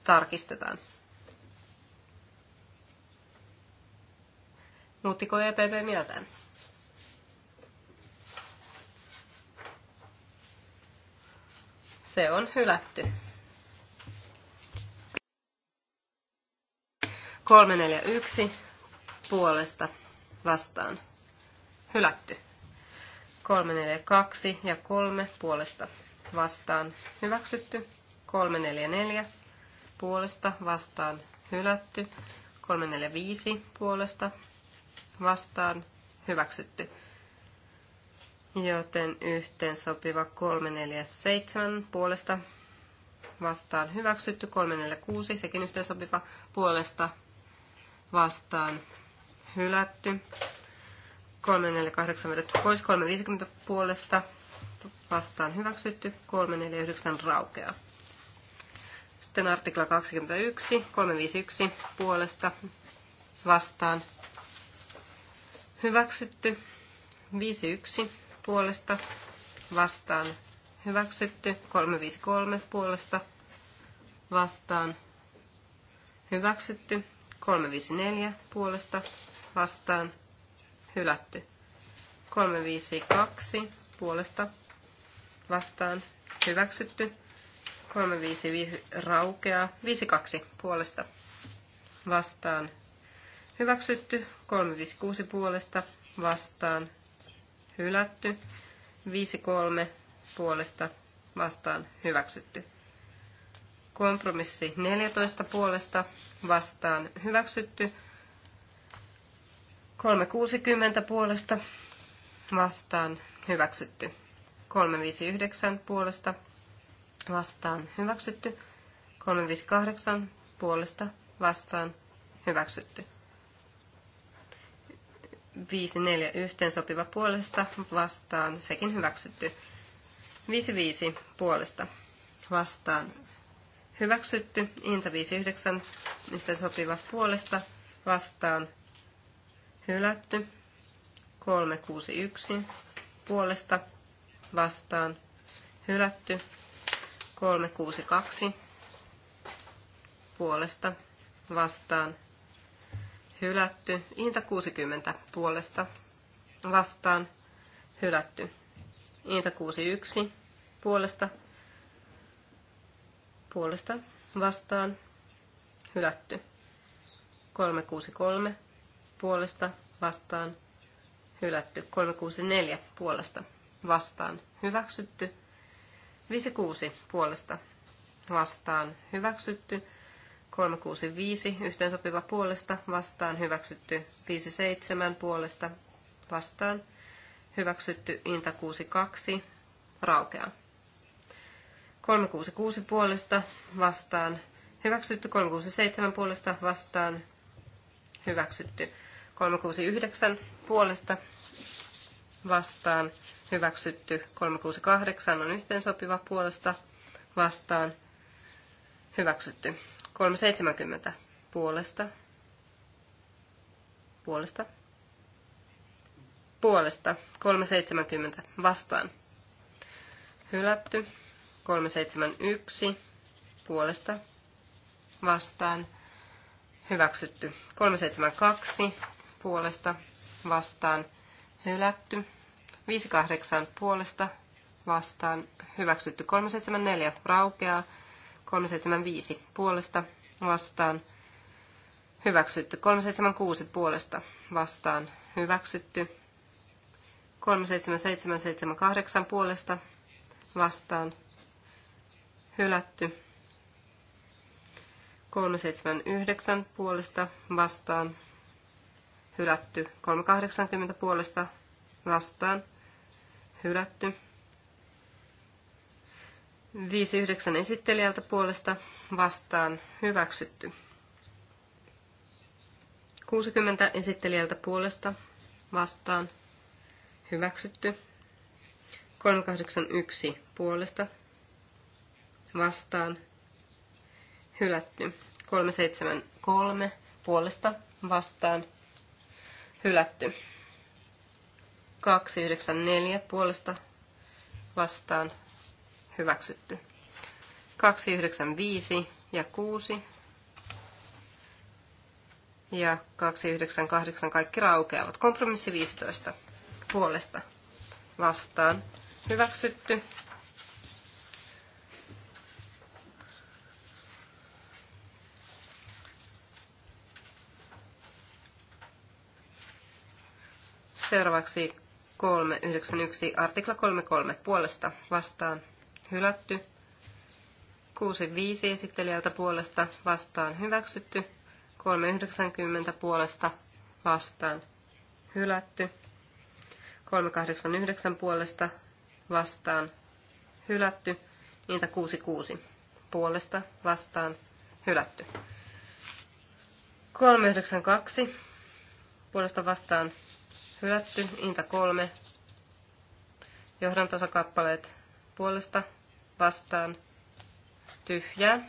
tarkistetaan. Nuuttiko EPP mieltään? Se on hylätty. 341 puolesta vastaan. Hylätty. 342 ja 3 puolesta vastaan. Hyväksytty. 344 puolesta vastaan. Hylätty. 345 puolesta vastaan hyväksytty. Joten yhteen sopiva 347 puolesta vastaan hyväksytty, 346 sekin yhteen sopiva puolesta vastaan hylätty, 348 vedetty pois, 350 puolesta vastaan hyväksytty, 349 raukea. Sitten artikla 21, 351 puolesta vastaan Hyväksytty. 5.1. puolesta vastaan. Hyväksytty. 353 puolesta vastaan. Hyväksytty. 354 puolesta vastaan. Hylätty. 352 puolesta vastaan. Hyväksytty. 355 raukeaa. 52 puolesta vastaan. Hyväksytty 356 puolesta vastaan. Hylätty 53 puolesta vastaan. Hyväksytty. Kompromissi 14 puolesta vastaan. Hyväksytty 360 puolesta vastaan. Hyväksytty 359 puolesta vastaan. Hyväksytty 358 puolesta vastaan. Hyväksytty. 5, 4 yhteen sopiva puolesta vastaan, sekin hyväksytty. 5, 5 puolesta vastaan hyväksytty. Inta 59 yhteen sopiva puolesta vastaan hylätty. 3, 6, 1 puolesta vastaan hylätty. 3, 6, 2 puolesta vastaan hylätty hylätty. Inta 60 puolesta vastaan hylätty. Inta 61 puolesta puolesta vastaan hylätty. 363 puolesta vastaan hylätty. 364 puolesta vastaan hyväksytty. 56 puolesta vastaan hyväksytty. 365 yhteensopiva puolesta vastaan hyväksytty 57 puolesta vastaan hyväksytty Inta 62 raukeaa. 366 puolesta vastaan hyväksytty 367 puolesta vastaan hyväksytty 369 puolesta vastaan hyväksytty 368 on yhteensopiva puolesta vastaan hyväksytty 370 puolesta. Puolesta. Puolesta. 370 vastaan. Hylätty. 371 puolesta vastaan. Hyväksytty. 372 puolesta vastaan. Hylätty. 58 puolesta vastaan. Hyväksytty. 374 raukeaa. 375 puolesta vastaan hyväksytty. 376 puolesta vastaan hyväksytty. 37778 puolesta vastaan hylätty. 379 puolesta vastaan hylätty. 380 puolesta vastaan hylätty. 59 esittelijältä puolesta vastaan hyväksytty. 60 esittelijältä puolesta vastaan hyväksytty. 381 puolesta vastaan hylätty. 373 puolesta vastaan hylätty. 294 puolesta vastaan hyväksytty. 295 ja 6 ja 298 kaikki raukeavat. Kompromissi 15 puolesta vastaan hyväksytty. Seuraavaksi 391, artikla 33 puolesta vastaan hylätty. 6.5 esittelijältä puolesta vastaan hyväksytty. 3.90 puolesta vastaan hylätty. 3.89 puolesta vastaan hylätty. Niitä 6.6 puolesta vastaan hylätty. 392 puolesta vastaan hylätty, Inta 3, johdantosakappaleet puolesta vastaan tyhjää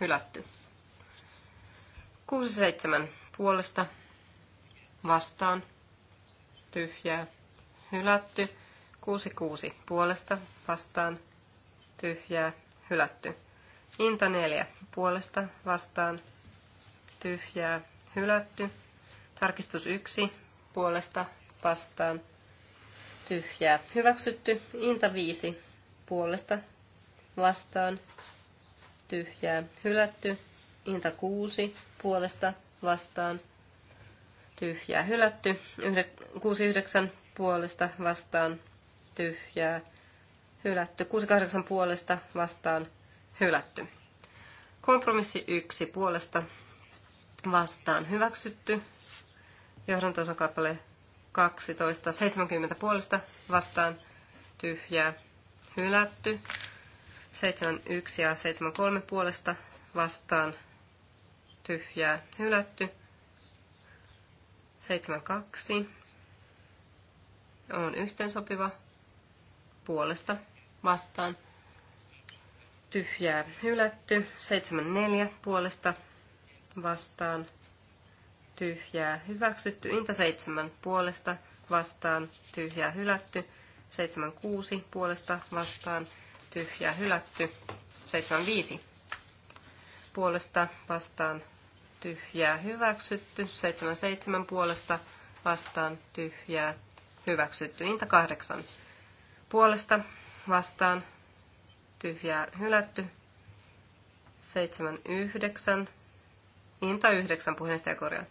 hylätty. 67 puolesta vastaan tyhjää hylätty. 66 puolesta vastaan tyhjää hylätty. Inta 4 puolesta vastaan tyhjää hylätty. Tarkistus 1 puolesta vastaan tyhjää. Hyväksytty Inta 5 puolesta vastaan tyhjää. Hylätty Inta 6 puolesta vastaan tyhjää. Hylätty 69 puolesta vastaan tyhjää. Hylätty 68 puolesta vastaan hylätty. Kompromissi 1 puolesta vastaan hyväksytty. Johdantosakappale 12, 70 puolesta vastaan tyhjää hylätty. 71 ja 73 puolesta vastaan tyhjää hylätty. 72 on yhteensopiva puolesta vastaan tyhjää hylätty. 74 puolesta vastaan tyhjää hyväksytty. Inta 7 puolesta vastaan tyhjää hylätty. 76 puolesta vastaan tyhjää hylätty. 75 puolesta vastaan tyhjää hyväksytty. 77 puolesta vastaan tyhjää hyväksytty. Inta 8 puolesta vastaan tyhjää hylätty. 79 Inta 9 puheenjohtaja korjaa.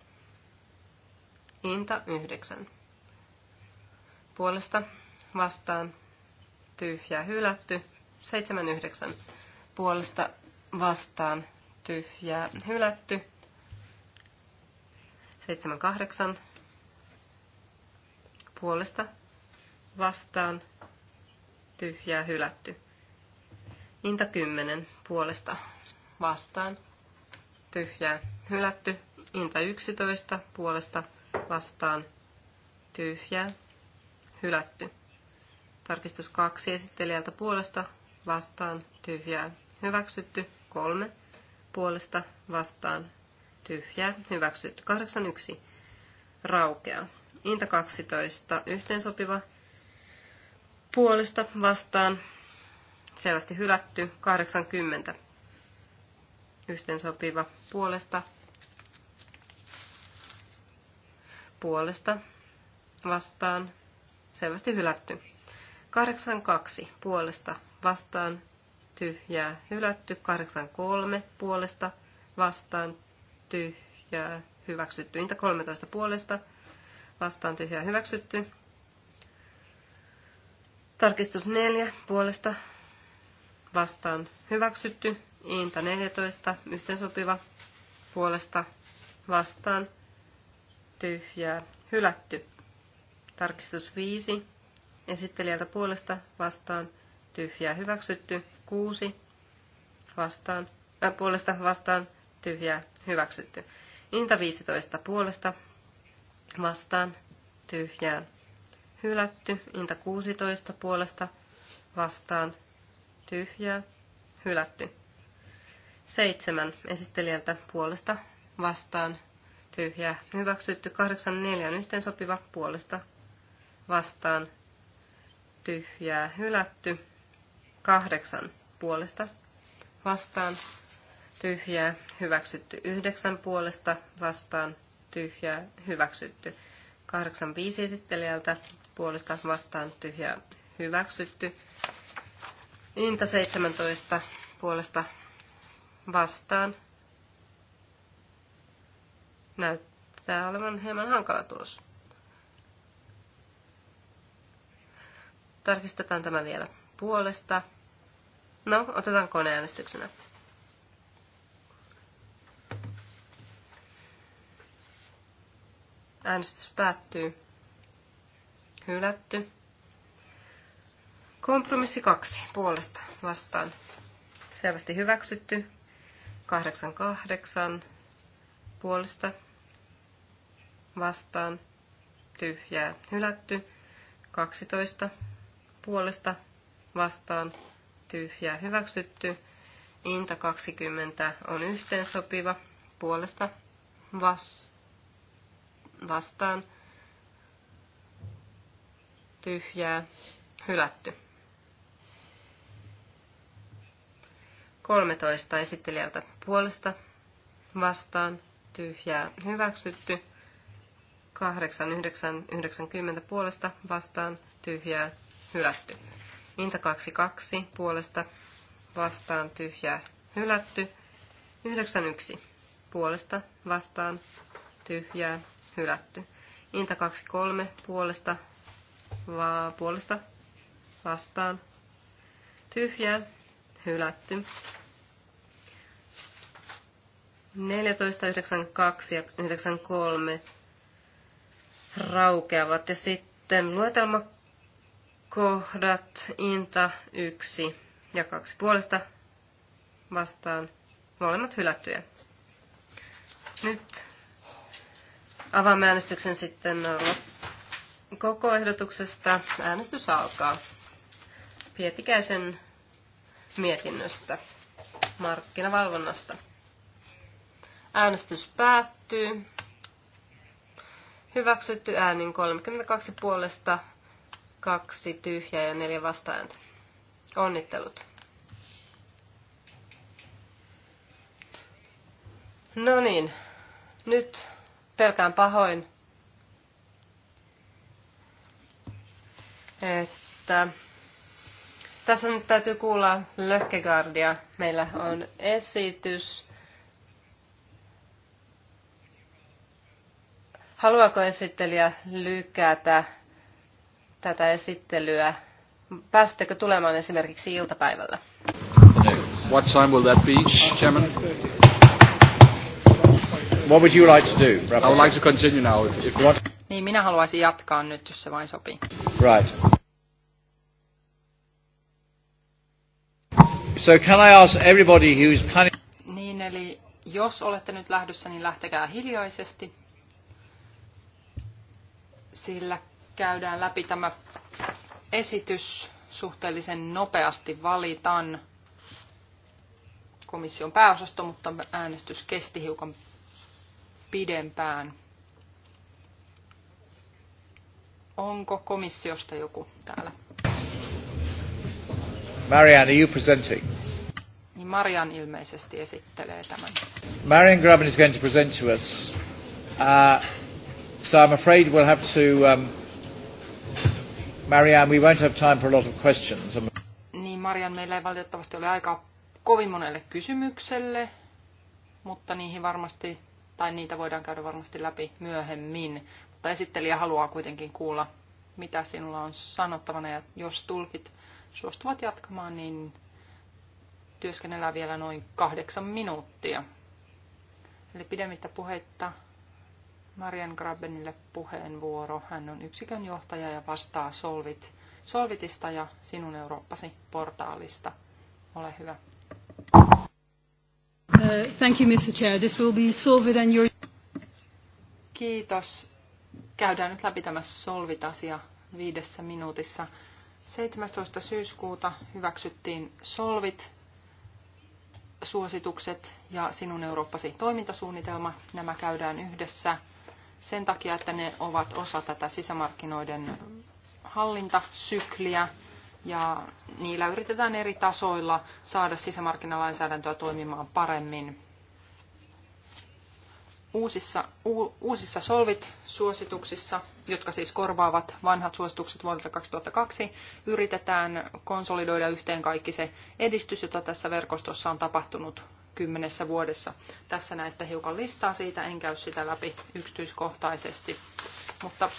Inta 9. Puolesta vastaan tyhjä hylätty. 79. Puolesta vastaan tyhjä hylätty. 78. Puolesta vastaan tyhjä hylätty. Inta 10. Puolesta vastaan tyhjä hylätty. Inta 11. Puolesta vastaan, vastaan tyhjää hylätty. Tarkistus kaksi esittelijältä puolesta vastaan tyhjää hyväksytty. kolme puolesta vastaan tyhjää hyväksytty. kahdeksan yksi raukea. Inta 12 yhteensopiva puolesta vastaan selvästi hylätty. 80 yhteensopiva puolesta puolesta vastaan selvästi hylätty. 82 puolesta vastaan tyhjää hylätty. 83 puolesta vastaan tyhjää hyväksytty. Inta 13 puolesta vastaan tyhjää hyväksytty. Tarkistus 4 puolesta vastaan hyväksytty. Inta 14 yhteensopiva puolesta vastaan tyhjää, hylätty. Tarkistus 5, esittelijältä puolesta vastaan, tyhjää, hyväksytty. 6, vastaan, äh, puolesta vastaan, tyhjää, hyväksytty. Inta 15 puolesta, vastaan, tyhjää, hylätty. Inta 16 puolesta, vastaan, tyhjää, hylätty. 7. Esittelijältä puolesta, vastaan, tyhjää. Hyväksytty 84 on yhteen sopiva puolesta vastaan tyhjää. Hylätty 8 puolesta vastaan tyhjää. Hyväksytty 9 puolesta vastaan tyhjää. Hyväksytty 85 esittelijältä puolesta vastaan tyhjää. Hyväksytty. Inta 17 puolesta vastaan näyttää olevan hieman hankala tulos. Tarkistetaan tämä vielä puolesta. No, otetaan koneäänestyksenä. Äänestys päättyy. Hylätty. Kompromissi kaksi puolesta vastaan. Selvästi hyväksytty. 88 puolesta vastaan tyhjää hylätty. 12 puolesta vastaan tyhjää hyväksytty. Inta 20 on yhteensopiva puolesta vas- vastaan tyhjää hylätty. 13 esittelijältä puolesta vastaan tyhjää hyväksytty. 8, 9, 90 puolesta vastaan tyhjää hylätty. Inta 22 puolesta vastaan tyhjää hylätty. 91 puolesta vastaan tyhjää hylätty. Inta 23 puolesta vaan puolesta vastaan tyhjää hylätty. 14, 92 ja 93 raukeavat. Ja sitten luetelmakohdat Inta 1 ja 2 puolesta vastaan molemmat hylättyjä. Nyt avaamme äänestyksen sitten koko ehdotuksesta. Äänestys alkaa Pietikäisen mietinnöstä, markkinavalvonnasta. Äänestys päättyy. Hyväksytty äänin 32 puolesta, kaksi tyhjää ja neljä vastaääntä. Onnittelut. No niin, nyt pelkään pahoin, että tässä nyt täytyy kuulla Lökkegardia. Meillä on esitys Haluaako esittelijä lykätä tätä esittelyä? Päästettekö tulemaan esimerkiksi iltapäivällä? What time will that be, Chairman? What would you like to do? Rapporteur? I would like to continue now. If, if you Niin, minä haluaisin jatkaa nyt, jos se vain sopii. Right. So can I ask everybody who's planning... Niin, eli jos olette nyt lähdössä, niin lähtekää hiljaisesti. Sillä käydään läpi tämä esitys suhteellisen nopeasti valitan komission pääosasto, mutta äänestys kesti hiukan pidempään. Onko komissiosta joku täällä? Marianne, are you presenting? Niin Marian ilmeisesti esittelee tämän. Marian Graben is going to present to us uh, So I'm afraid we'll have to, um, Marianne, we won't have time for a lot of questions. Niin, Marianne, meillä ei valitettavasti ole aikaa kovin monelle kysymykselle, mutta niihin varmasti, tai niitä voidaan käydä varmasti läpi myöhemmin. Mutta esittelijä haluaa kuitenkin kuulla, mitä sinulla on sanottavana, ja jos tulkit suostuvat jatkamaan, niin työskennellään vielä noin kahdeksan minuuttia. Eli pidemmittä puheitta Marian Grabenille puheenvuoro. Hän on yksikön johtaja ja vastaa Solvit, Solvitista ja Sinun Eurooppasi portaalista. Ole hyvä. Uh, thank you, Mr. Chair. This will be Solvit and your... Kiitos. Käydään nyt läpi tämä Solvit-asia viidessä minuutissa. 17. syyskuuta hyväksyttiin Solvit, suositukset ja Sinun Eurooppasi toimintasuunnitelma. Nämä käydään yhdessä sen takia, että ne ovat osa tätä sisämarkkinoiden hallintasykliä ja niillä yritetään eri tasoilla saada sisämarkkinalainsäädäntöä toimimaan paremmin. Uusissa, u, uusissa Solvit-suosituksissa, jotka siis korvaavat vanhat suositukset vuodelta 2002, yritetään konsolidoida yhteen kaikki se edistys, jota tässä verkostossa on tapahtunut kymmenessä vuodessa. Tässä näette hiukan listaa siitä, en käy sitä läpi yksityiskohtaisesti. Mutta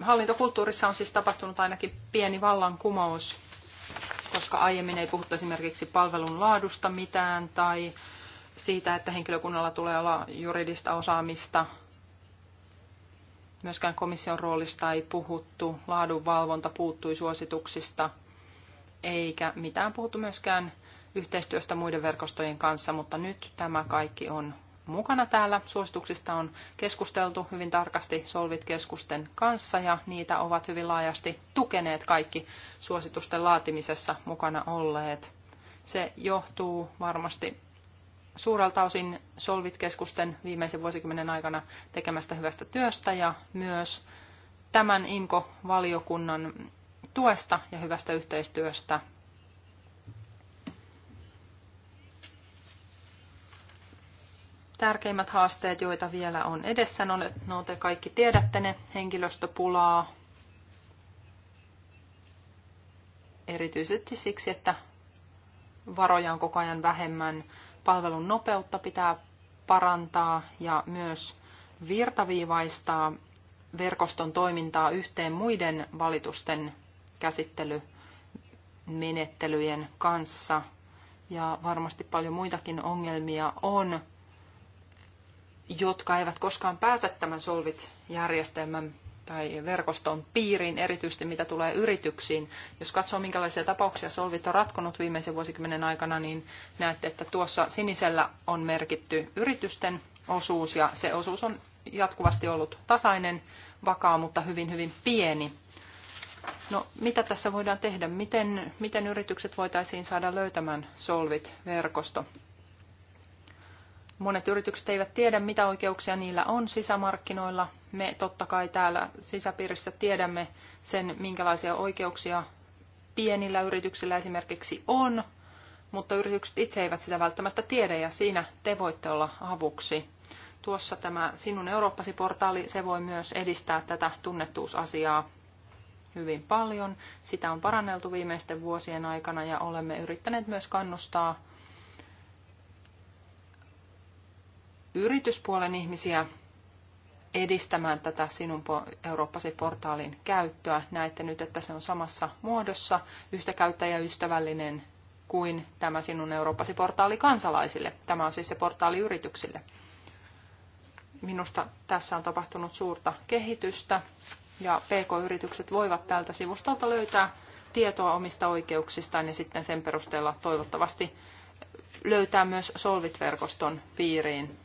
hallintokulttuurissa on siis tapahtunut ainakin pieni vallankumous, koska aiemmin ei puhuttu esimerkiksi palvelun laadusta mitään tai siitä, että henkilökunnalla tulee olla juridista osaamista. Myöskään komission roolista ei puhuttu, laadunvalvonta puuttui suosituksista, eikä mitään puhuttu myöskään yhteistyöstä muiden verkostojen kanssa, mutta nyt tämä kaikki on mukana täällä. Suosituksista on keskusteltu hyvin tarkasti Solvit-keskusten kanssa ja niitä ovat hyvin laajasti tukeneet kaikki suositusten laatimisessa mukana olleet. Se johtuu varmasti suurelta osin Solvit-keskusten viimeisen vuosikymmenen aikana tekemästä hyvästä työstä ja myös tämän IMKO-valiokunnan tuesta ja hyvästä yhteistyöstä tärkeimmät haasteet, joita vielä on edessä. No, no te kaikki tiedätte ne, henkilöstöpulaa, erityisesti siksi, että varoja on koko ajan vähemmän, palvelun nopeutta pitää parantaa ja myös virtaviivaistaa verkoston toimintaa yhteen muiden valitusten käsittelymenettelyjen kanssa. Ja varmasti paljon muitakin ongelmia on jotka eivät koskaan pääse tämän Solvit-järjestelmän tai verkoston piiriin, erityisesti mitä tulee yrityksiin. Jos katsoo, minkälaisia tapauksia Solvit on ratkonut viimeisen vuosikymmenen aikana, niin näette, että tuossa sinisellä on merkitty yritysten osuus, ja se osuus on jatkuvasti ollut tasainen, vakaa, mutta hyvin, hyvin pieni. No, mitä tässä voidaan tehdä? Miten, miten yritykset voitaisiin saada löytämään Solvit-verkosto? Monet yritykset eivät tiedä, mitä oikeuksia niillä on sisämarkkinoilla. Me totta kai täällä sisäpiirissä tiedämme sen, minkälaisia oikeuksia pienillä yrityksillä esimerkiksi on, mutta yritykset itse eivät sitä välttämättä tiedä ja siinä te voitte olla avuksi. Tuossa tämä Sinun Eurooppasi portaali, se voi myös edistää tätä tunnettuusasiaa hyvin paljon. Sitä on paranneltu viimeisten vuosien aikana ja olemme yrittäneet myös kannustaa yrityspuolen ihmisiä edistämään tätä sinun Eurooppasi portaalin käyttöä. Näette nyt, että se on samassa muodossa, yhtä käyttäjäystävällinen kuin tämä sinun Eurooppasi portaali kansalaisille. Tämä on siis se portaali yrityksille. Minusta tässä on tapahtunut suurta kehitystä ja PK-yritykset voivat tältä sivustolta löytää tietoa omista oikeuksistaan ja sitten sen perusteella toivottavasti löytää myös Solvit-verkoston piiriin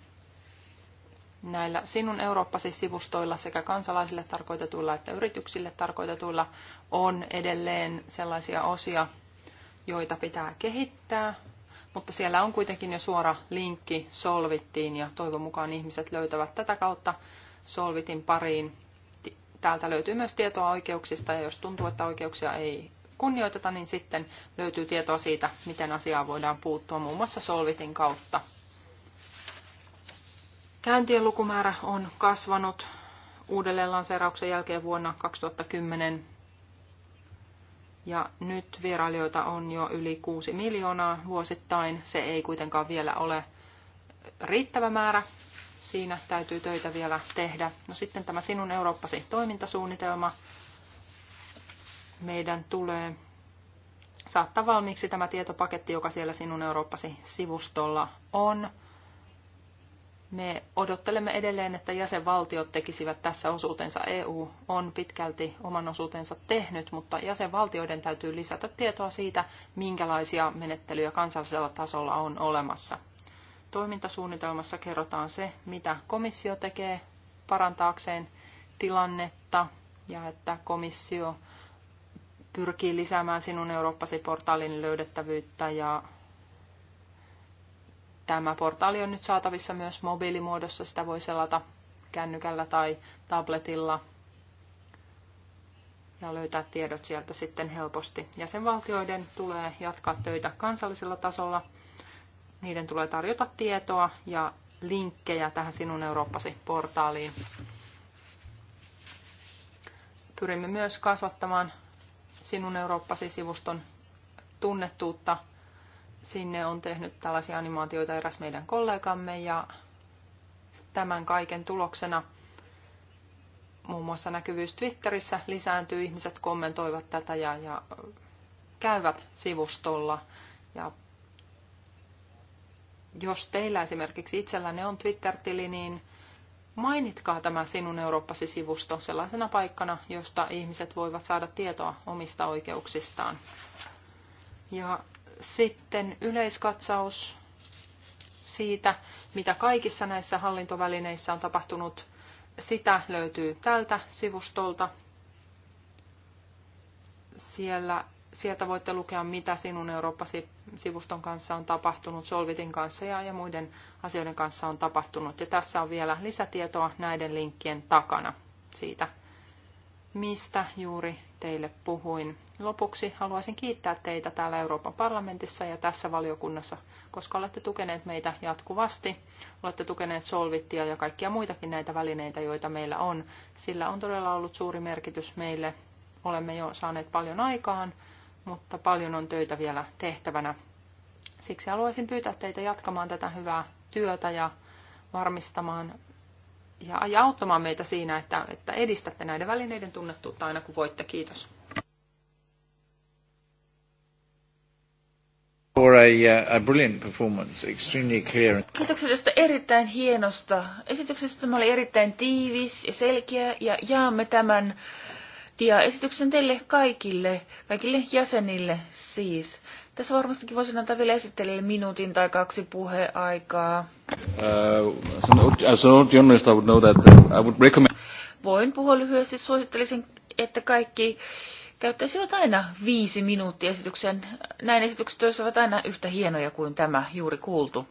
näillä sinun Eurooppasi sivustoilla sekä kansalaisille tarkoitetuilla että yrityksille tarkoitetuilla on edelleen sellaisia osia, joita pitää kehittää, mutta siellä on kuitenkin jo suora linkki Solvittiin ja toivon mukaan ihmiset löytävät tätä kautta Solvitin pariin. Täältä löytyy myös tietoa oikeuksista ja jos tuntuu, että oikeuksia ei kunnioiteta, niin sitten löytyy tietoa siitä, miten asiaa voidaan puuttua muun muassa Solvitin kautta. Käyntien lukumäärä on kasvanut uudelleen lanseerauksen jälkeen vuonna 2010. Ja nyt vierailijoita on jo yli 6 miljoonaa vuosittain. Se ei kuitenkaan vielä ole riittävä määrä. Siinä täytyy töitä vielä tehdä. No sitten tämä Sinun Eurooppasi toimintasuunnitelma. Meidän tulee saattaa valmiiksi tämä tietopaketti, joka siellä Sinun Eurooppasi sivustolla on – me odottelemme edelleen, että jäsenvaltiot tekisivät tässä osuutensa. EU on pitkälti oman osuutensa tehnyt, mutta jäsenvaltioiden täytyy lisätä tietoa siitä, minkälaisia menettelyjä kansallisella tasolla on olemassa. Toimintasuunnitelmassa kerrotaan se, mitä komissio tekee parantaakseen tilannetta ja että komissio pyrkii lisäämään sinun Eurooppasi portaalin löydettävyyttä ja Tämä portaali on nyt saatavissa myös mobiilimuodossa. Sitä voi selata kännykällä tai tabletilla ja löytää tiedot sieltä sitten helposti. Jäsenvaltioiden tulee jatkaa töitä kansallisella tasolla. Niiden tulee tarjota tietoa ja linkkejä tähän Sinun Eurooppasi portaaliin. Pyrimme myös kasvattamaan Sinun Eurooppasi sivuston tunnettuutta Sinne on tehnyt tällaisia animaatioita eräs meidän kollegamme ja tämän kaiken tuloksena muun muassa näkyvyys Twitterissä lisääntyy, ihmiset kommentoivat tätä ja, ja käyvät sivustolla. Ja jos teillä esimerkiksi itsellänne on Twitter-tili, niin mainitkaa tämä Sinun Eurooppasi sivusto sellaisena paikkana, josta ihmiset voivat saada tietoa omista oikeuksistaan. Ja sitten yleiskatsaus siitä, mitä kaikissa näissä hallintovälineissä on tapahtunut. Sitä löytyy tältä sivustolta. Siellä, sieltä voitte lukea, mitä sinun Eurooppa-sivuston kanssa on tapahtunut, Solvitin kanssa ja, ja muiden asioiden kanssa on tapahtunut. Ja tässä on vielä lisätietoa näiden linkkien takana siitä, mistä juuri teille puhuin. Lopuksi haluaisin kiittää teitä täällä Euroopan parlamentissa ja tässä valiokunnassa, koska olette tukeneet meitä jatkuvasti. Olette tukeneet solvittia ja kaikkia muitakin näitä välineitä, joita meillä on. Sillä on todella ollut suuri merkitys meille. Olemme jo saaneet paljon aikaan, mutta paljon on töitä vielä tehtävänä. Siksi haluaisin pyytää teitä jatkamaan tätä hyvää työtä ja varmistamaan ja auttamaan meitä siinä, että, että edistätte näiden välineiden tunnettuutta aina kun voitte. Kiitos. For a, uh, a brilliant performance, extremely clear. Kiitoksia tästä erittäin hienosta esityksestä. Tämä oli erittäin tiivis ja selkeä ja jaamme tämän dia esityksen teille kaikille, kaikille jäsenille siis. Tässä varmastikin voisin antaa vielä esittelijälle minuutin tai kaksi puheaikaa. Uh, uh, Voin puhua lyhyesti. Suosittelisin, että kaikki käyttäisivät aina viisi minuuttia esityksen. Näin esitykset olisivat aina yhtä hienoja kuin tämä juuri kuultu.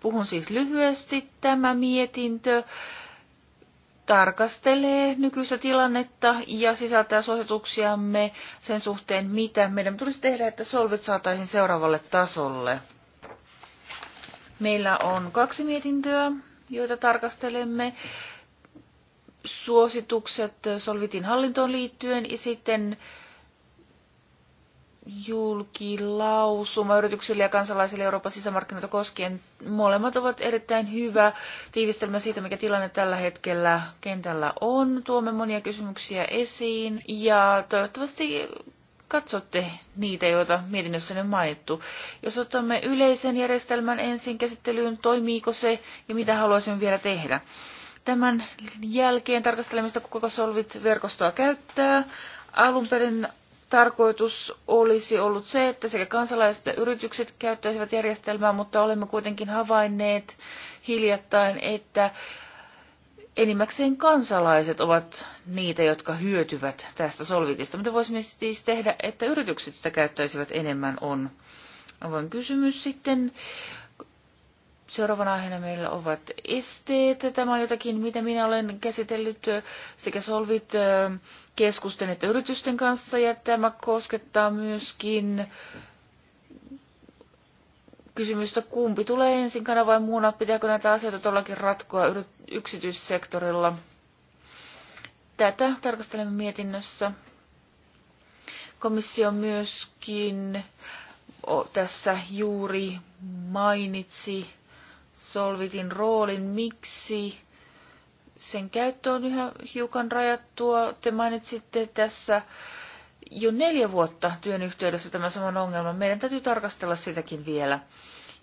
Puhun siis lyhyesti. Tämä mietintö tarkastelee nykyistä tilannetta ja sisältää suosituksiamme sen suhteen, mitä meidän tulisi tehdä, että solvit saataisiin seuraavalle tasolle. Meillä on kaksi mietintöä, joita tarkastelemme. Suositukset Solvitin hallintoon liittyen ja sitten julkilausuma yrityksille ja kansalaisille Euroopan sisämarkkinoita koskien. Molemmat ovat erittäin hyvä tiivistelmä siitä, mikä tilanne tällä hetkellä kentällä on. Tuomme monia kysymyksiä esiin ja toivottavasti katsotte niitä, joita mietinnössä on mainittu. Jos otamme yleisen järjestelmän ensin käsittelyyn, toimiiko se ja mitä haluaisimme vielä tehdä. Tämän jälkeen tarkastelemista, kuka Solvit-verkostoa käyttää. Alun perin tarkoitus olisi ollut se, että sekä kansalaiset että yritykset käyttäisivät järjestelmää, mutta olemme kuitenkin havainneet hiljattain, että enimmäkseen kansalaiset ovat niitä, jotka hyötyvät tästä solvitista. Mitä voisimme siis tehdä, että yritykset sitä käyttäisivät enemmän on avoin kysymys sitten. Seuraavana aiheena meillä ovat esteet. Tämä on jotakin, mitä minä olen käsitellyt sekä solvit keskusten että yritysten kanssa, ja tämä koskettaa myöskin kysymystä, kumpi tulee ensin kana vai muuna, pitääkö näitä asioita todellakin ratkoa yksityissektorilla. Tätä tarkastelemme mietinnössä. Komissio myöskin tässä juuri mainitsi solvitin roolin, miksi sen käyttö on yhä hiukan rajattua. Te mainitsitte tässä jo neljä vuotta työn yhteydessä tämän saman ongelman. Meidän täytyy tarkastella sitäkin vielä.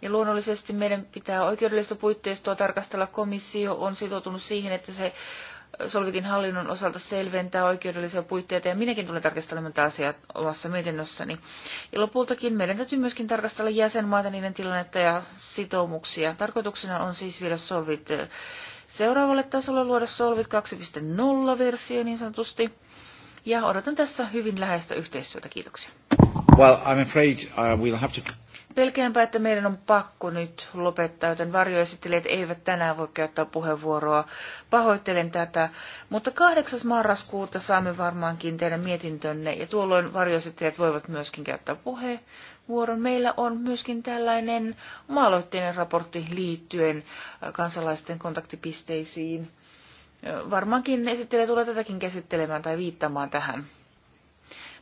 Ja luonnollisesti meidän pitää oikeudellista puitteistoa tarkastella. Komissio on sitoutunut siihen, että se Solvitin hallinnon osalta selventää oikeudellisia puitteita ja minäkin tulen tarkastelemaan tätä asiaa omassa mietinnössäni. Ja lopultakin meidän täytyy myöskin tarkastella jäsenmaita, niiden tilannetta ja sitoumuksia. Tarkoituksena on siis viedä Solvit eh, seuraavalle tasolle, luoda Solvit 2.0-versio niin sanotusti. Ja odotan tässä hyvin läheistä yhteistyötä. Kiitoksia. Well, I'm afraid I uh, will have to... Pelkäänpä, että meidän on pakko nyt lopettaa, joten varjoesittelijät eivät tänään voi käyttää puheenvuoroa. Pahoittelen tätä, mutta 8. marraskuuta saamme varmaankin teidän mietintönne ja tuolloin varjoesittelijät voivat myöskin käyttää puheenvuoron. Meillä on myöskin tällainen maaloitteinen raportti liittyen äh, kansalaisten kontaktipisteisiin. Äh, varmaankin esittelijä tulee tätäkin käsittelemään tai viittamaan tähän.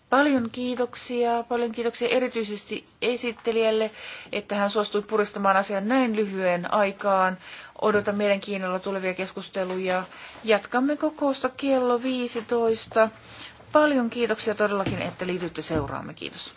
Paljon kiitoksia, paljon kiitoksia erityisesti esittelijälle, että hän suostui puristamaan asian näin lyhyen aikaan. Odotan mielenkiinnolla tulevia keskusteluja. Jatkamme kokousta kello 15. Paljon kiitoksia todellakin, että liitytte seuraamme. Kiitos.